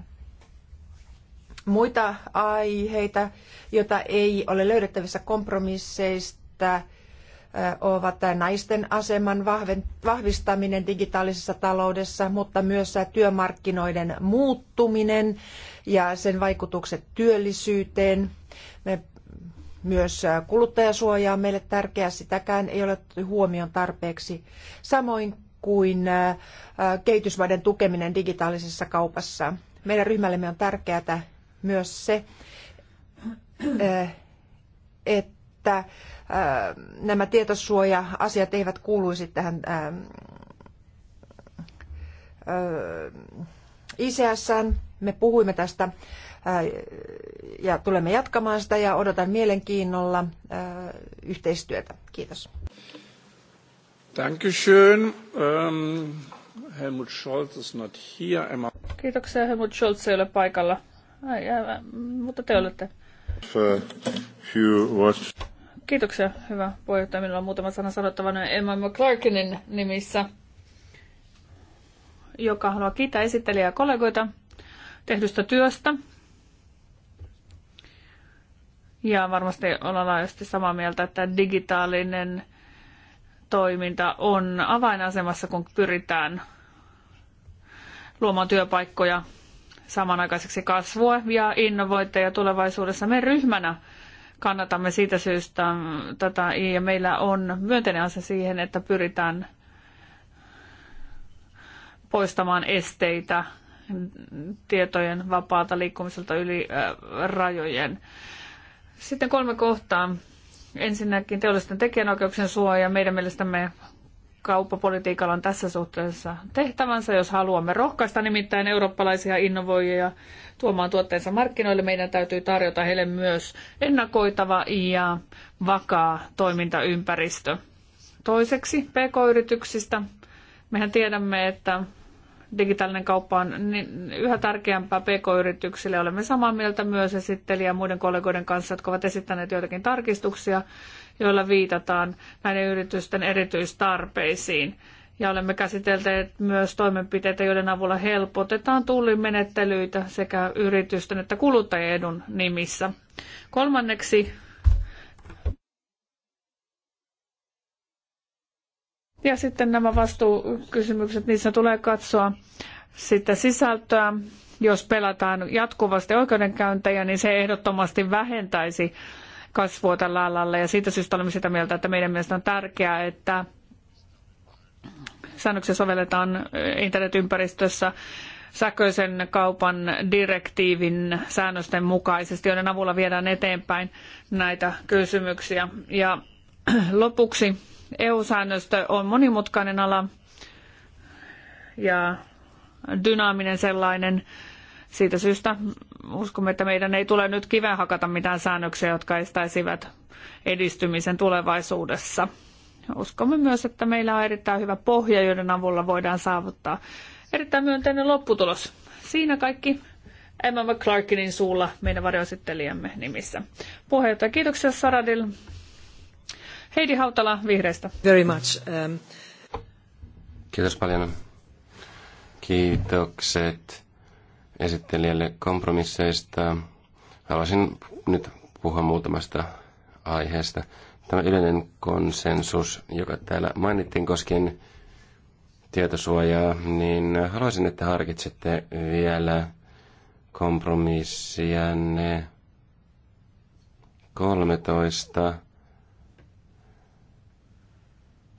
Muita aiheita, joita ei ole löydettävissä kompromisseista, ovat naisten aseman vahvistaminen digitaalisessa taloudessa, mutta myös työmarkkinoiden muuttuminen ja sen vaikutukset työllisyyteen. Me myös kuluttajasuoja on meille tärkeä, sitäkään ei ole huomioon tarpeeksi. Samoin kuin kehitysmaiden tukeminen digitaalisessa kaupassa. Meidän ryhmällemme on tärkeää myös se, että nämä tietosuoja-asiat eivät kuuluisi tähän ICSään, me puhuimme tästä äh, ja tulemme jatkamaan sitä ja odotan mielenkiinnolla äh, yhteistyötä. Kiitos. Dankeschön. Ähm, Helmut Scholz is not here. Emma. Kiitoksia. Helmut Scholz ei ole paikalla. Ai, jäävä. mutta te olette. Kiitoksia, hyvä puheenjohtaja. Minulla on muutama sana sanottavana Emma McClarkinin nimissä, joka haluaa kiittää esittelijää ja kollegoita tehdystä työstä. Ja varmasti ollaan laajasti samaa mieltä, että digitaalinen toiminta on avainasemassa, kun pyritään luomaan työpaikkoja samanaikaiseksi kasvua ja innovointeja tulevaisuudessa. Me ryhmänä kannatamme siitä syystä tätä ja meillä on myönteinen asia siihen, että pyritään poistamaan esteitä tietojen vapaata liikkumiselta yli äh, rajojen. Sitten kolme kohtaa. Ensinnäkin teollisten tekijänoikeuksien suoja. Meidän mielestämme kauppapolitiikalla on tässä suhteessa tehtävänsä, jos haluamme rohkaista nimittäin eurooppalaisia innovoijia tuomaan tuotteensa markkinoille. Meidän täytyy tarjota heille myös ennakoitava ja vakaa toimintaympäristö. Toiseksi PK-yrityksistä. Mehän tiedämme, että digitaalinen kauppa on niin yhä tärkeämpää PK-yrityksille. Olemme samaa mieltä myös esittelijä ja muiden kollegoiden kanssa, jotka ovat esittäneet joitakin tarkistuksia, joilla viitataan näiden yritysten erityistarpeisiin. Ja olemme käsitelleet myös toimenpiteitä, joiden avulla helpotetaan tullimenettelyitä sekä yritysten että kuluttajien edun nimissä. Kolmanneksi Ja sitten nämä vastuukysymykset, niissä tulee katsoa sitä sisältöä. Jos pelataan jatkuvasti oikeudenkäyntejä, niin se ehdottomasti vähentäisi kasvua tällä alalla. Ja siitä syystä olemme sitä mieltä, että meidän mielestä on tärkeää, että säännöksiä sovelletaan internetympäristössä sähköisen kaupan direktiivin säännösten mukaisesti, joiden avulla viedään eteenpäin näitä kysymyksiä. Ja Lopuksi EU-säännöstö on monimutkainen ala ja dynaaminen sellainen. Siitä syystä uskomme, että meidän ei tule nyt kiveen hakata mitään säännöksiä, jotka estäisivät edistymisen tulevaisuudessa. Uskomme myös, että meillä on erittäin hyvä pohja, joiden avulla voidaan saavuttaa erittäin myönteinen lopputulos. Siinä kaikki Emma McClarkinin suulla meidän varjoesittelijämme nimissä. Puheenjohtaja, kiitoksia Saradil. Heidi Hautala Vihreistä. Very much. Um... Kiitos paljon. Kiitokset esittelijälle kompromisseista. Haluaisin nyt puhua muutamasta aiheesta. Tämä yleinen konsensus, joka täällä mainittiin koskien tietosuojaa, niin haluaisin, että harkitsette vielä kompromissianne 13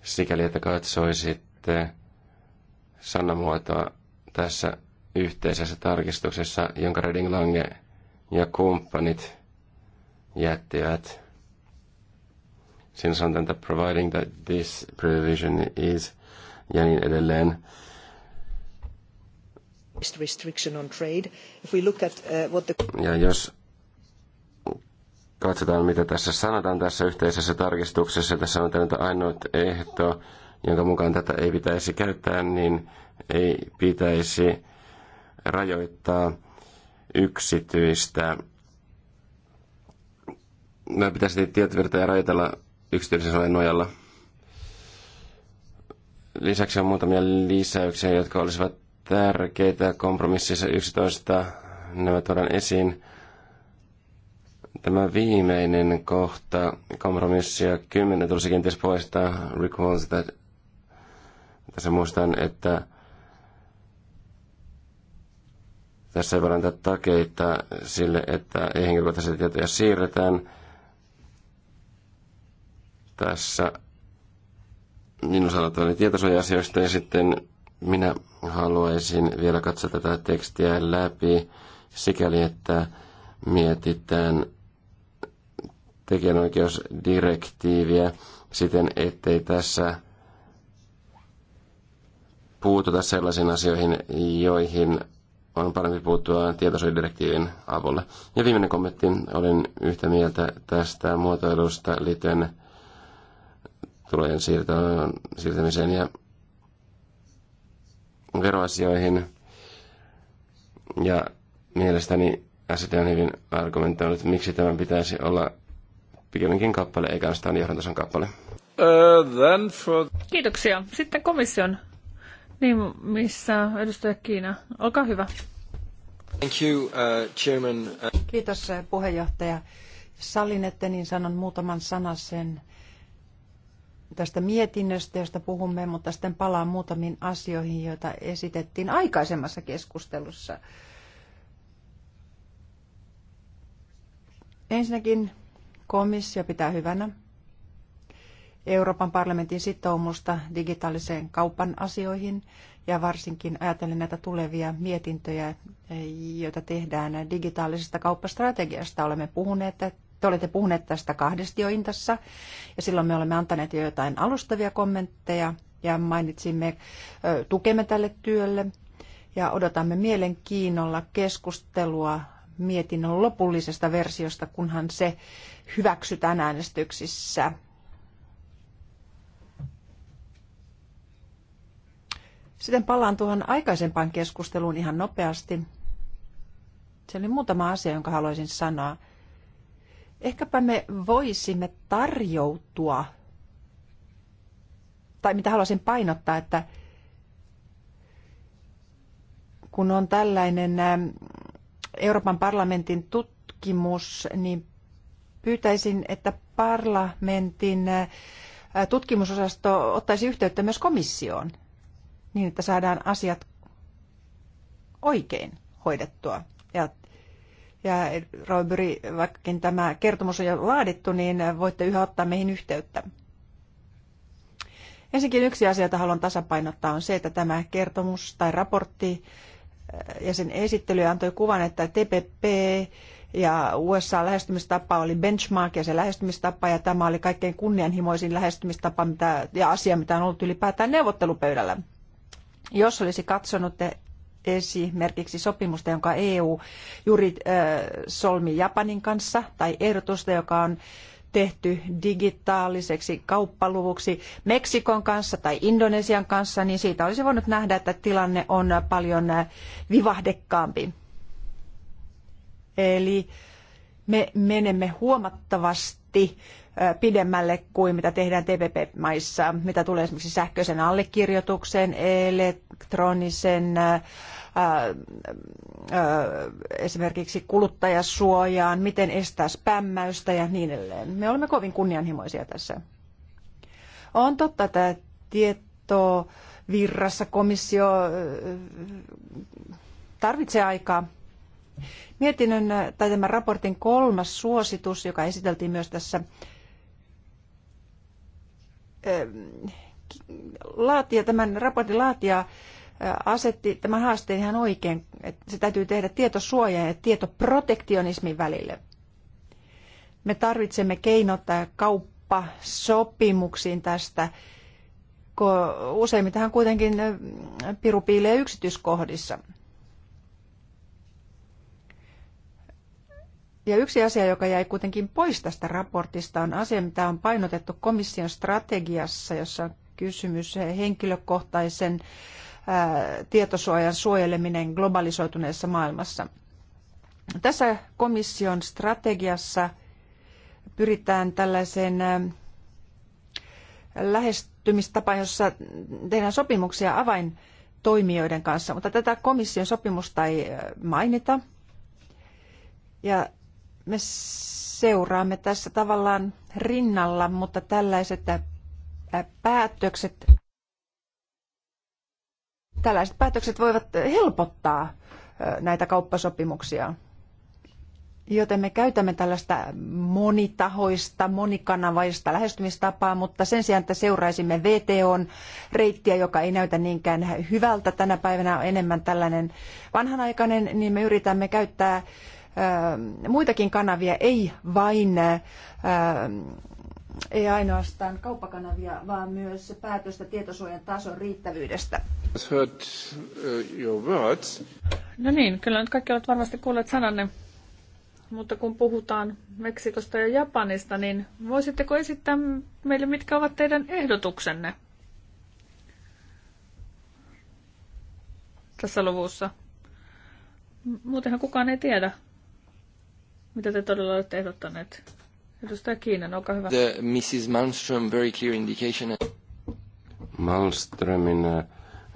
sikäli, että katsoisitte sanamuotoa tässä yhteisessä tarkistuksessa, jonka Reding Lange ja kumppanit jättivät. Siinä sanotaan, että providing that this provision is, ja niin edelleen. Restriction on trade. If we look at, uh, what the... Ja jos Katsotaan, mitä tässä sanotaan tässä yhteisessä tarkistuksessa. Tässä on tämä ainoa ehto, jonka mukaan tätä ei pitäisi käyttää, niin ei pitäisi rajoittaa yksityistä. No, pitäisi tietovirtoja rajoitella yksityisen suojan nojalla. Lisäksi on muutamia lisäyksiä, jotka olisivat tärkeitä kompromississa 11. Nämä tuodaan esiin. Tämä viimeinen kohta, kompromissia 10, tulisi kenties poistaa. Recalls that. Tässä muistan, että tässä ei voida antaa takeita sille, että ei henkilökohtaisia tietoja siirretään. Tässä minun sanottavani tietosuoja-asioista ja sitten minä haluaisin vielä katsoa tätä tekstiä läpi sikäli, että mietitään tekijänoikeusdirektiiviä siten, ettei tässä puututa sellaisiin asioihin, joihin on parempi puuttua tietosuojadirektiivin avulla. Ja viimeinen kommentti, olen yhtä mieltä tästä muotoilusta liittyen tulojen siirtämiseen ja veroasioihin. Ja mielestäni SD on hyvin argumentoinut, miksi tämän pitäisi olla pikemminkin kappale, eikä ainoastaan johdantason kappale. Uh, then for... Kiitoksia. Sitten komission. Niin, missä edustaja Kiina? Olkaa hyvä. Thank you, uh, chairman. Uh... Kiitos puheenjohtaja. Sallin, että niin sanon muutaman sanan sen tästä mietinnöstä, josta puhumme, mutta sitten palaan muutamiin asioihin, joita esitettiin aikaisemmassa keskustelussa. Ensinnäkin Komissio pitää hyvänä Euroopan parlamentin sitoumusta digitaaliseen kaupan asioihin ja varsinkin ajatellen näitä tulevia mietintöjä, joita tehdään digitaalisesta kauppastrategiasta. Olemme puhuneet, te olette puhuneet tästä kahdesti jo Intassa ja silloin me olemme antaneet jo jotain alustavia kommentteja ja mainitsimme tukemme tälle työlle ja odotamme mielenkiinnolla keskustelua mietinnön lopullisesta versiosta, kunhan se hyväksytään äänestyksissä. Sitten palaan tuohon aikaisempaan keskusteluun ihan nopeasti. Se oli muutama asia, jonka haluaisin sanoa. Ehkäpä me voisimme tarjoutua, tai mitä haluaisin painottaa, että kun on tällainen Euroopan parlamentin tutkimus, niin pyytäisin, että parlamentin äh, tutkimusosasto ottaisi yhteyttä myös komissioon, niin että saadaan asiat oikein hoidettua. Ja, ja Roibyri, vaikkakin tämä kertomus on jo laadittu, niin voitte yhä ottaa meihin yhteyttä. Ensinnäkin yksi asia, jota haluan tasapainottaa, on se, että tämä kertomus tai raportti ja sen esittely antoi kuvan, että TPP ja USA lähestymistapa oli benchmark ja se lähestymistapa ja tämä oli kaikkein kunnianhimoisin lähestymistapa mitä, ja asia, mitä on ollut ylipäätään neuvottelupöydällä. Jos olisi katsonut esimerkiksi sopimusta, jonka EU juuri äh, solmi Japanin kanssa, tai ehdotusta, joka on äh, tehty digitaaliseksi kauppaluvuksi Meksikon kanssa tai Indonesian kanssa, niin siitä olisi voinut nähdä, että tilanne on paljon vivahdekkaampi. Eli me menemme huomattavasti pidemmälle kuin mitä tehdään TPP-maissa, mitä tulee esimerkiksi sähköisen allekirjoituksen, elektronisen esimerkiksi kuluttajasuojaan, miten estää spämmäystä ja niin edelleen. Me olemme kovin kunnianhimoisia tässä. On totta, että tieto virrassa komissio tarvitsee aikaa. Mietinnön tai tämän raportin kolmas suositus, joka esiteltiin myös tässä laatia, tämän raportin laatia asetti tämän haasteen ihan oikein, että se täytyy tehdä tietosuojan ja tietoprotektionismin välille. Me tarvitsemme keinot kauppasopimuksiin tästä, kun useimmitähän kuitenkin piru piilee yksityiskohdissa. Ja yksi asia, joka jäi kuitenkin pois tästä raportista, on asia, mitä on painotettu komission strategiassa, jossa on kysymys henkilökohtaisen äh, tietosuojan suojeleminen globalisoituneessa maailmassa. Tässä komission strategiassa pyritään tällaiseen lähestymistapaan, jossa tehdään sopimuksia avaintoimijoiden kanssa, mutta tätä komission sopimusta ei mainita. Ja me seuraamme tässä tavallaan rinnalla, mutta tällaiset päätökset Tällaiset päätökset voivat helpottaa näitä kauppasopimuksia. Joten me käytämme tällaista monitahoista, monikanavaista lähestymistapaa, mutta sen sijaan, että seuraisimme VTOn reittiä, joka ei näytä niinkään hyvältä tänä päivänä, on enemmän tällainen vanhanaikainen, niin me yritämme käyttää muitakin kanavia, ei vain ei ainoastaan kauppakanavia, vaan myös päätöstä tietosuojan tason riittävyydestä. Heard uh, your words. No niin, kyllä nyt kaikki ovat varmasti kuulleet sananne. Mutta kun puhutaan Meksikosta ja Japanista, niin voisitteko esittää meille, mitkä ovat teidän ehdotuksenne tässä luvussa? Muutenhan kukaan ei tiedä, mitä te todella olette ehdottaneet. Edustaja Kiinan, olkaa hyvä. The Mrs. Malmström very clear indication. Malmströmin äh,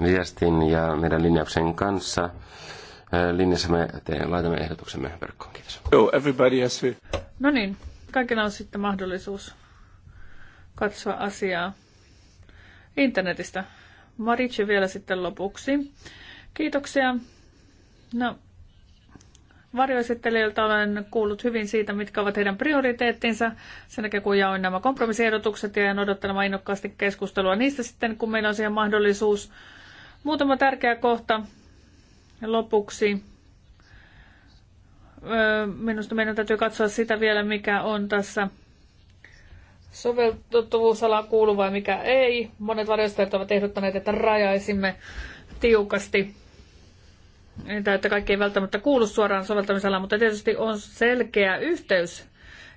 viestin ja meidän linjauksen kanssa äh, linjassa me te, laitamme ehdotuksemme verkkoon. Kiitos. everybody has No niin, kaikilla on sitten mahdollisuus katsoa asiaa internetistä. Maritsi vielä sitten lopuksi. Kiitoksia. No, varjoesittelijöiltä olen kuullut hyvin siitä, mitkä ovat heidän prioriteettinsa. Sen jälkeen kun jaoin nämä kompromissiehdotukset ja jään odottelemaan innokkaasti keskustelua niistä sitten, kun meillä on siihen mahdollisuus. Muutama tärkeä kohta lopuksi. Minusta meidän täytyy katsoa sitä vielä, mikä on tässä soveltuvuusala kuuluvaa ja mikä ei. Monet varjostajat ovat ehdottaneet, että rajaisimme tiukasti tai että kaikki ei välttämättä kuulu suoraan soveltamisalaan, mutta tietysti on selkeä yhteys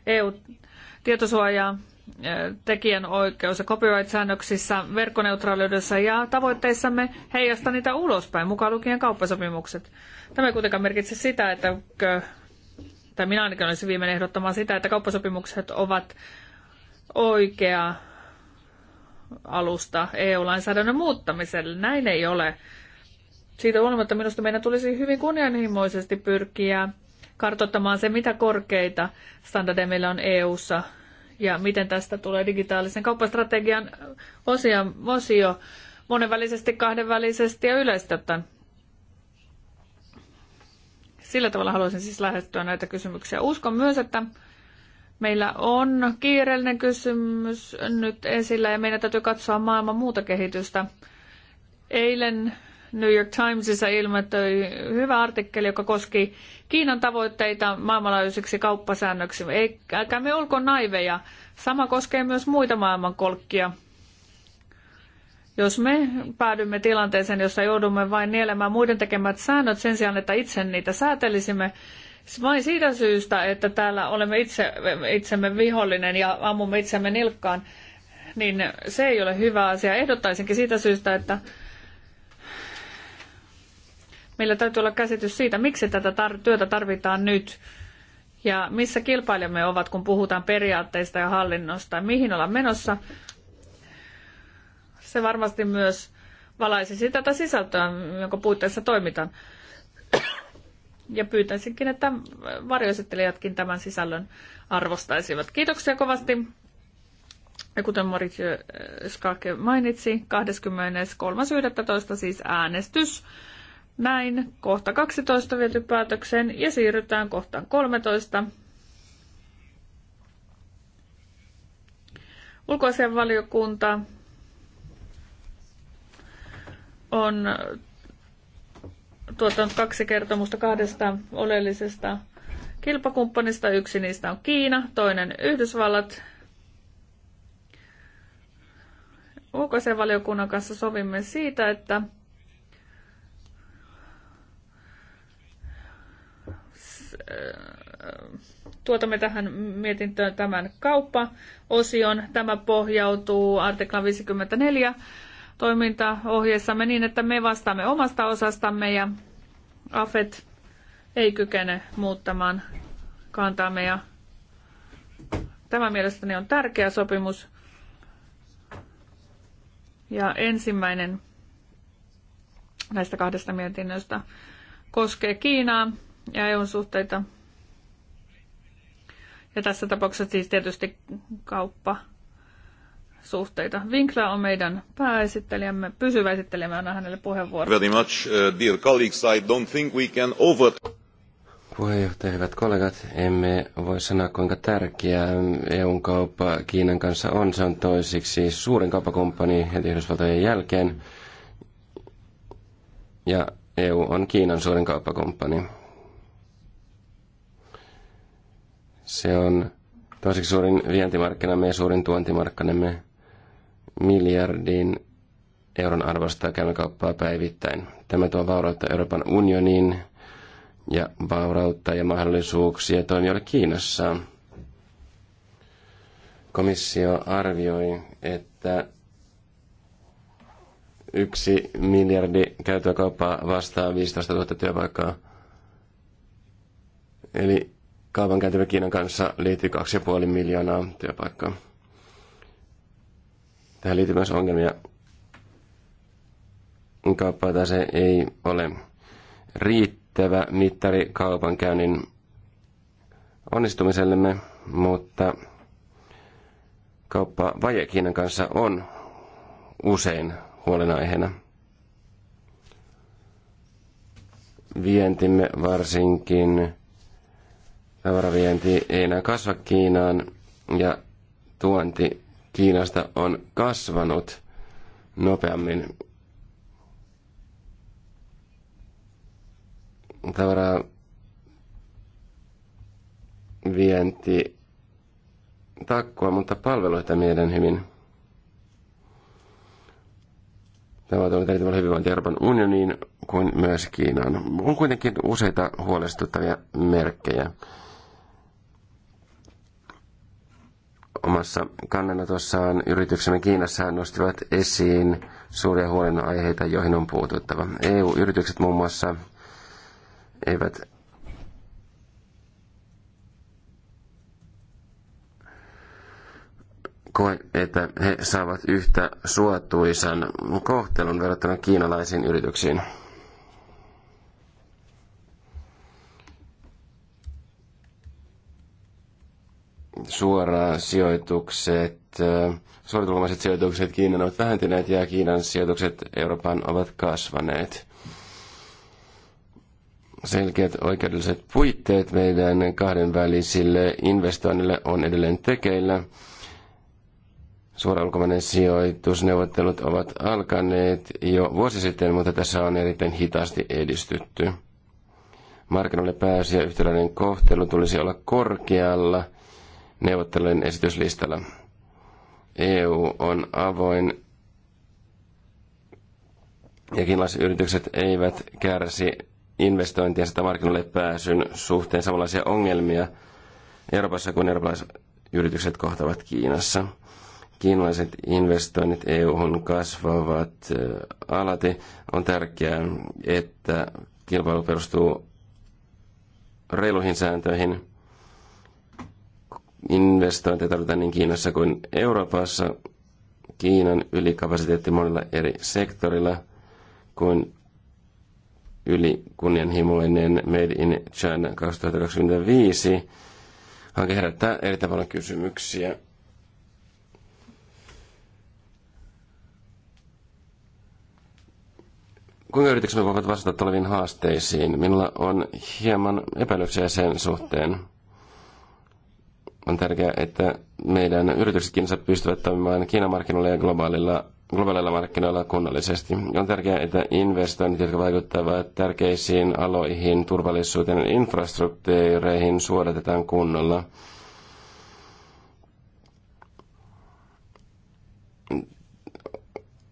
EU-tietosuojaa äh, tekijänoikeus- ja copyright-säännöksissä, verkkoneutraaliudessa ja tavoitteissamme heijasta niitä ulospäin, mukaan lukien kauppasopimukset. Tämä ei kuitenkaan merkitse sitä, että tai minä ainakin olisin viimeinen ehdottamaan sitä, että kauppasopimukset ovat oikea alusta EU-lainsäädännön muuttamiselle. Näin ei ole. Siitä huolimatta minusta meidän tulisi hyvin kunnianhimoisesti pyrkiä kartoittamaan se, mitä korkeita standardeja meillä on EU:ssa ja miten tästä tulee digitaalisen kauppastrategian osia, osio monenvälisesti, kahdenvälisesti ja yleisesti ottaen. Sillä tavalla haluaisin siis lähestyä näitä kysymyksiä. Uskon myös, että meillä on kiireellinen kysymys nyt esillä ja meidän täytyy katsoa maailman muuta kehitystä. Eilen New York Timesissa ilmoittui hyvä artikkeli, joka koski Kiinan tavoitteita maailmanlaajuisiksi kauppasäännöksi. Älkää me olko naiveja. Sama koskee myös muita maailmankolkkia. Jos me päädymme tilanteeseen, jossa joudumme vain nielemään muiden tekemät säännöt sen sijaan, että itse niitä säätelisimme, vain siitä syystä, että täällä olemme itse, itsemme vihollinen ja ammumme itsemme nilkkaan, niin se ei ole hyvä asia. Ehdottaisinkin siitä syystä, että Meillä täytyy olla käsitys siitä, miksi tätä työtä tarvitaan nyt ja missä kilpailijamme ovat, kun puhutaan periaatteista ja hallinnosta ja mihin ollaan menossa. Se varmasti myös valaisisi tätä sisältöä, jonka puitteissa toimitaan. Ja pyytäisinkin, että varjoesittelijätkin tämän sisällön arvostaisivat. Kiitoksia kovasti. Ja kuten Maritio Skake mainitsi, 23.11. siis äänestys. Näin, kohta 12 viety päätökseen ja siirrytään kohtaan 13. Ulkoisen valiokunta on tuottanut kaksi kertomusta kahdesta oleellisesta kilpakumppanista. Yksi niistä on Kiina, toinen Yhdysvallat. Ulkoisen valiokunnan kanssa sovimme siitä, että tuotamme tähän mietintöön tämän kauppaosion. Tämä pohjautuu artiklan 54 toimintaohjeessamme niin, että me vastaamme omasta osastamme ja AFET ei kykene muuttamaan kantaamme. Ja tämä mielestäni on tärkeä sopimus. Ja ensimmäinen näistä kahdesta mietinnöstä koskee Kiinaa ja EUn suhteita. Ja tässä tapauksessa siis tietysti kauppa suhteita. Winkla on meidän pääesittelijämme, pysyvä esittelijämme, anna hänelle puheenvuoron. Very much, uh, dear colleagues, I don't think we can over... Puheenjohtaja, hyvät kollegat, emme voi sanoa kuinka tärkeää EUn kauppa Kiinan kanssa on. Se on toisiksi suurin kauppakumppani heti Yhdysvaltojen jälkeen. Ja EU on Kiinan suurin kauppakumppani. Se on toiseksi suurin vientimarkkinamme ja suurin tuontimarkkinamme miljardin euron arvosta kauppaa päivittäin. Tämä tuo vaurautta Euroopan unioniin ja vaurautta ja mahdollisuuksia toimijoille Kiinassa. Komissio arvioi, että yksi miljardi käytyä kauppaa vastaa 15 000 työpaikkaa. Eli kaupankäyntimme Kiinan kanssa liittyy 2,5 miljoonaa työpaikkaa. Tähän liittyy myös ongelmia. se ei ole riittävä mittari kaupankäynnin onnistumisellemme, mutta vaje Kiinan kanssa on usein huolenaiheena. Vientimme varsinkin tavaravienti ei enää kasva Kiinaan ja tuonti Kiinasta on kasvanut nopeammin. Tavara vienti takkua, mutta palveluita meidän hyvin. Tämä on tullut erittäin hyvinvointi Euroopan unioniin kuin myös Kiinaan. On kuitenkin useita huolestuttavia merkkejä. Omassa kannanotossaan yrityksemme Kiinassa nostivat esiin suuria huolenaiheita, joihin on puututtava. EU-yritykset muun muassa eivät koe, että he saavat yhtä suotuisan kohtelun verrattuna kiinalaisiin yrityksiin. Suoraan sijoitukset äh, Suoritulomaiset sijoitukset Kiinan ovat vähentyneet ja Kiinan sijoitukset Euroopan ovat kasvaneet. Selkeät oikeudelliset puitteet meidän kahdenvälisille investoinnille on edelleen tekeillä. Suora ulkomainen sijoitusneuvottelut ovat alkaneet jo vuosi sitten, mutta tässä on erittäin hitaasti edistytty markkinoille pääsy ja yhtäläinen kohtelu tulisi olla korkealla neuvottelujen esityslistalla. EU on avoin ja kiinalaiset yritykset eivät kärsi investointien sitä markkinoille pääsyn suhteen samanlaisia ongelmia Euroopassa kuin eurooppalaiset yritykset kohtavat Kiinassa. Kiinalaiset investoinnit EU-hun kasvavat alati. On tärkeää, että kilpailu perustuu reiluihin sääntöihin investointeja tarvitaan niin Kiinassa kuin Euroopassa. Kiinan ylikapasiteetti monilla eri sektorilla kuin yli kunnianhimoinen Made in China 2025 hanke herättää eri tavalla kysymyksiä. Kuinka yrityksemme voivat vastata tuleviin haasteisiin? Minulla on hieman epäilyksiä sen suhteen. On tärkeää, että meidän yrityksetkin pystyvät toimimaan Kiinan markkinoilla ja globaalilla, globaaleilla markkinoilla kunnollisesti. On tärkeää, että investoinnit, jotka vaikuttavat tärkeisiin aloihin, turvallisuuteen ja infrastruktuureihin, suodatetaan kunnolla.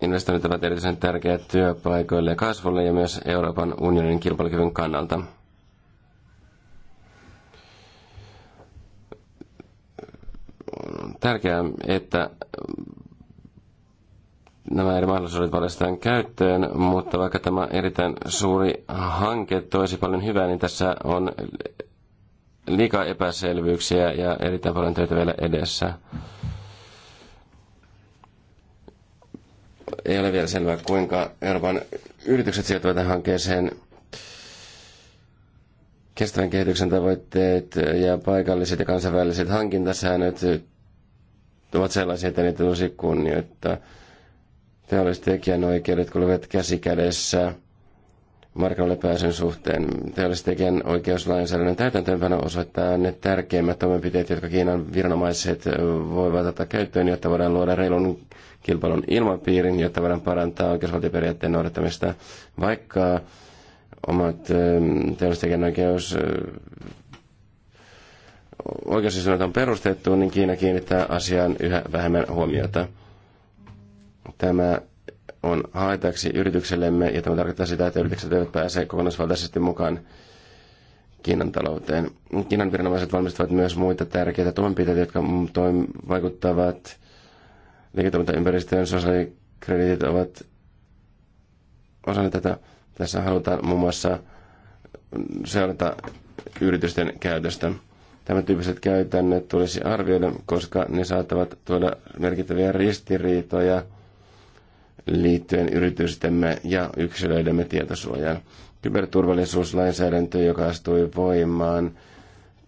Investoinnit ovat erityisen tärkeät työpaikoille ja kasvulle ja myös Euroopan unionin kilpailukyvyn kannalta. tärkeää, että nämä eri mahdollisuudet valistetaan käyttöön, mutta vaikka tämä erittäin suuri hanke toisi paljon hyvää, niin tässä on liikaa epäselvyyksiä ja erittäin paljon töitä vielä edessä. Ei ole vielä selvää, kuinka Euroopan yritykset sijoittavat tähän hankkeeseen Kestävän kehityksen tavoitteet ja paikalliset ja kansainväliset hankintasäännöt ovat sellaisia, että niitä tulisi kunnioittaa. Teolliset tekijänoikeudet kulkevat käsi kädessä markkinoille pääsyn suhteen. Teolliset tekijänoikeuslainsäädännön täytäntöönpano osoittaa ne tärkeimmät toimenpiteet, jotka Kiinan viranomaiset voivat ottaa käyttöön, jotta voidaan luoda reilun kilpailun ilmapiirin, jotta voidaan parantaa oikeusvaltioperiaatteen noudattamista. Vaikka omat ähm, oikeasti oikeusistunnot äh, on perustettu, niin Kiina kiinnittää asiaan yhä vähemmän huomiota. Tämä on haitaksi yrityksellemme ja tämä tarkoittaa sitä, että yritykset eivät pääse kokonaisvaltaisesti mukaan Kiinan talouteen. Kiinan viranomaiset valmistavat myös muita tärkeitä toimenpiteitä, jotka toim- vaikuttavat liiketoimintaympäristöön. Sosiaalikrediitit ovat osana tätä tässä halutaan muun muassa seurata yritysten käytöstä. Tämän tyyppiset käytännöt tulisi arvioida, koska ne saattavat tuoda merkittäviä ristiriitoja liittyen yritystemme ja yksilöidemme tietosuojaan. Kyberturvallisuuslainsäädäntö, joka astui voimaan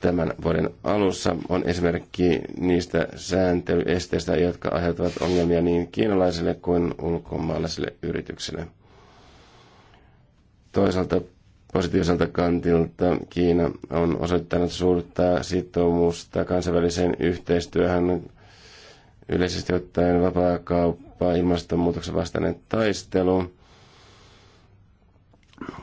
tämän vuoden alussa, on esimerkki niistä sääntelyesteistä, jotka aiheuttavat ongelmia niin kiinalaisille kuin ulkomaalaisille yrityksille. Toisaalta positiiviselta kantilta Kiina on osoittanut suurta sitoumusta kansainväliseen yhteistyöhön yleisesti ottaen vapaakauppa, ilmastonmuutoksen vastainen taistelu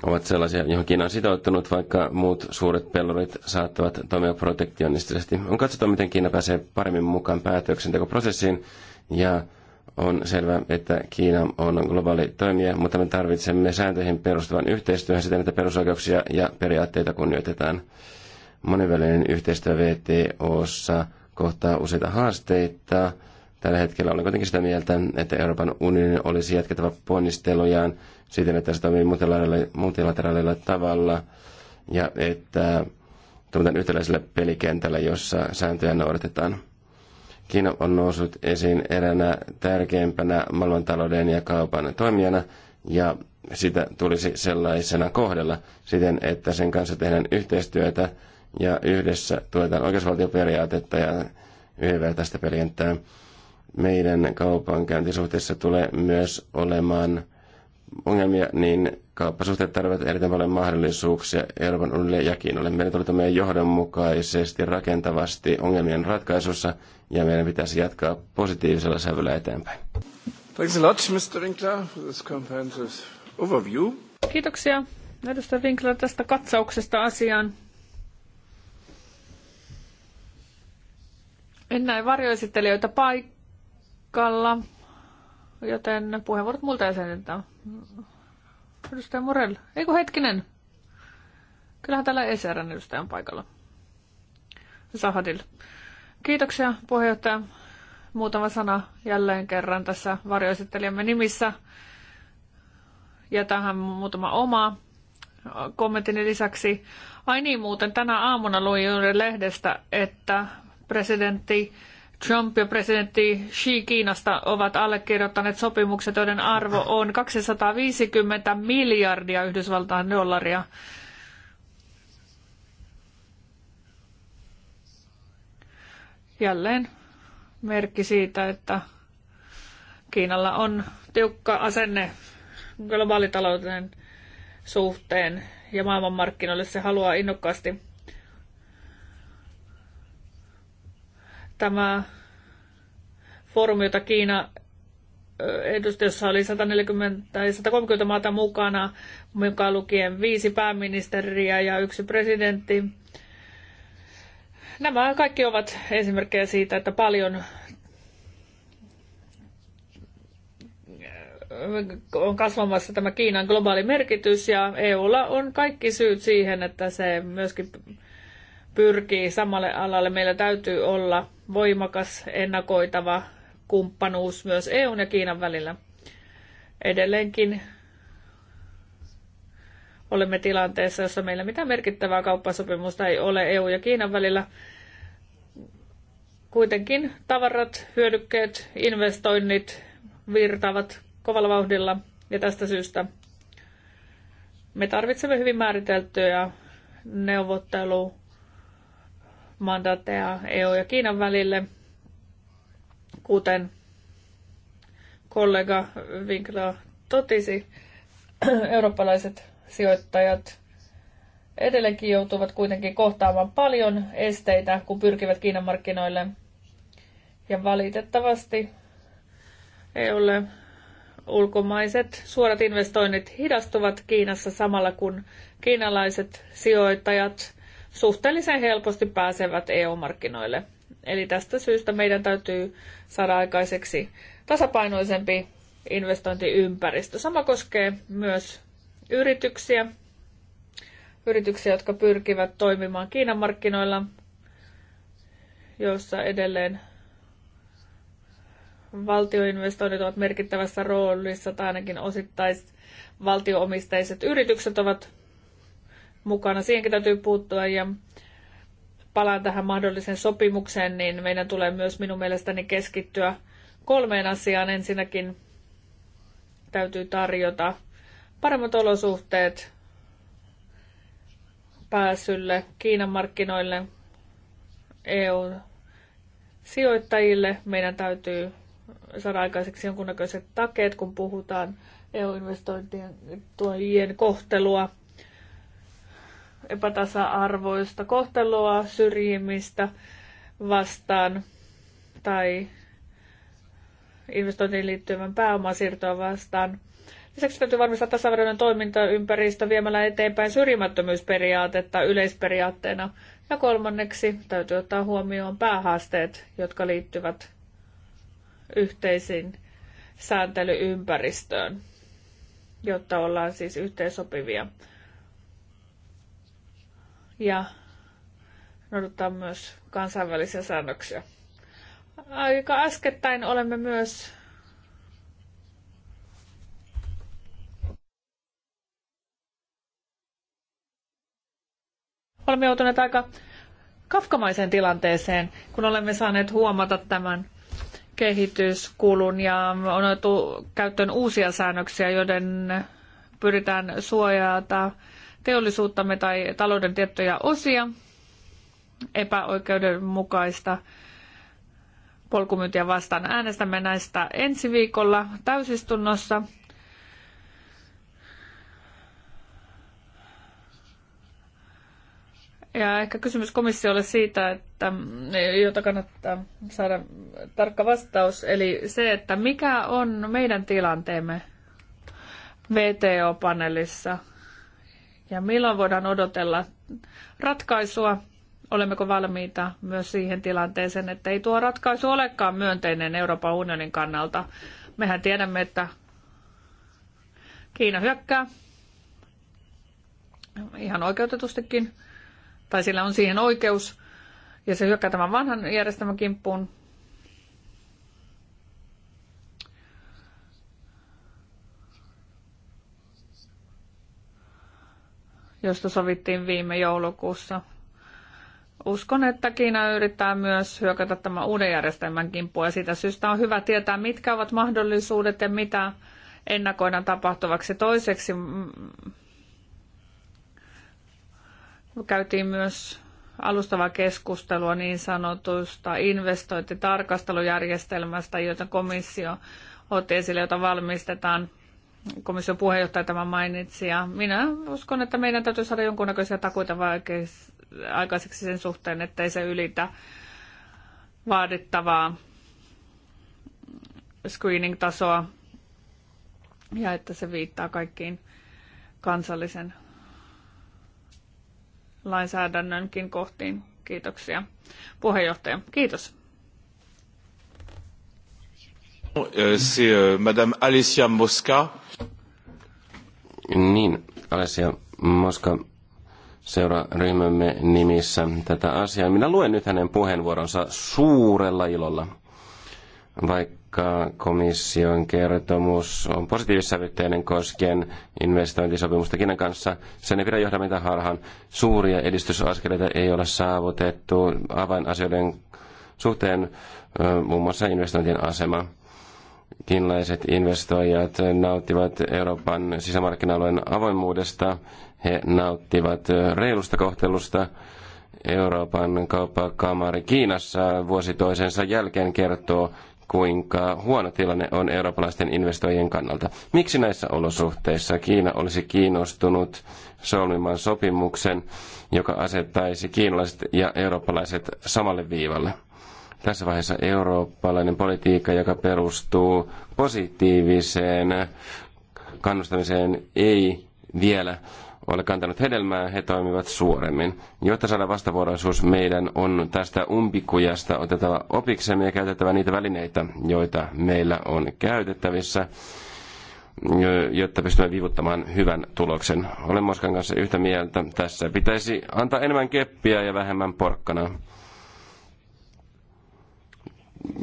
ovat sellaisia, johon Kiina on sitouttanut, vaikka muut suuret pellorit saattavat toimia protektionistisesti. On katsottu miten Kiina pääsee paremmin mukaan päätöksentekoprosessiin ja on selvää, että Kiina on globaali toimija, mutta me tarvitsemme sääntöihin perustuvan yhteistyön siten, että perusoikeuksia ja periaatteita kunnioitetaan. Monivälinen yhteistyö VTOssa kohtaa useita haasteita. Tällä hetkellä olen kuitenkin sitä mieltä, että Euroopan unionin olisi jatkettava ponnistelujaan siten, että se toimii multilateraalilla tavalla ja että toimitaan yhtäläisellä pelikentällä, jossa sääntöjä noudatetaan. Kiina on noussut esiin eränä tärkeimpänä maailmantalouden ja kaupan toimijana, ja sitä tulisi sellaisena kohdella siten, että sen kanssa tehdään yhteistyötä ja yhdessä tuetaan oikeusvaltioperiaatetta ja yhdenvertaista perjentää. Meidän kaupankäyntisuhteessa tulee myös olemaan ongelmia niin kauppasuhteet tarvitsevat erittäin paljon mahdollisuuksia Euroopan unionille ja Kiinalle. Meidän tulee meidän johdonmukaisesti, rakentavasti ongelmien ratkaisussa ja meidän pitäisi jatkaa positiivisella sävyllä eteenpäin. Thanks a lot, Mr. Winkler, for this comprehensive overview. Kiitoksia, edustaja Winkler, tästä katsauksesta asiaan. En näe varjoesittelijöitä paikalla, joten puheenvuorot muilta jäseniltä. Edustaja Morel. Eikö hetkinen. Kyllähän täällä ESRn edustaja on paikalla. Sahadil. Kiitoksia puheenjohtaja. Muutama sana jälleen kerran tässä varjoesittelijämme nimissä. Ja tähän muutama oma kommenttini lisäksi. Ai niin muuten, tänä aamuna luin juuri lehdestä, että presidentti Trump ja presidentti Xi Kiinasta ovat allekirjoittaneet sopimukset, joiden arvo on 250 miljardia Yhdysvaltain dollaria. Jälleen merkki siitä, että Kiinalla on tiukka asenne globaalitalouden suhteen ja maailmanmarkkinoille se haluaa innokkaasti Tämä foorumi, jota Kiina edusti, jossa oli 140 tai 130 maata mukana, mukaan lukien viisi pääministeriä ja yksi presidentti. Nämä kaikki ovat esimerkkejä siitä, että paljon on kasvamassa tämä Kiinan globaali merkitys ja EUlla on kaikki syyt siihen, että se myöskin pyrkii samalle alalle. Meillä täytyy olla voimakas, ennakoitava kumppanuus myös EUn ja Kiinan välillä. Edelleenkin olemme tilanteessa, jossa meillä mitään merkittävää kauppasopimusta ei ole EU ja Kiinan välillä. Kuitenkin tavarat, hyödykkeet, investoinnit virtaavat kovalla vauhdilla ja tästä syystä me tarvitsemme hyvin määriteltyjä neuvottelu mandaatteja EU ja Kiinan välille, kuten kollega Winkler totisi, eurooppalaiset sijoittajat edelleenkin joutuvat kuitenkin kohtaamaan paljon esteitä, kun pyrkivät Kiinan markkinoille. Ja valitettavasti EUlle ulkomaiset suorat investoinnit hidastuvat Kiinassa samalla, kun kiinalaiset sijoittajat suhteellisen helposti pääsevät EU-markkinoille. Eli tästä syystä meidän täytyy saada aikaiseksi tasapainoisempi investointiympäristö. Sama koskee myös yrityksiä, yrityksiä, jotka pyrkivät toimimaan Kiinan markkinoilla, joissa edelleen valtioinvestoinnit ovat merkittävässä roolissa tai ainakin osittaiset valtioomisteiset yritykset ovat mukana. Siihenkin täytyy puuttua ja palaan tähän mahdolliseen sopimukseen, niin meidän tulee myös minun mielestäni keskittyä kolmeen asiaan. Ensinnäkin täytyy tarjota paremmat olosuhteet pääsylle Kiinan markkinoille, EU-sijoittajille. Meidän täytyy saada aikaiseksi jonkunnäköiset takeet, kun puhutaan EU-investointien tuojien kohtelua epätasa-arvoista kohtelua, syrjimistä vastaan tai investointiin liittyvän pääomasiirtoa vastaan. Lisäksi täytyy varmistaa tasavarainen toimintaympäristö viemällä eteenpäin syrjimättömyysperiaatetta yleisperiaatteena. Ja kolmanneksi täytyy ottaa huomioon päähaasteet, jotka liittyvät yhteisiin sääntelyympäristöön, jotta ollaan siis yhteensopivia ja noudattaa myös kansainvälisiä säännöksiä. Aika äskettäin olemme myös olemme joutuneet aika kafkamaiseen tilanteeseen, kun olemme saaneet huomata tämän kehityskulun ja on otettu käyttöön uusia säännöksiä, joiden pyritään suojata teollisuuttamme tai talouden tiettyjä osia, epäoikeudenmukaista polkumyyntiä vastaan. Äänestämme näistä ensi viikolla täysistunnossa. Ja ehkä kysymys komissiolle siitä, että, jota kannattaa saada tarkka vastaus, eli se, että mikä on meidän tilanteemme VTO-panelissa – ja milloin voidaan odotella ratkaisua. Olemmeko valmiita myös siihen tilanteeseen, että ei tuo ratkaisu olekaan myönteinen Euroopan unionin kannalta. Mehän tiedämme, että Kiina hyökkää ihan oikeutetustikin, tai sillä on siihen oikeus, ja se hyökkää tämän vanhan järjestelmän kimppuun, josta sovittiin viime joulukuussa. Uskon, että Kiina yrittää myös hyökätä tämän uuden järjestelmän kimppuun ja siitä syystä on hyvä tietää, mitkä ovat mahdollisuudet ja mitä ennakoidaan tapahtuvaksi. Toiseksi mm, käytiin myös alustavaa keskustelua niin sanotusta investointitarkastelujärjestelmästä, jota komissio otti esille, jota valmistetaan – komission puheenjohtaja tämän mainitsi. Ja minä uskon, että meidän täytyy saada jonkunnäköisiä takuita aikaiseksi sen suhteen, ettei se ylitä vaadittavaa screening-tasoa ja että se viittaa kaikkiin kansallisen lainsäädännönkin kohtiin. Kiitoksia puheenjohtaja. Kiitos. Euh, c'est euh, Madame Alessia Mosca. Niin, Alessia Mosca seuraa ryhmämme nimissä tätä asiaa. Minä luen nyt hänen puheenvuoronsa suurella ilolla. Vaikka komission kertomus on positiivissävytteinen koskien investointisopimusta Kiinan kanssa, sen ei pidä johda meitä harhaan. Suuria edistysaskeleita ei ole saavutettu avainasioiden suhteen, muun mm. muassa investointien asema kiinalaiset investoijat nauttivat Euroopan sisämarkkina-alueen avoimuudesta, he nauttivat reilusta kohtelusta. Euroopan kauppakamari Kiinassa vuosi toisensa jälkeen kertoo, kuinka huono tilanne on eurooppalaisten investoijien kannalta. Miksi näissä olosuhteissa Kiina olisi kiinnostunut solmimaan sopimuksen, joka asettaisi kiinalaiset ja eurooppalaiset samalle viivalle? tässä vaiheessa eurooppalainen politiikka, joka perustuu positiiviseen kannustamiseen, ei vielä ole kantanut hedelmää, he toimivat suoremmin. Jotta saada vastavuoroisuus, meidän on tästä umpikujasta otettava opiksemme ja käytettävä niitä välineitä, joita meillä on käytettävissä, jotta pystymme vivuttamaan hyvän tuloksen. Olen Moskan kanssa yhtä mieltä. Tässä pitäisi antaa enemmän keppiä ja vähemmän porkkana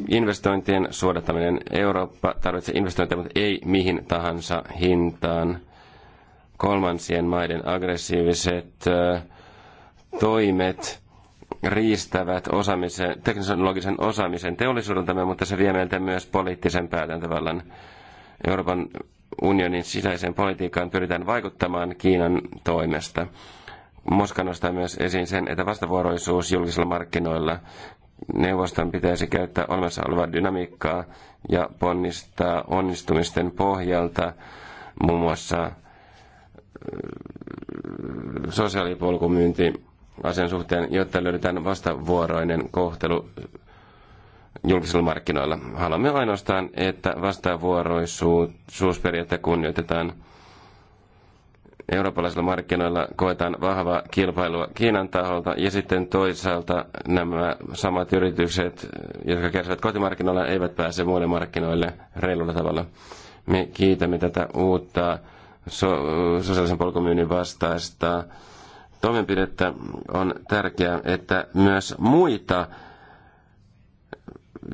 investointien suodattaminen. Eurooppa tarvitsee investointeja, mutta ei mihin tahansa hintaan. Kolmansien maiden aggressiiviset toimet riistävät osaamisen, teknologisen osaamisen teollisuudeltamme, mutta se vie meiltä myös poliittisen päätäntävallan. Euroopan unionin sisäiseen politiikkaan pyritään vaikuttamaan Kiinan toimesta. Moska nostaa myös esiin sen, että vastavuoroisuus julkisilla markkinoilla Neuvoston pitäisi käyttää olemassa olevaa dynamiikkaa ja ponnistaa onnistumisten pohjalta muun muassa äh, sosiaalipolkumyynti asian suhteen, jotta löydetään vastavuoroinen kohtelu julkisilla markkinoilla. Haluamme ainoastaan, että vastavuoroisuusperiaatteet kunnioitetaan eurooppalaisilla markkinoilla koetaan vahvaa kilpailua Kiinan taholta ja sitten toisaalta nämä samat yritykset, jotka kärsivät kotimarkkinoilla, eivät pääse muille markkinoille reilulla tavalla. Me kiitämme tätä uutta so- sosiaalisen polkumyynnin vastaista toimenpidettä. On tärkeää, että myös muita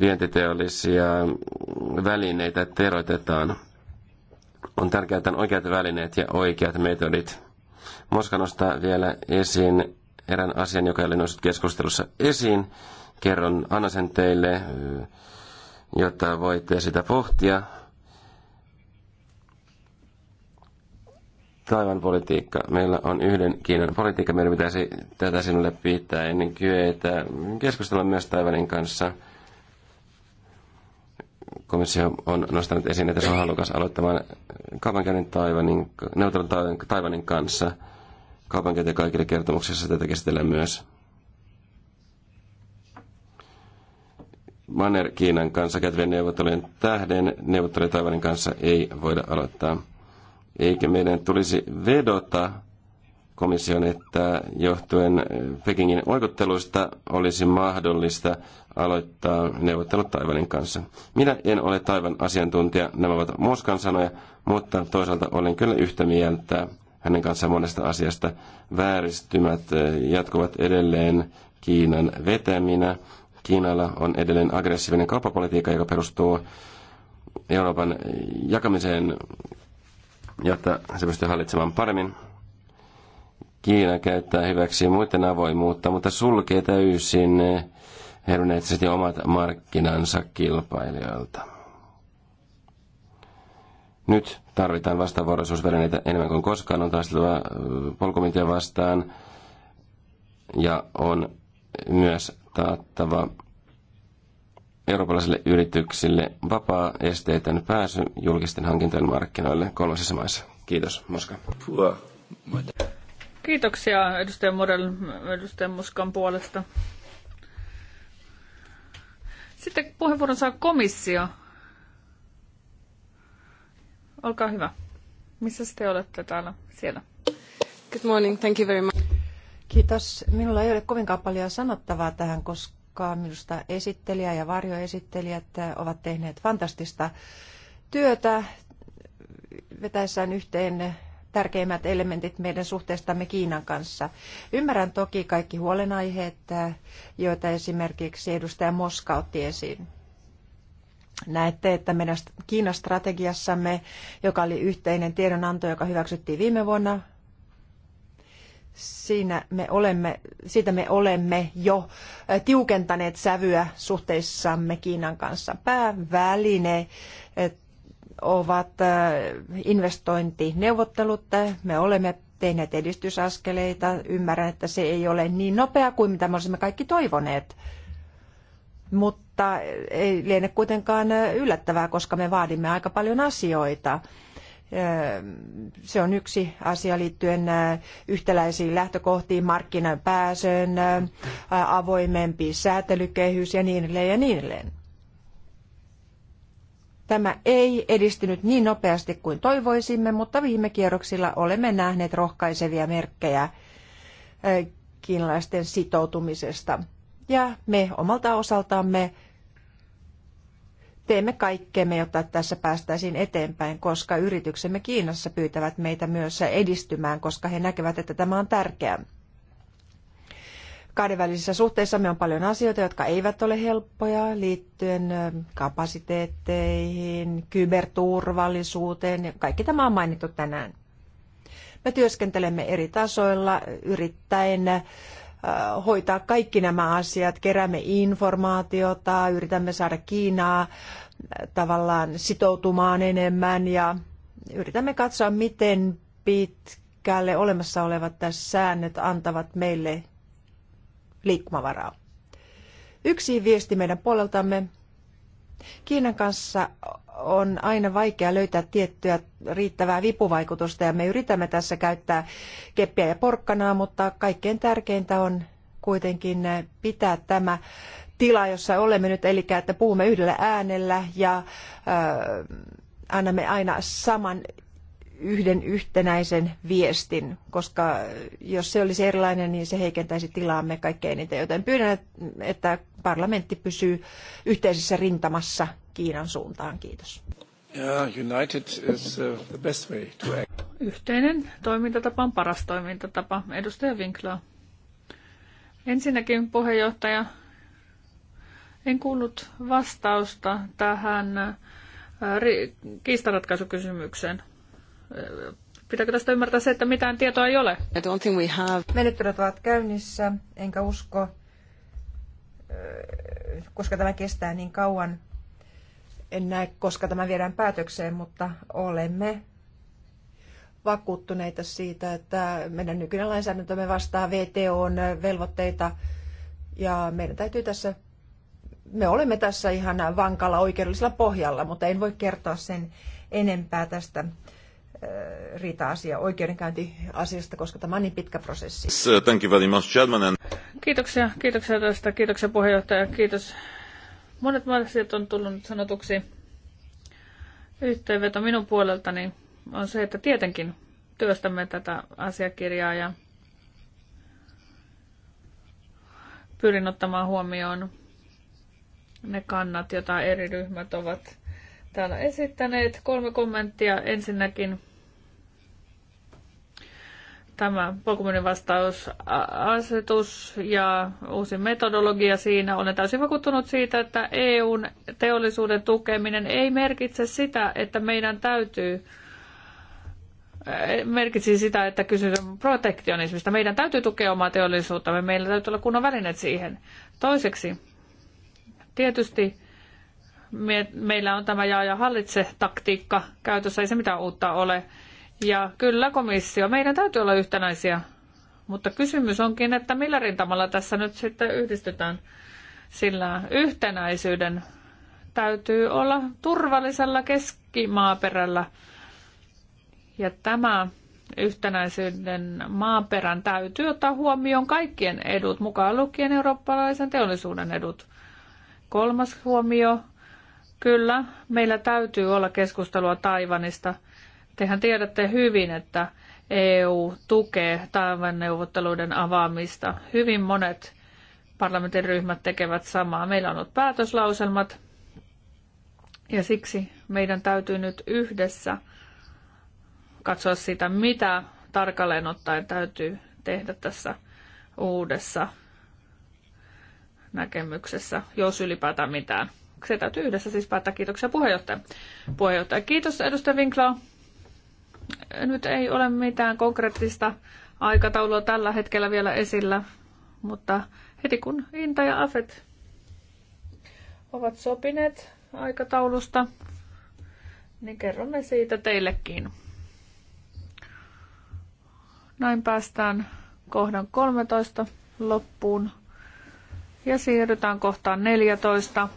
vientiteollisia välineitä teroitetaan – on tärkeää, että on oikeat välineet ja oikeat metodit. Moska nostaa vielä esiin erään asian, joka oli noussut keskustelussa esiin. Kerron, anna sen teille, jotta voitte sitä pohtia. Taivan politiikka. Meillä on yhden Kiinan politiikka. Meidän pitäisi tätä sinulle pitää ennen kyetä keskustella myös Taivanin kanssa – Komissio on nostanut esiin, että se on halukas aloittamaan kaupankäynnin Taivanin, neuvottelun Taivanin kanssa. Kaupankäynti kaikille kertomuksessa tätä käsitellään myös. Manner Kiinan kanssa käytävien neuvottelujen tähden neuvottelujen Taivanin kanssa ei voida aloittaa. Eikä meidän tulisi vedota komission, että johtuen Pekingin oikotteluista olisi mahdollista aloittaa neuvottelut Taivanin kanssa. Minä en ole Taivan asiantuntija, nämä ovat Moskan sanoja, mutta toisaalta olen kyllä yhtä mieltä hänen kanssaan monesta asiasta. Vääristymät eh, jatkuvat edelleen Kiinan vetäminä. Kiinalla on edelleen aggressiivinen kauppapolitiikka, joka perustuu Euroopan jakamiseen, jotta se pystyy hallitsemaan paremmin Kiina käyttää hyväksi muiden avoimuutta, mutta sulkee täysin herunneet omat markkinansa kilpailijoilta. Nyt tarvitaan vastavuoroisuusvälineitä enemmän kuin koskaan. On taisteltava polkumintia vastaan ja on myös taattava eurooppalaisille yrityksille vapaa esteetön pääsy julkisten hankintojen markkinoille kolmansissa maissa. Kiitos, Moska. Kiitoksia edustaja Morel, edustaja Muskan puolesta. Sitten puheenvuoron saa komissio. Olkaa hyvä. Missä te olette täällä? Siellä. Good morning. Thank you very much. Kiitos. Minulla ei ole kovinkaan paljon sanottavaa tähän, koska minusta esittelijä ja varjoesittelijät ovat tehneet fantastista työtä vetäessään yhteen tärkeimmät elementit meidän suhteestamme Kiinan kanssa. Ymmärrän toki kaikki huolenaiheet, äh, joita esimerkiksi edustaja Moska otti esiin. Näette, että meidän Kiinan strategiassamme, joka oli yhteinen tiedonanto, joka hyväksyttiin viime vuonna, siinä me olemme, siitä me olemme jo äh, tiukentaneet sävyä suhteissamme Kiinan kanssa. Pääväline ovat äh, investointineuvottelut. Me olemme tehneet edistysaskeleita. Ymmärrän, että se ei ole niin nopea kuin mitä me olisimme kaikki toivoneet. Mutta ei liene kuitenkaan yllättävää, koska me vaadimme aika paljon asioita. Äh, se on yksi asia liittyen äh, yhtäläisiin lähtökohtiin, markkinan pääsyn, avoimempi säätelykehys ja niin edelleen ja niin edelleen. Tämä ei edistynyt niin nopeasti kuin toivoisimme, mutta viime kierroksilla olemme nähneet rohkaisevia merkkejä kiinalaisten sitoutumisesta. Ja me omalta osaltamme teemme kaikkemme, jotta tässä päästäisiin eteenpäin, koska yrityksemme Kiinassa pyytävät meitä myös edistymään, koska he näkevät, että tämä on tärkeää. Kahdenvälisissä suhteissamme on paljon asioita, jotka eivät ole helppoja liittyen kapasiteetteihin, kyberturvallisuuteen. Kaikki tämä on mainittu tänään. Me työskentelemme eri tasoilla yrittäen hoitaa kaikki nämä asiat, keräämme informaatiota, yritämme saada Kiinaa tavallaan sitoutumaan enemmän ja yritämme katsoa, miten pitkälle olemassa olevat tässä säännöt antavat meille liikkumavaraa. Yksi viesti meidän puoleltamme. Kiinan kanssa on aina vaikea löytää tiettyä riittävää vipuvaikutusta ja me yritämme tässä käyttää keppiä ja porkkanaa, mutta kaikkein tärkeintä on kuitenkin pitää tämä tila, jossa olemme nyt, eli että puhumme yhdellä äänellä ja annamme aina saman yhden yhtenäisen viestin, koska jos se olisi erilainen, niin se heikentäisi tilaamme kaikkein eniten. Joten pyydän, että parlamentti pysyy yhteisessä rintamassa Kiinan suuntaan. Kiitos. Uh, Yhteinen toimintatapa on paras toimintatapa. Edustaja Winkler. Ensinnäkin puheenjohtaja, en kuullut vastausta tähän äh, kiistaratkaisukysymykseen. Pitääkö tästä ymmärtää se, että mitään tietoa ei ole? I don't think we have. Menettelyt ovat käynnissä, enkä usko, koska tämä kestää niin kauan. En näe, koska tämä viedään päätökseen, mutta olemme vakuuttuneita siitä, että meidän nykyinen lainsäädäntömme vastaa VTOn velvoitteita ja meidän täytyy tässä, me olemme tässä ihan vankalla oikeudellisella pohjalla, mutta en voi kertoa sen enempää tästä Äh, riita-asia oikeudenkäyntiasiasta, koska tämä on niin pitkä prosessi. Uh, thank you very much, Chairman. Kiitoksia, kiitoksia tästä, kiitoksia puheenjohtaja, kiitos. Monet asiat on tullut sanotuksi. Yhteenveto minun puoleltani on se, että tietenkin työstämme tätä asiakirjaa ja pyrin ottamaan huomioon ne kannat, joita eri ryhmät ovat täällä esittäneet. Kolme kommenttia. Ensinnäkin tämä Pokemonin vastausasetus ja uusi metodologia siinä. Olen täysin vakuuttunut siitä, että EUn teollisuuden tukeminen ei merkitse sitä, että meidän täytyy merkitsi sitä, että kysymys on protektionismista. Meidän täytyy tukea omaa me meillä täytyy olla kunnon välineet siihen. Toiseksi, tietysti me, meillä on tämä jaa ja hallitse taktiikka käytössä, ei se mitään uutta ole ja kyllä komissio, meidän täytyy olla yhtenäisiä, mutta kysymys onkin, että millä rintamalla tässä nyt sitten yhdistetään, sillä yhtenäisyyden täytyy olla turvallisella keskimaaperällä. Ja tämä yhtenäisyyden maaperän täytyy ottaa huomioon kaikkien edut, mukaan lukien eurooppalaisen teollisuuden edut. Kolmas huomio. Kyllä, meillä täytyy olla keskustelua Taivanista – Tehän tiedätte hyvin, että EU tukee taivan neuvotteluiden avaamista. Hyvin monet parlamentin ryhmät tekevät samaa. Meillä on ollut päätöslauselmat ja siksi meidän täytyy nyt yhdessä katsoa sitä, mitä tarkalleen ottaen täytyy tehdä tässä uudessa näkemyksessä, jos ylipäätään mitään. Se täytyy yhdessä siis päättää. Kiitoksia puheenjohtaja. puheenjohtaja. Kiitos edustaja Winklau nyt ei ole mitään konkreettista aikataulua tällä hetkellä vielä esillä, mutta heti kun Inta ja Afet ovat sopineet aikataulusta, niin kerromme siitä teillekin. Näin päästään kohdan 13 loppuun ja siirrytään kohtaan 14.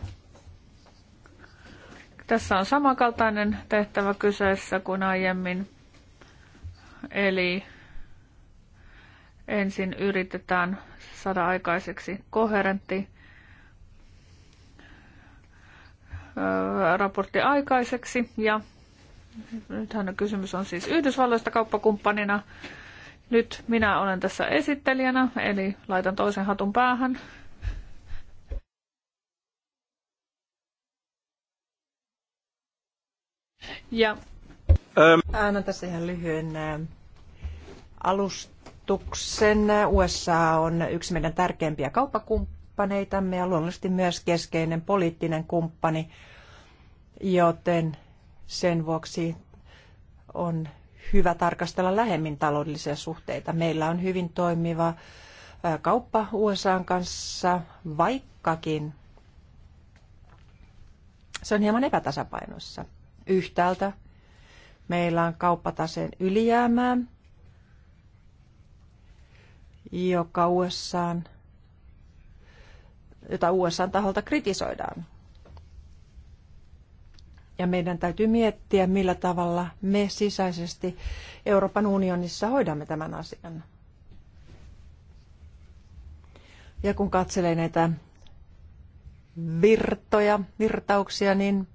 Tässä on samankaltainen tehtävä kyseessä kuin aiemmin. Eli ensin yritetään saada aikaiseksi koherentti raportti aikaiseksi. Ja nythän kysymys on siis Yhdysvalloista kauppakumppanina. Nyt minä olen tässä esittelijänä, eli laitan toisen hatun päähän. Ja Ähm. Annan tässä ihan lyhyen äh, alustuksen. USA on yksi meidän tärkeimpiä kauppakumppaneitamme ja luonnollisesti myös keskeinen poliittinen kumppani, joten sen vuoksi on hyvä tarkastella lähemmin taloudellisia suhteita. Meillä on hyvin toimiva äh, kauppa USAn kanssa, vaikkakin se on hieman epätasapainossa. Yhtäältä meillä on kauppataseen ylijäämää, joka USA, jota USA taholta kritisoidaan. Ja meidän täytyy miettiä, millä tavalla me sisäisesti Euroopan unionissa hoidamme tämän asian. Ja kun katselee näitä virtoja, virtauksia, niin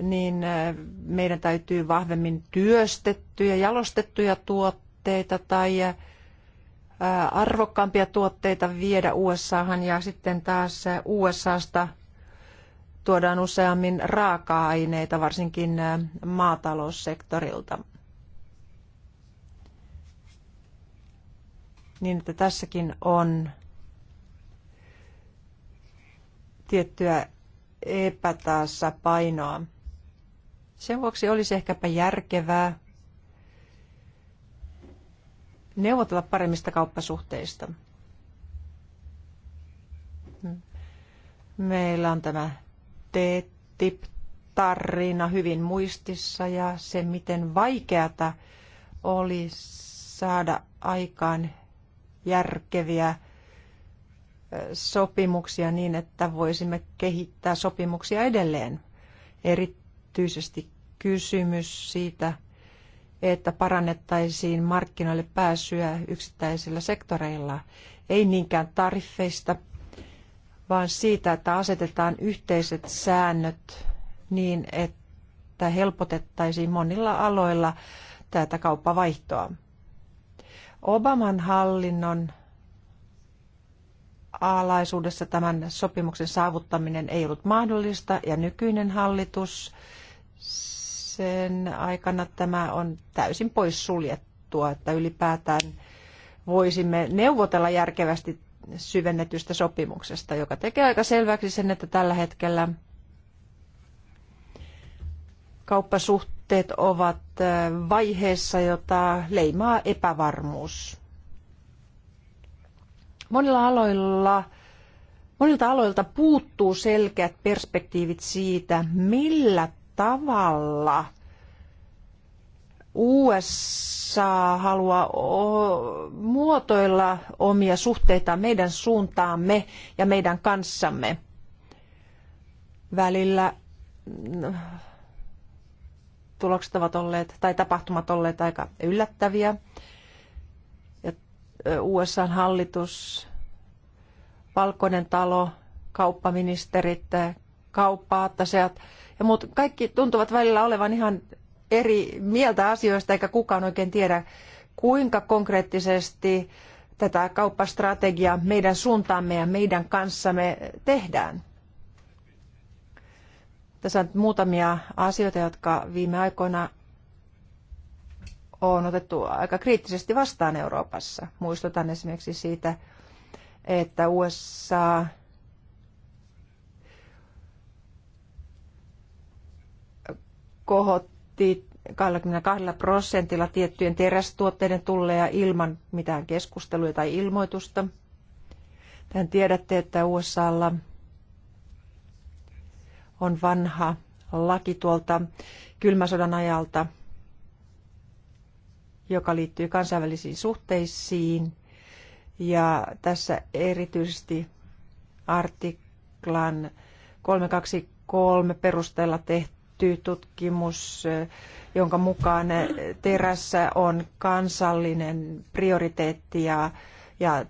niin äh, meidän täytyy vahvemmin työstettyjä, jalostettuja tuotteita tai äh, arvokkaampia tuotteita viedä USAhan ja sitten taas äh, USAsta tuodaan useammin raaka-aineita, varsinkin maataloussektorilta. Niin että tässäkin on tiettyä epätasapainoa. painoa. Sen vuoksi olisi ehkäpä järkevää neuvotella paremmista kauppasuhteista. Meillä on tämä TTIP-tarina hyvin muistissa ja se, miten vaikeata oli saada aikaan järkeviä sopimuksia niin, että voisimme kehittää sopimuksia edelleen. Eri erityisesti kysymys siitä, että parannettaisiin markkinoille pääsyä yksittäisillä sektoreilla, ei niinkään tariffeista, vaan siitä, että asetetaan yhteiset säännöt niin, että helpotettaisiin monilla aloilla tätä kauppavaihtoa. Obaman hallinnon alaisuudessa tämän sopimuksen saavuttaminen ei ollut mahdollista ja nykyinen hallitus – sen aikana tämä on täysin poissuljettua, että ylipäätään voisimme neuvotella järkevästi syvennetystä sopimuksesta, joka tekee aika selväksi sen, että tällä hetkellä kauppasuhteet ovat vaiheessa, jota leimaa epävarmuus. Monilla aloilla Monilta aloilta puuttuu selkeät perspektiivit siitä, millä tavalla USA haluaa muotoilla omia suhteitaan meidän suuntaamme ja meidän kanssamme. Välillä tulokset ovat olleet tai tapahtumat olleet aika yllättäviä. Ja USAn hallitus, Valkoinen talo, kauppaministerit, kauppaattasejat – ja muut, kaikki tuntuvat välillä olevan ihan eri mieltä asioista, eikä kukaan oikein tiedä, kuinka konkreettisesti tätä kauppastrategiaa meidän suuntaamme ja meidän kanssamme tehdään. Tässä on muutamia asioita, jotka viime aikoina on otettu aika kriittisesti vastaan Euroopassa. Muistutan esimerkiksi siitä, että USA kohotti 22 prosentilla tiettyjen terästuotteiden tulleja ilman mitään keskustelua tai ilmoitusta. Tähän tiedätte, että USAlla on vanha laki tuolta kylmäsodan ajalta, joka liittyy kansainvälisiin suhteisiin. Ja tässä erityisesti artiklan 323 perusteella tehty tehty tutkimus, jonka mukaan terässä on kansallinen prioriteetti ja, ja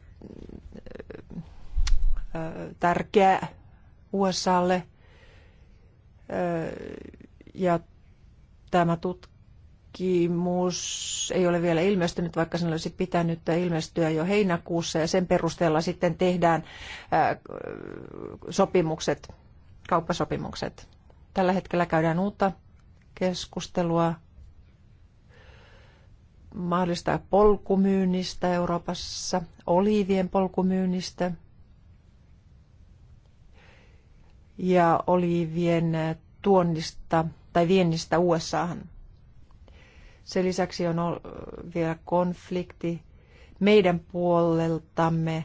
tärkeä USAlle. Ja tämä tutkimus ei ole vielä ilmestynyt, vaikka sen olisi pitänyt ilmestyä jo heinäkuussa ja sen perusteella sitten tehdään sopimukset, kauppasopimukset. Tällä hetkellä käydään uutta keskustelua mahdollista polkumyynnistä Euroopassa, oliivien polkumyynnistä ja oliivien tuonnista tai viennistä USAhan. Sen lisäksi on vielä konflikti meidän puoleltamme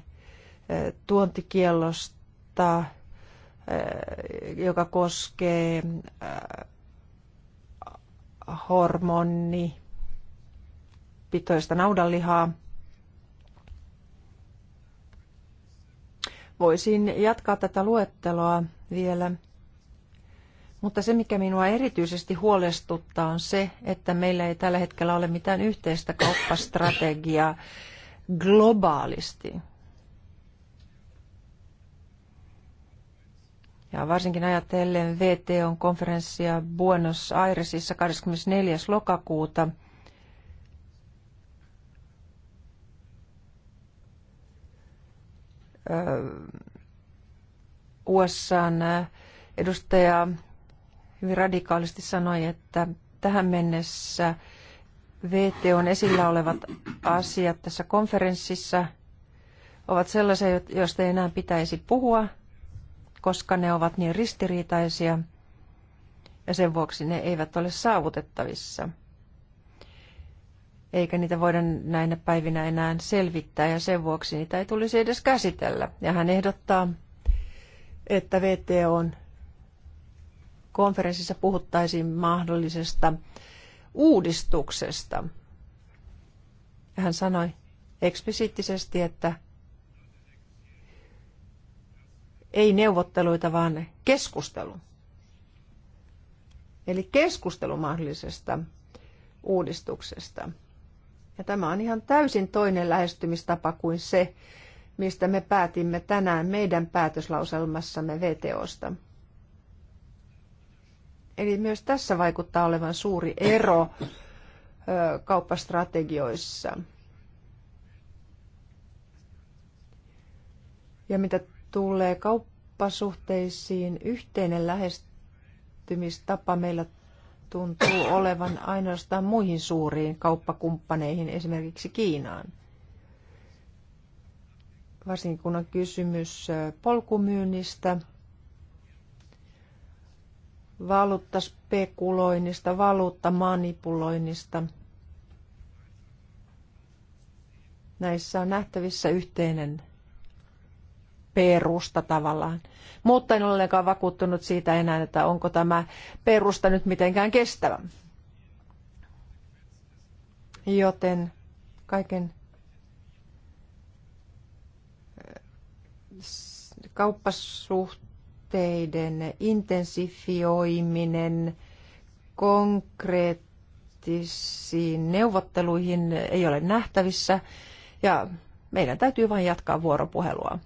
tuontikiellosta Äh, joka koskee äh, hormoni pitoista naudanlihaa. Voisin jatkaa tätä luetteloa vielä, mutta se mikä minua erityisesti huolestuttaa on se, että meillä ei tällä hetkellä ole mitään yhteistä kauppastrategiaa globaalisti Ja varsinkin ajatellen VTOn konferenssia Buenos Airesissa 24. lokakuuta. USAn edustaja hyvin radikaalisti sanoi, että tähän mennessä VTOn esillä olevat asiat tässä konferenssissa ovat sellaisia, joista ei enää pitäisi puhua – koska ne ovat niin ristiriitaisia ja sen vuoksi ne eivät ole saavutettavissa. Eikä niitä voida näinä päivinä enää selvittää ja sen vuoksi niitä ei tulisi edes käsitellä. Ja hän ehdottaa, että VTOn konferenssissa puhuttaisiin mahdollisesta uudistuksesta. Hän sanoi eksplisiittisesti, että ei neuvotteluita, vaan keskustelu. Eli keskustelu mahdollisesta uudistuksesta. Ja tämä on ihan täysin toinen lähestymistapa kuin se, mistä me päätimme tänään meidän päätöslauselmassamme VTOsta. Eli myös tässä vaikuttaa olevan suuri ero kauppastrategioissa. Ja mitä tulee kauppasuhteisiin, yhteinen lähestymistapa meillä tuntuu olevan ainoastaan muihin suuriin kauppakumppaneihin, esimerkiksi Kiinaan. Varsinkin kun on kysymys polkumyynnistä, valuuttaspekuloinnista, valuuttamanipuloinnista. Näissä on nähtävissä yhteinen perusta tavallaan. Mutta en ole ollenkaan vakuuttunut siitä enää, että onko tämä perusta nyt mitenkään kestävä. Joten kaiken eh, kauppasuhteiden intensifioiminen konkreettisiin neuvotteluihin ei ole nähtävissä ja meidän täytyy vain jatkaa vuoropuhelua.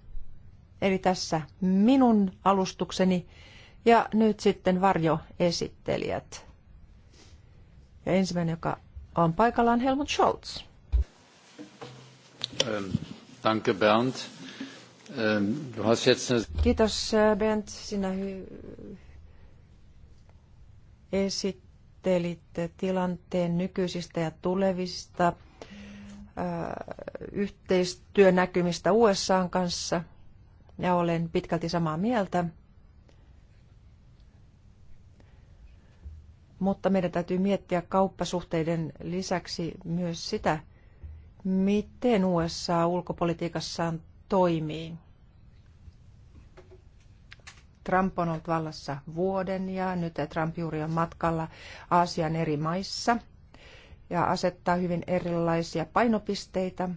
Eli tässä minun alustukseni ja nyt sitten varjoesittelijät. Ja ensimmäinen, joka on paikallaan Helmut Scholz. Ähm, danke Bernd. Ähm, du hast jetzt eine... Kiitos äh, Bernd, sinä hy- esittelit tilanteen nykyisistä ja tulevista äh, yhteistyönäkymistä USA kanssa – ja olen pitkälti samaa mieltä. Mutta meidän täytyy miettiä kauppasuhteiden lisäksi myös sitä, miten USA ulkopolitiikassaan toimii. Trump on ollut vallassa vuoden ja nyt Trump juuri on matkalla Aasian eri maissa ja asettaa hyvin erilaisia painopisteitä.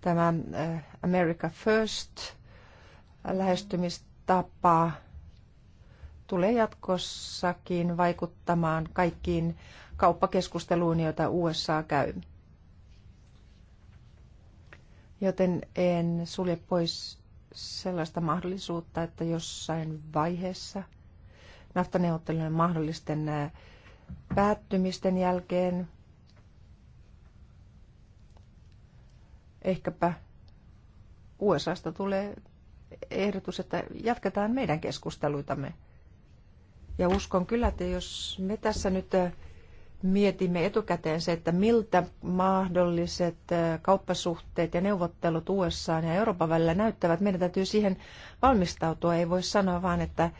Tämä eh, America First lähestymistapa tulee jatkossakin vaikuttamaan kaikkiin kauppakeskusteluun, joita USA käy. Joten en sulje pois sellaista mahdollisuutta, että jossain vaiheessa naftaneuvottelujen mahdollisten päättymisten jälkeen ehkäpä USAsta tulee ehdotus, että jatketaan meidän keskusteluitamme. Ja uskon kyllä, että jos me tässä nyt äh, mietimme etukäteen se, että miltä mahdolliset äh, kauppasuhteet ja neuvottelut USA ja Euroopan välillä näyttävät, meidän täytyy siihen valmistautua. Ei voi sanoa vaan, että,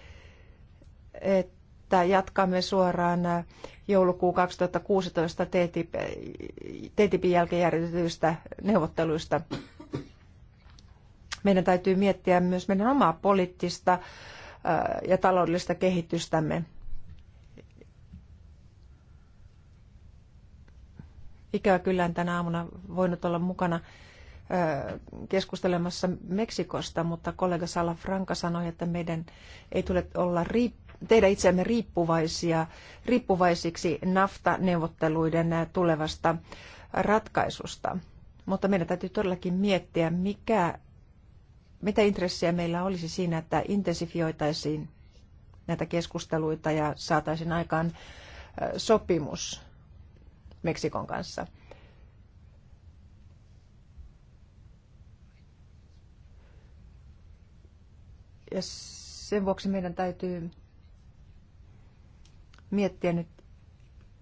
että jatkamme suoraan äh, joulukuun 2016 TTIPin jälkeen järjestetyistä neuvotteluista meidän täytyy miettiä myös meidän omaa poliittista ja taloudellista kehitystämme. Ikävä kyllä en tänä aamuna voinut olla mukana keskustelemassa Meksikosta, mutta kollega Sala Franka sanoi, että meidän ei tule olla riip- tehdä itseämme riippuvaisia, riippuvaisiksi NAFTA-neuvotteluiden tulevasta ratkaisusta. Mutta meidän täytyy todellakin miettiä, mikä mitä intressiä meillä olisi siinä, että intensifioitaisiin näitä keskusteluita ja saataisiin aikaan sopimus Meksikon kanssa? Ja sen vuoksi meidän täytyy miettiä nyt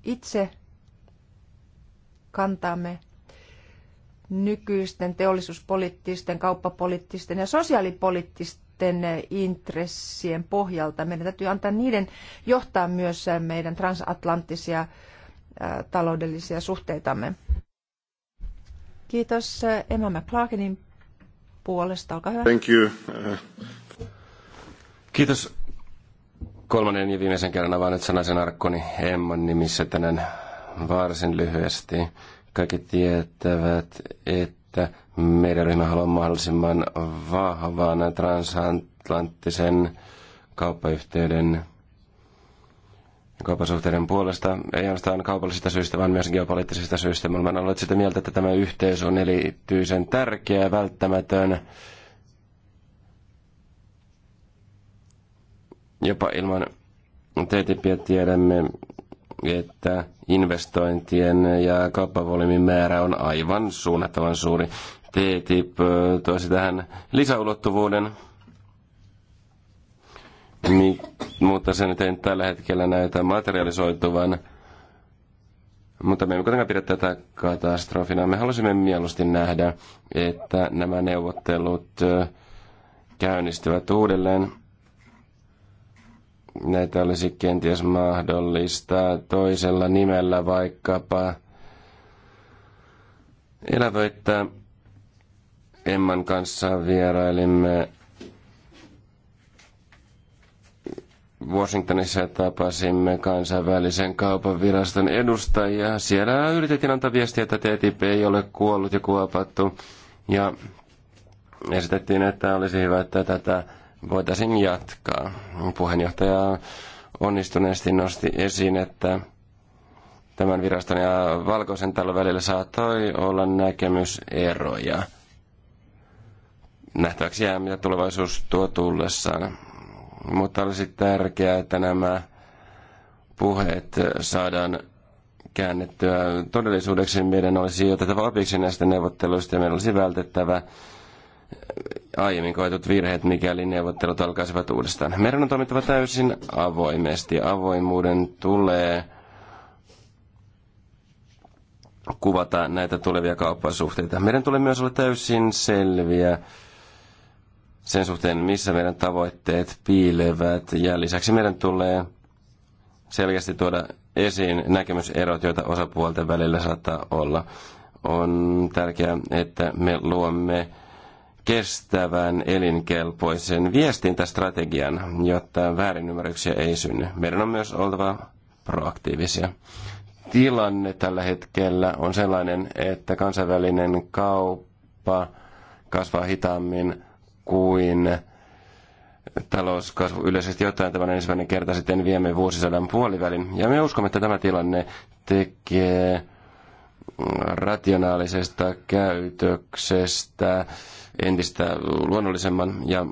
itse kantaamme nykyisten teollisuuspoliittisten, kauppapoliittisten ja sosiaalipoliittisten intressien pohjalta. Meidän täytyy antaa niiden johtaa myös meidän transatlanttisia taloudellisia suhteitamme. Kiitos Emma McClarkinin puolesta. Olkaa hyvä. Thank you. Kiitos kolmannen ja viimeisen kerran avaan nyt sanaisen Arkkoni Emman nimissä tänään varsin lyhyesti. Kaikki tietävät, että meidän ryhmä haluaa mahdollisimman vahvan transatlanttisen kauppayhteyden kauppasuhteiden puolesta, ei ainoastaan kaupallisista syistä, vaan myös geopoliittisista syistä. Me olemme olleet sitä mieltä, että tämä yhteys on erityisen tärkeä ja välttämätön. Jopa ilman TTIPia tiedämme, että investointien ja kauppavolyymin määrä on aivan suunnattoman suuri. TTIP toisi tähän lisäulottuvuuden, mutta se nyt ei tällä hetkellä näytä materialisoituvan. Mutta me emme kuitenkaan pidä tätä katastrofina. Me halusimme mieluusti nähdä, että nämä neuvottelut käynnistyvät uudelleen näitä olisi kenties mahdollista toisella nimellä vaikkapa elävöittää. Emman kanssa vierailimme Washingtonissa tapasimme kansainvälisen kaupan viraston edustajia. Siellä yritettiin antaa viestiä, että TTIP ei ole kuollut ja kuopattu. Ja esitettiin, että olisi hyvä, että tätä voitaisiin jatkaa. Puheenjohtaja onnistuneesti nosti esiin, että tämän viraston ja valkoisen talon välillä saattoi olla näkemyseroja. Nähtäväksi jää, mitä tulevaisuus tuo tullessaan. Mutta olisi tärkeää, että nämä puheet saadaan käännettyä todellisuudeksi. Meidän olisi otettava opiksi näistä neuvotteluista ja meidän olisi vältettävä aiemmin koetut virheet, mikäli neuvottelut alkaisivat uudestaan. Meidän on toimittava täysin avoimesti. Avoimuuden tulee kuvata näitä tulevia kauppasuhteita. Meidän tulee myös olla täysin selviä sen suhteen, missä meidän tavoitteet piilevät. Ja lisäksi meidän tulee selkeästi tuoda esiin näkemyserot, joita osapuolten välillä saattaa olla. On tärkeää, että me luomme kestävän elinkelpoisen viestintästrategian, jotta väärinymmärryksiä ei synny. Meidän on myös oltava proaktiivisia. Tilanne tällä hetkellä on sellainen, että kansainvälinen kauppa kasvaa hitaammin kuin talouskasvu yleisesti ottaen tämän ensimmäinen kerta sitten viemme vuosisadan puolivälin. Ja me uskomme, että tämä tilanne tekee rationaalisesta käytöksestä entistä luonnollisemman ja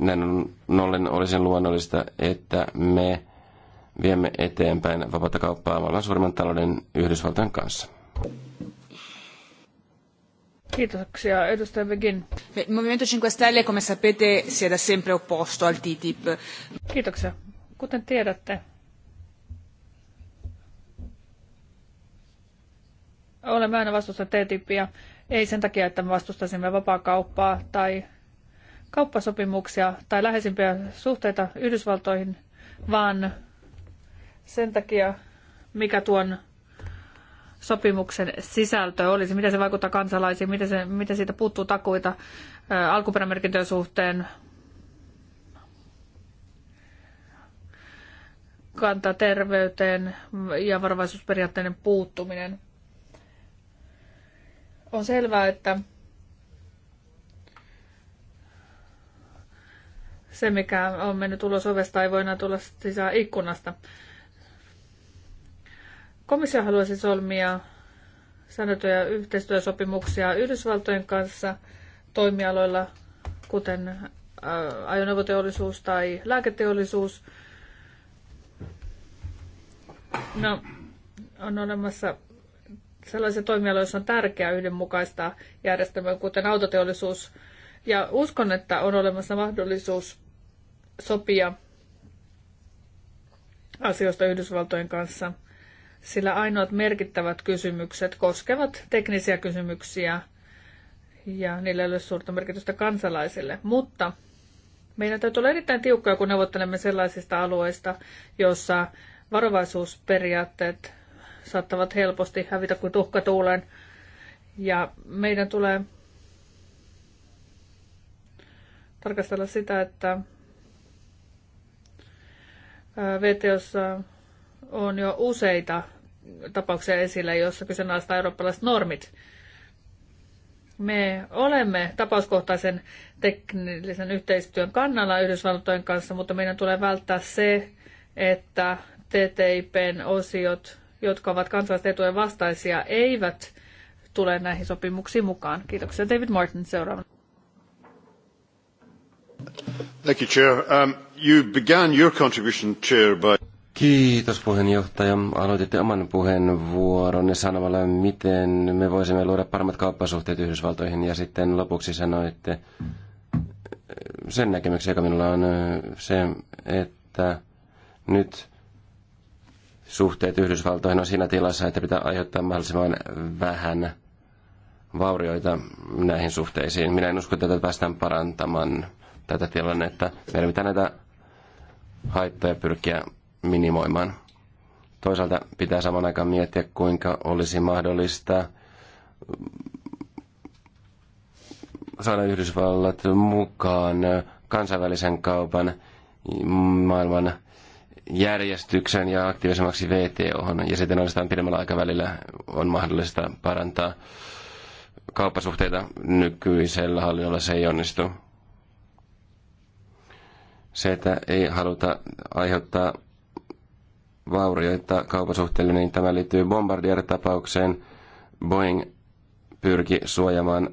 näin ollen olisi luonnollista, että me viemme eteenpäin vapaata kauppaa maailman suurimman talouden Yhdysvaltain kanssa. Kiitoksia. Edustaja Begin. Il eh, Movimento 5 Stelle, come sapete, si è da sempre opposto al TTIP. Kiitoksia. Kuten tiedätte, olemme aina vastustaneet TTIPia ei sen takia, että me vastustaisimme vapaakauppaa tai kauppasopimuksia tai läheisimpiä suhteita Yhdysvaltoihin, vaan sen takia, mikä tuon sopimuksen sisältö olisi, miten se vaikuttaa kansalaisiin, miten, se, miten siitä puuttuu takuita alkuperämerkintöjen suhteen, kantaterveyteen ja varovaisuusperiaatteiden puuttuminen. On selvää, että se, mikä on mennyt ulos ovesta, ei voi enää tulla sisään ikkunasta. Komissio haluaisi solmia sanotuja yhteistyösopimuksia Yhdysvaltojen kanssa toimialoilla, kuten äh, ajoneuvoteollisuus tai lääketeollisuus. No, on olemassa sellaisia toimialoja, joissa on tärkeää yhdenmukaista järjestelmää, kuten autoteollisuus. Ja uskon, että on olemassa mahdollisuus sopia asioista Yhdysvaltojen kanssa, sillä ainoat merkittävät kysymykset koskevat teknisiä kysymyksiä ja niillä ei ole suurta merkitystä kansalaisille. Mutta meidän täytyy olla erittäin tiukkoja, kun neuvottelemme sellaisista alueista, joissa varovaisuusperiaatteet saattavat helposti hävitä kuin tuhka tuuleen. Ja meidän tulee tarkastella sitä, että VTOssa on jo useita tapauksia esillä, joissa kyseenalaistaa eurooppalaiset normit. Me olemme tapauskohtaisen teknillisen yhteistyön kannalla Yhdysvaltojen kanssa, mutta meidän tulee välttää se, että TTIPn osiot jotka ovat kansallisten etujen vastaisia, eivät tule näihin sopimuksiin mukaan. Kiitoksia. David Martin seuraavana. Thank you, Chair. Um, you began your contribution, Chair, by... Kiitos puheenjohtaja. Aloititte oman puheenvuoronne sanomalla, miten me voisimme luoda paremmat kauppasuhteet Yhdysvaltoihin ja sitten lopuksi sanoitte äh, sen näkemyksen, joka minulla on äh, se, että nyt suhteet Yhdysvaltoihin on siinä tilassa, että pitää aiheuttaa mahdollisimman vähän vaurioita näihin suhteisiin. Minä en usko, että tätä päästään parantamaan tätä tilannetta. Meidän pitää näitä haittoja pyrkiä minimoimaan. Toisaalta pitää saman aikaan miettiä, kuinka olisi mahdollista saada Yhdysvallat mukaan kansainvälisen kaupan mm, maailman järjestyksen ja aktiivisemmaksi VTO, ja sitten oikeastaan pidemmällä aikavälillä on mahdollista parantaa kauppasuhteita nykyisellä hallinnolla se ei onnistu. Se, että ei haluta aiheuttaa vaurioita kaupasuhteille, niin tämä liittyy Bombardier-tapaukseen. Boeing pyrki suojamaan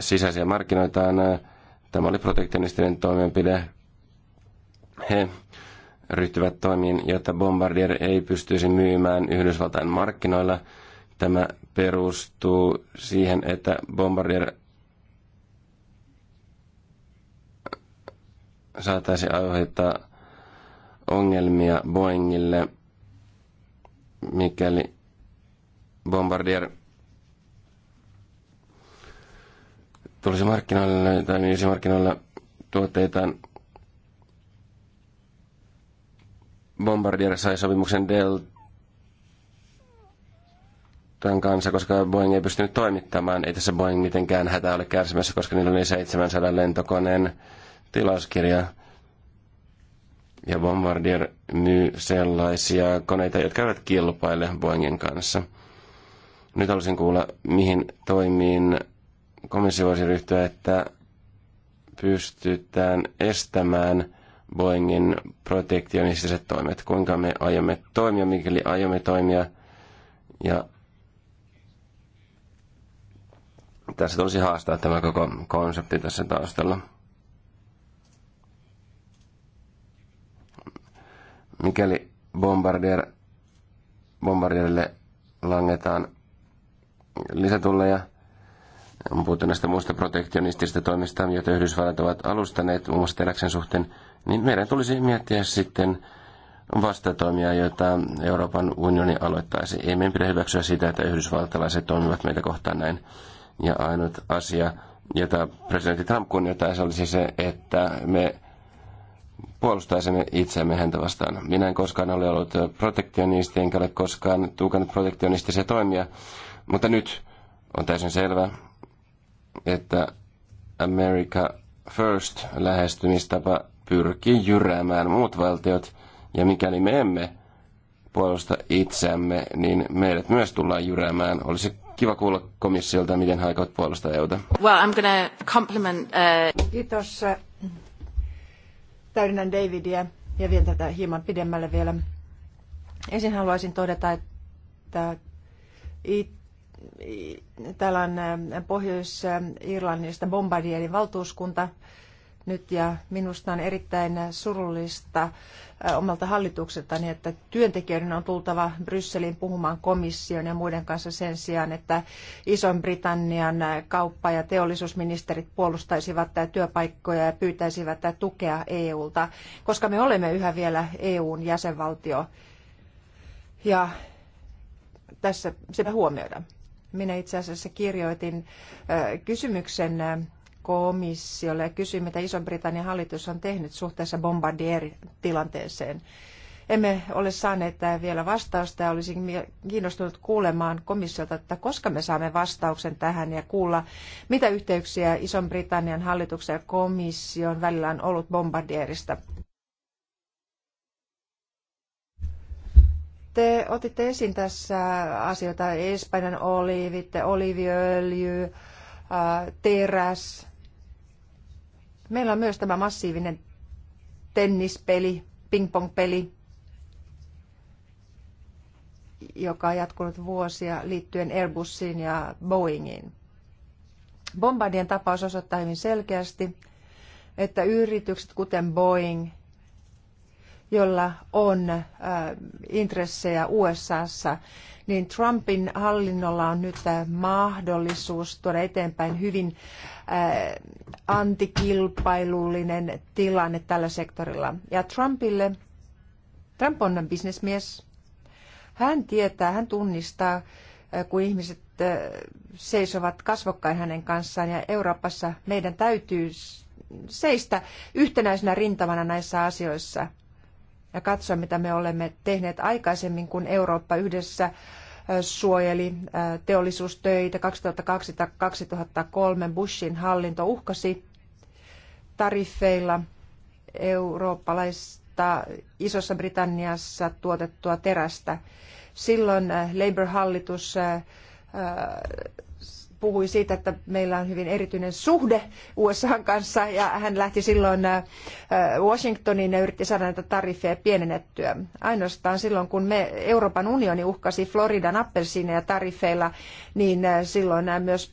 sisäisiä markkinoitaan. Tämä oli protektionistinen toimenpide. He ryhtyvät toimiin, jotta Bombardier ei pystyisi myymään Yhdysvaltain markkinoilla. Tämä perustuu siihen, että Bombardier saataisiin aiheuttaa ongelmia Boeingille, mikäli Bombardier tulisi markkinoille tai myisi markkinoille tuotteitaan Bombardier sai sopimuksen tämän kanssa, koska Boeing ei pystynyt toimittamaan. Ei tässä Boeing mitenkään hätä ole kärsimässä, koska niillä oli 700 lentokoneen tilauskirja. Ja Bombardier myy sellaisia koneita, jotka eivät kilpaile Boeingin kanssa. Nyt haluaisin kuulla, mihin toimiin komissio voisi ryhtyä, että pystytään estämään Boeingin protektionistiset toimet, kuinka me aiomme toimia, mikäli aiomme toimia. Ja tässä tulisi haastaa tämä koko konsepti tässä taustalla. Mikäli Bombardier, Bombardierille langetaan lisätulleja, on puhuttu näistä muista protektionistisista toimista, joita Yhdysvallat ovat alustaneet, muun muassa teräksen suhteen, niin meidän tulisi miettiä sitten vastatoimia, joita Euroopan unioni aloittaisi. Ei meidän pidä hyväksyä sitä, että yhdysvaltalaiset toimivat meitä kohtaan näin. Ja ainut asia, jota presidentti Trump kunnioittaisi, olisi se, että me puolustaisimme itseämme häntä vastaan. Minä en koskaan ole ollut protektionisti, enkä ole koskaan tuukannut protektionistisia toimia, mutta nyt on täysin selvä, että America First lähestymistapa pyrkii jyräämään muut valtiot, ja mikäli me emme puolusta itseämme, niin meidät myös tullaan jyräämään. Olisi kiva kuulla komissiolta, miten he aikovat puolustaa EUta. Well, I'm gonna compliment, uh... Kiitos. Äh, täydennän Davidia ja vien tätä hieman pidemmälle vielä. Ensin haluaisin todeta, että it, täällä on äh, Pohjois-Irlannista Bombardierin valtuuskunta, nyt ja minusta on erittäin surullista omalta hallitukseltani, että työntekijöiden on tultava Brysseliin puhumaan komission ja muiden kanssa sen sijaan, että Ison-Britannian kauppa- ja teollisuusministerit puolustaisivat työpaikkoja ja pyytäisivät tukea EUlta, koska me olemme yhä vielä EUn jäsenvaltio. Ja tässä se huomioida. Minä itse asiassa kirjoitin kysymyksen komissiolle ja kysyi, mitä Iso-Britannian hallitus on tehnyt suhteessa Bombardier-tilanteeseen. Emme ole saaneet vielä vastausta ja olisin kiinnostunut kuulemaan komissiolta, että koska me saamme vastauksen tähän ja kuulla, mitä yhteyksiä Iso-Britannian hallituksen ja komission välillä on ollut Bombardierista. te otitte esiin tässä asioita, Espanjan oliivit, oliiviöljy, äh, teräs. Meillä on myös tämä massiivinen tennispeli, pingpongpeli, joka on jatkunut vuosia liittyen Airbusiin ja Boeingiin. Bombardien tapaus osoittaa hyvin selkeästi, että yritykset kuten Boeing, jolla on äh, intressejä USAssa, niin Trumpin hallinnolla on nyt äh, mahdollisuus tuoda eteenpäin hyvin äh, Äh, antikilpailullinen tilanne tällä sektorilla. Ja Trumpille, Trump on bisnesmies, hän tietää, hän tunnistaa, äh, kun ihmiset äh, seisovat kasvokkain hänen kanssaan ja Euroopassa meidän täytyy seistä yhtenäisenä rintamana näissä asioissa ja katsoa, mitä me olemme tehneet aikaisemmin, kun Eurooppa yhdessä suojeli teollisuustöitä. 2002-2003 Bushin hallinto uhkasi tariffeilla eurooppalaista Isossa Britanniassa tuotettua terästä. Silloin Labour-hallitus puhui siitä, että meillä on hyvin erityinen suhde USAn kanssa ja hän lähti silloin äh, Washingtoniin ja yritti saada näitä tariffeja pienennettyä. Ainoastaan silloin, kun me Euroopan unioni uhkasi Floridan appelsiineja tariffeilla, niin äh, silloin äh, myös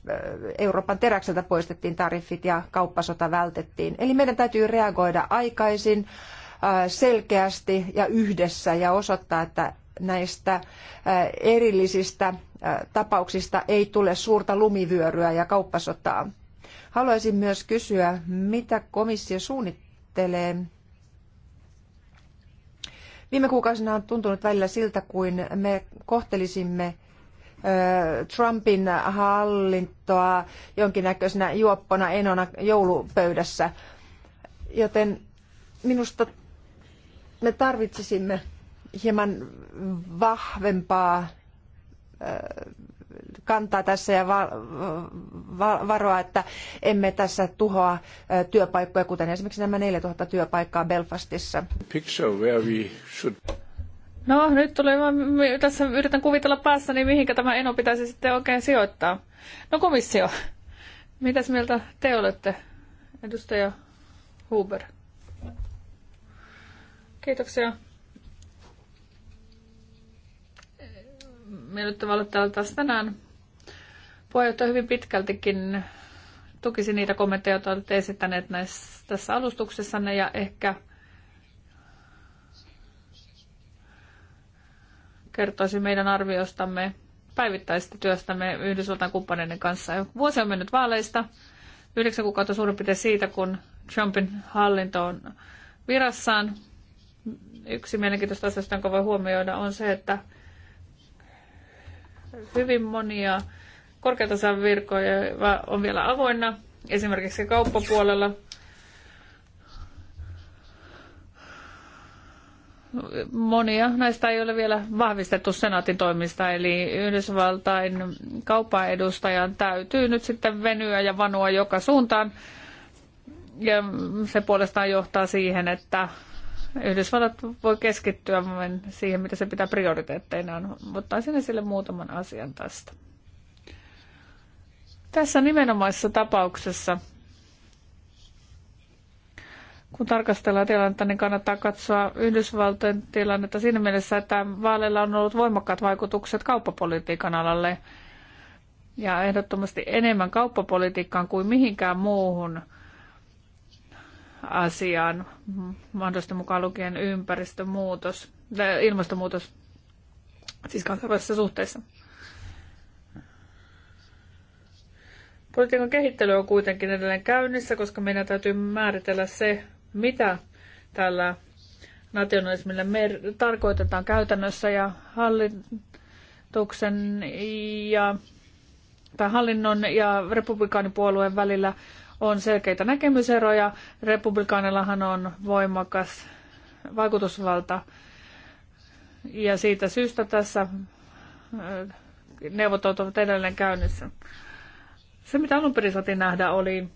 Euroopan teräkseltä poistettiin tariffit ja kauppasota vältettiin. Eli meidän täytyy reagoida aikaisin selkeästi ja yhdessä ja osoittaa, että näistä erillisistä tapauksista ei tule suurta lumivyöryä ja kauppasotaa. Haluaisin myös kysyä, mitä komissio suunnittelee Viime kuukausina on tuntunut välillä siltä, kuin me kohtelisimme Trumpin hallintoa jonkinnäköisenä juoppona enona joulupöydässä. Joten minusta me tarvitsisimme hieman vahvempaa kantaa tässä ja varoa, että emme tässä tuhoa työpaikkoja, kuten esimerkiksi nämä 4000 työpaikkaa Belfastissa. No nyt tuli, tässä yritän kuvitella päässäni, mihinkä tämä eno pitäisi sitten oikein sijoittaa. No komissio, mitäs mieltä te olette, edustaja Huber? Kiitoksia. miellyttävä olla täällä taas tänään. Puheenjohtaja hyvin pitkältikin tukisi niitä kommentteja, joita olette esittäneet näissä, tässä alustuksessanne ja ehkä kertoisi meidän arviostamme päivittäisestä työstämme Yhdysvaltain kumppaneiden kanssa. Vuosi on mennyt vaaleista, yhdeksän kuukautta suurin piirtein siitä, kun Trumpin hallinto on virassaan. Yksi mielenkiintoista asioista, jonka voi huomioida, on se, että hyvin monia korkeatasan virkoja on vielä avoinna, esimerkiksi kauppapuolella. Monia näistä ei ole vielä vahvistettu senaatin toimista, eli Yhdysvaltain kauppaedustajan täytyy nyt sitten venyä ja vanua joka suuntaan. Ja se puolestaan johtaa siihen, että Yhdysvallat voi keskittyä siihen, mitä se pitää mutta Ottaisin esille muutaman asian tästä. Tässä nimenomaisessa tapauksessa, kun tarkastellaan tilannetta, niin kannattaa katsoa Yhdysvaltojen tilannetta siinä mielessä, että vaaleilla on ollut voimakkaat vaikutukset kauppapolitiikan alalle ja ehdottomasti enemmän kauppapolitiikkaan kuin mihinkään muuhun – asiaan, mahdollisesti mukaan lukien ympäristömuutos, ilmastonmuutos, siis kansainvälisissä suhteissa. Politiikan kehittely on kuitenkin edelleen käynnissä, koska meidän täytyy määritellä se, mitä tällä nationalismilla mer- tarkoitetaan käytännössä ja hallituksen ja tai hallinnon ja republikaanipuolueen välillä on selkeitä näkemyseroja. Republikaanillahan on voimakas vaikutusvalta ja siitä syystä tässä neuvottelut ovat edelleen käynnissä. Se, mitä alun perin saatiin nähdä, oli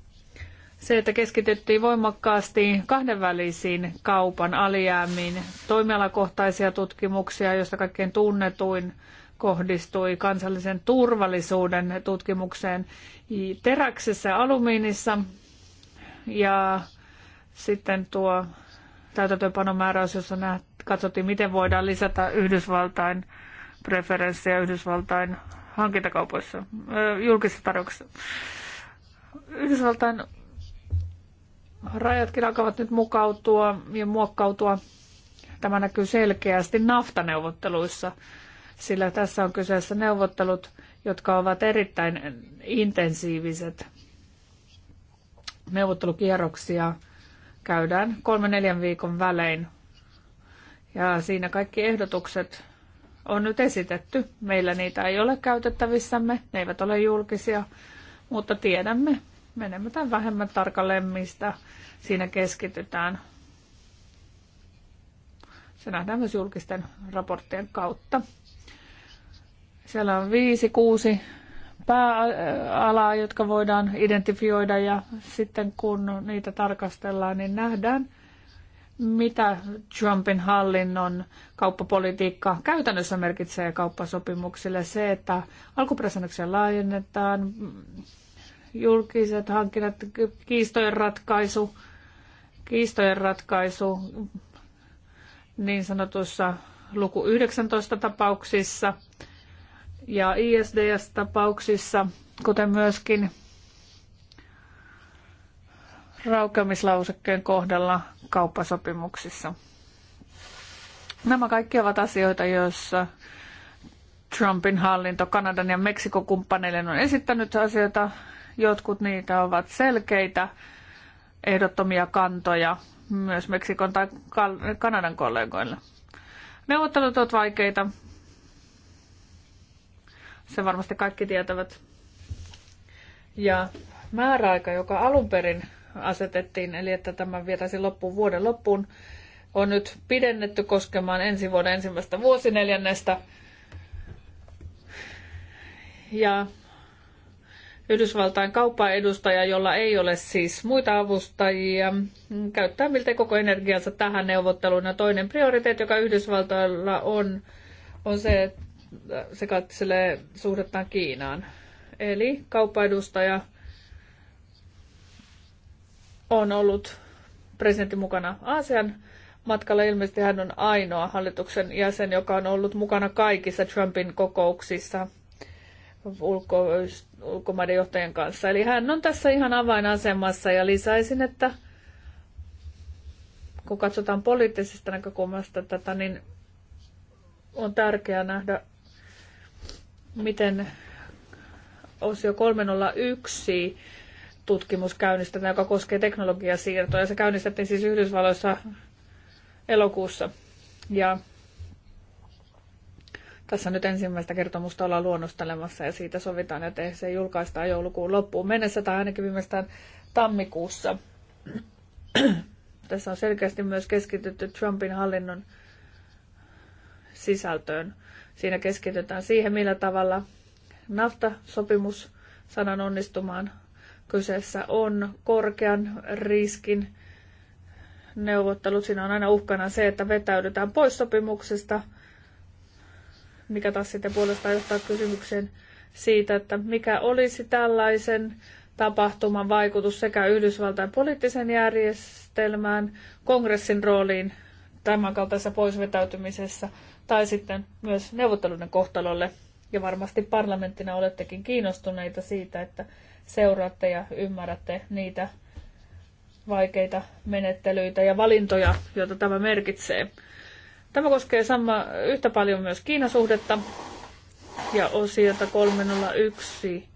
se, että keskityttiin voimakkaasti kahdenvälisiin kaupan alijäämiin, toimialakohtaisia tutkimuksia, joista kaikkein tunnetuin kohdistui kansallisen turvallisuuden tutkimukseen teräksessä alumiinissa. Ja sitten tuo täytäntöönpanomääräys, jossa katsottiin, miten voidaan lisätä Yhdysvaltain preferenssiä Yhdysvaltain hankintakaupoissa, julkisissa tarjouksissa. Yhdysvaltain rajatkin alkavat nyt mukautua ja muokkautua. Tämä näkyy selkeästi naftaneuvotteluissa neuvotteluissa sillä tässä on kyseessä neuvottelut, jotka ovat erittäin intensiiviset. Neuvottelukierroksia käydään kolmen neljän viikon välein. Ja siinä kaikki ehdotukset on nyt esitetty. Meillä niitä ei ole käytettävissämme, ne eivät ole julkisia, mutta tiedämme, menemme tämän vähemmän tarkalleen, mistä siinä keskitytään. Se nähdään myös julkisten raporttien kautta. Siellä on viisi, kuusi pääalaa, jotka voidaan identifioida ja sitten kun niitä tarkastellaan, niin nähdään, mitä Trumpin hallinnon kauppapolitiikka käytännössä merkitsee kauppasopimuksille. Se, että alkuperäisäännöksiä laajennetaan, julkiset hankinnat, kiistojen ratkaisu, kiistojen ratkaisu niin sanotussa luku 19 tapauksissa – ja ISDS-tapauksissa, kuten myöskin raukeamislausekkeen kohdalla kauppasopimuksissa. Nämä kaikki ovat asioita, joissa Trumpin hallinto Kanadan ja Meksikon kumppaneille on esittänyt asioita. Jotkut niitä ovat selkeitä, ehdottomia kantoja myös Meksikon tai Kanadan kollegoille. Neuvottelut ovat vaikeita, se varmasti kaikki tietävät. Ja määräaika, joka alun perin asetettiin, eli että tämä vietäisiin loppuun vuoden loppuun, on nyt pidennetty koskemaan ensi vuoden ensimmäistä vuosineljännestä. Ja Yhdysvaltain kauppaedustaja, jolla ei ole siis muita avustajia, käyttää miltei koko energiansa tähän neuvotteluun. Ja toinen prioriteetti, joka Yhdysvaltoilla on, on se, että se katselee suhdettaan Kiinaan. Eli kauppaedustaja on ollut presidentti mukana Aasian matkalla. Ilmeisesti hän on ainoa hallituksen jäsen, joka on ollut mukana kaikissa Trumpin kokouksissa ulko, ulkomaiden johtajien kanssa. Eli hän on tässä ihan avainasemassa ja lisäisin, että kun katsotaan poliittisesta näkökulmasta tätä, niin on tärkeää nähdä miten osio 301 tutkimus käynnistetään, joka koskee teknologiasiirtoja. Se käynnistettiin siis Yhdysvalloissa elokuussa. Ja tässä nyt ensimmäistä kertomusta ollaan luonnostelemassa ja siitä sovitaan, että se julkaistaan joulukuun loppuun mennessä tai ainakin viimeistään tammikuussa. Tässä on selkeästi myös keskitytty Trumpin hallinnon sisältöön. Siinä keskitytään siihen, millä tavalla naftasopimus sanan onnistumaan. Kyseessä on korkean riskin neuvottelut. Siinä on aina uhkana se, että vetäydytään pois sopimuksesta, mikä taas sitten puolestaan johtaa kysymykseen siitä, että mikä olisi tällaisen tapahtuman vaikutus sekä Yhdysvaltain poliittisen järjestelmään, kongressin rooliin tämän kaltaisessa poisvetäytymisessä tai sitten myös neuvotteluiden kohtalolle. Ja varmasti parlamenttina olettekin kiinnostuneita siitä, että seuraatte ja ymmärrätte niitä vaikeita menettelyitä ja valintoja, joita tämä merkitsee. Tämä koskee sama, yhtä paljon myös Kiinasuhdetta ja osiota 301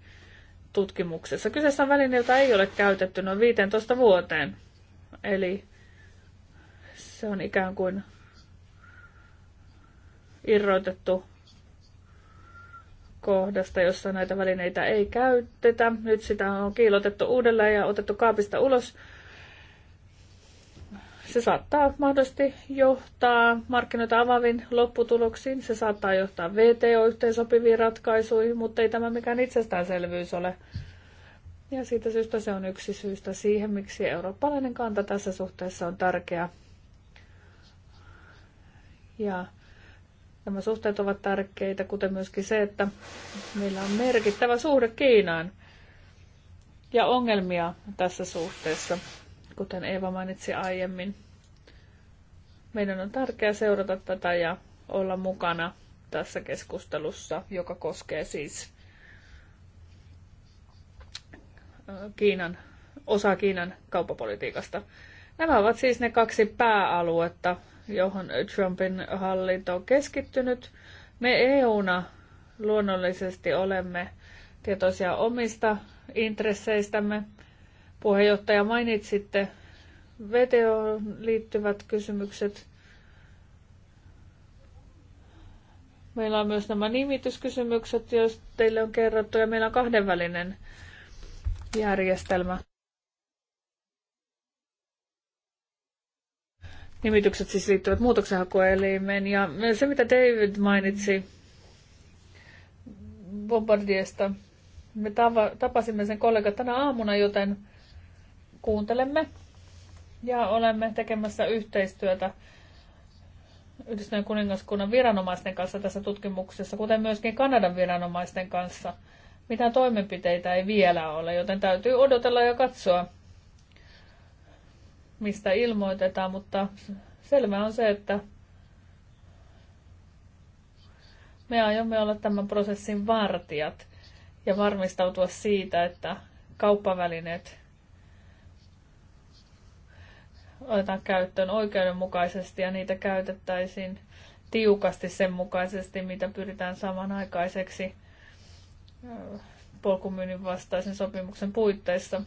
tutkimuksessa. Kyseessä on väline, jota ei ole käytetty noin 15 vuoteen. Eli se on ikään kuin irrotettu kohdasta, jossa näitä välineitä ei käytetä. Nyt sitä on kiilotettu uudelleen ja otettu kaapista ulos. Se saattaa mahdollisesti johtaa markkinoita avaaviin lopputuloksiin, se saattaa johtaa VTO-yhteensopiviin ratkaisuihin, mutta ei tämä mikään itsestäänselvyys ole. Ja siitä syystä se on yksi syystä siihen, miksi eurooppalainen kanta tässä suhteessa on tärkeä. Ja Nämä suhteet ovat tärkeitä, kuten myöskin se, että meillä on merkittävä suhde Kiinaan ja ongelmia tässä suhteessa, kuten Eeva mainitsi aiemmin. Meidän on tärkeää seurata tätä ja olla mukana tässä keskustelussa, joka koskee siis Kiinan, osa Kiinan kauppapolitiikasta. Nämä ovat siis ne kaksi pääaluetta, johon Trumpin hallinto on keskittynyt. Me EUna luonnollisesti olemme tietoisia omista intresseistämme. Puheenjohtaja mainitsitte VTOon liittyvät kysymykset. Meillä on myös nämä nimityskysymykset, jos teille on kerrottu, ja meillä on kahdenvälinen järjestelmä. Nimitykset siis liittyvät muutoksenhakuelimeen. Ja se, mitä David mainitsi Bombardiesta, me tava, tapasimme sen kollegat tänä aamuna, joten kuuntelemme ja olemme tekemässä yhteistyötä Yhdistyneen kuningaskunnan viranomaisten kanssa tässä tutkimuksessa, kuten myöskin Kanadan viranomaisten kanssa. Mitään toimenpiteitä ei vielä ole, joten täytyy odotella ja katsoa, mistä ilmoitetaan, mutta selvä on se, että me aiomme olla tämän prosessin vartijat ja varmistautua siitä, että kauppavälineet otetaan käyttöön oikeudenmukaisesti ja niitä käytettäisiin tiukasti sen mukaisesti, mitä pyritään samanaikaiseksi äh, polkumyynnin vastaisen sopimuksen puitteissa.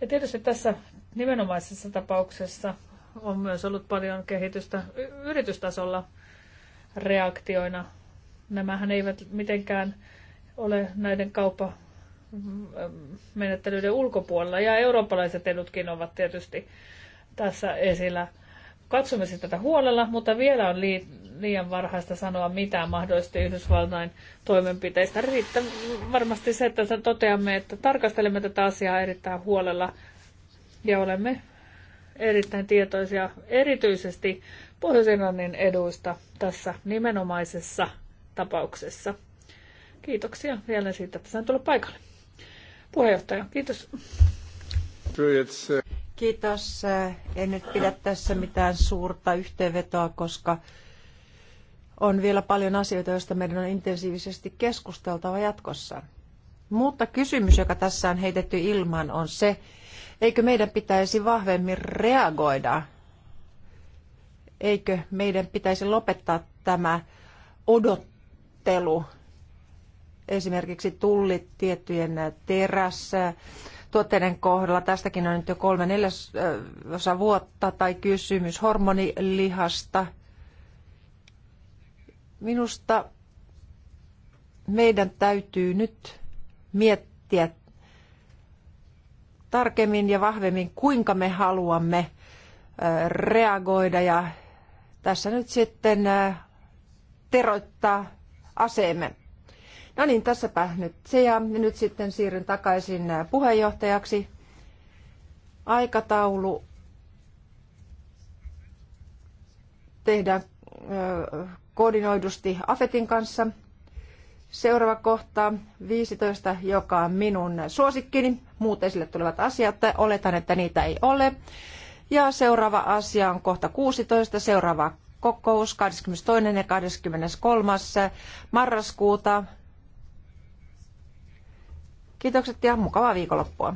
Ja tietysti tässä nimenomaisessa tapauksessa on myös ollut paljon kehitystä yritystasolla reaktioina. Nämähän eivät mitenkään ole näiden kauppamenettelyiden mm, ulkopuolella. Ja eurooppalaiset edutkin ovat tietysti tässä esillä Katsomme sitä siis tätä huolella, mutta vielä on liian varhaista sanoa mitään mahdollisesti Yhdysvaltain toimenpiteistä. Riittää varmasti se, että toteamme, että tarkastelemme tätä asiaa erittäin huolella ja olemme erittäin tietoisia erityisesti Pohjois-Irlannin eduista tässä nimenomaisessa tapauksessa. Kiitoksia vielä siitä, että sain tulla paikalle. Puheenjohtaja, kiitos. Kiitos. En nyt pidä tässä mitään suurta yhteenvetoa, koska on vielä paljon asioita, joista meidän on intensiivisesti keskusteltava jatkossa. Mutta kysymys, joka tässä on heitetty ilmaan, on se, eikö meidän pitäisi vahvemmin reagoida? Eikö meidän pitäisi lopettaa tämä odottelu? Esimerkiksi tullit tiettyjen terässä tuotteiden kohdalla. Tästäkin on nyt jo kolme neljäsosa vuotta tai kysymys hormonilihasta. Minusta meidän täytyy nyt miettiä tarkemmin ja vahvemmin, kuinka me haluamme reagoida ja tässä nyt sitten teroittaa aseemme. No niin, tässäpä nyt se ja nyt sitten siirryn takaisin puheenjohtajaksi. Aikataulu tehdään koordinoidusti AFETin kanssa. Seuraava kohta 15, joka on minun suosikkini. Muut esille tulevat asiat, oletan, että niitä ei ole. Ja seuraava asia on kohta 16, seuraava kokous 22. ja 23. marraskuuta Kiitokset ja mukavaa viikonloppua.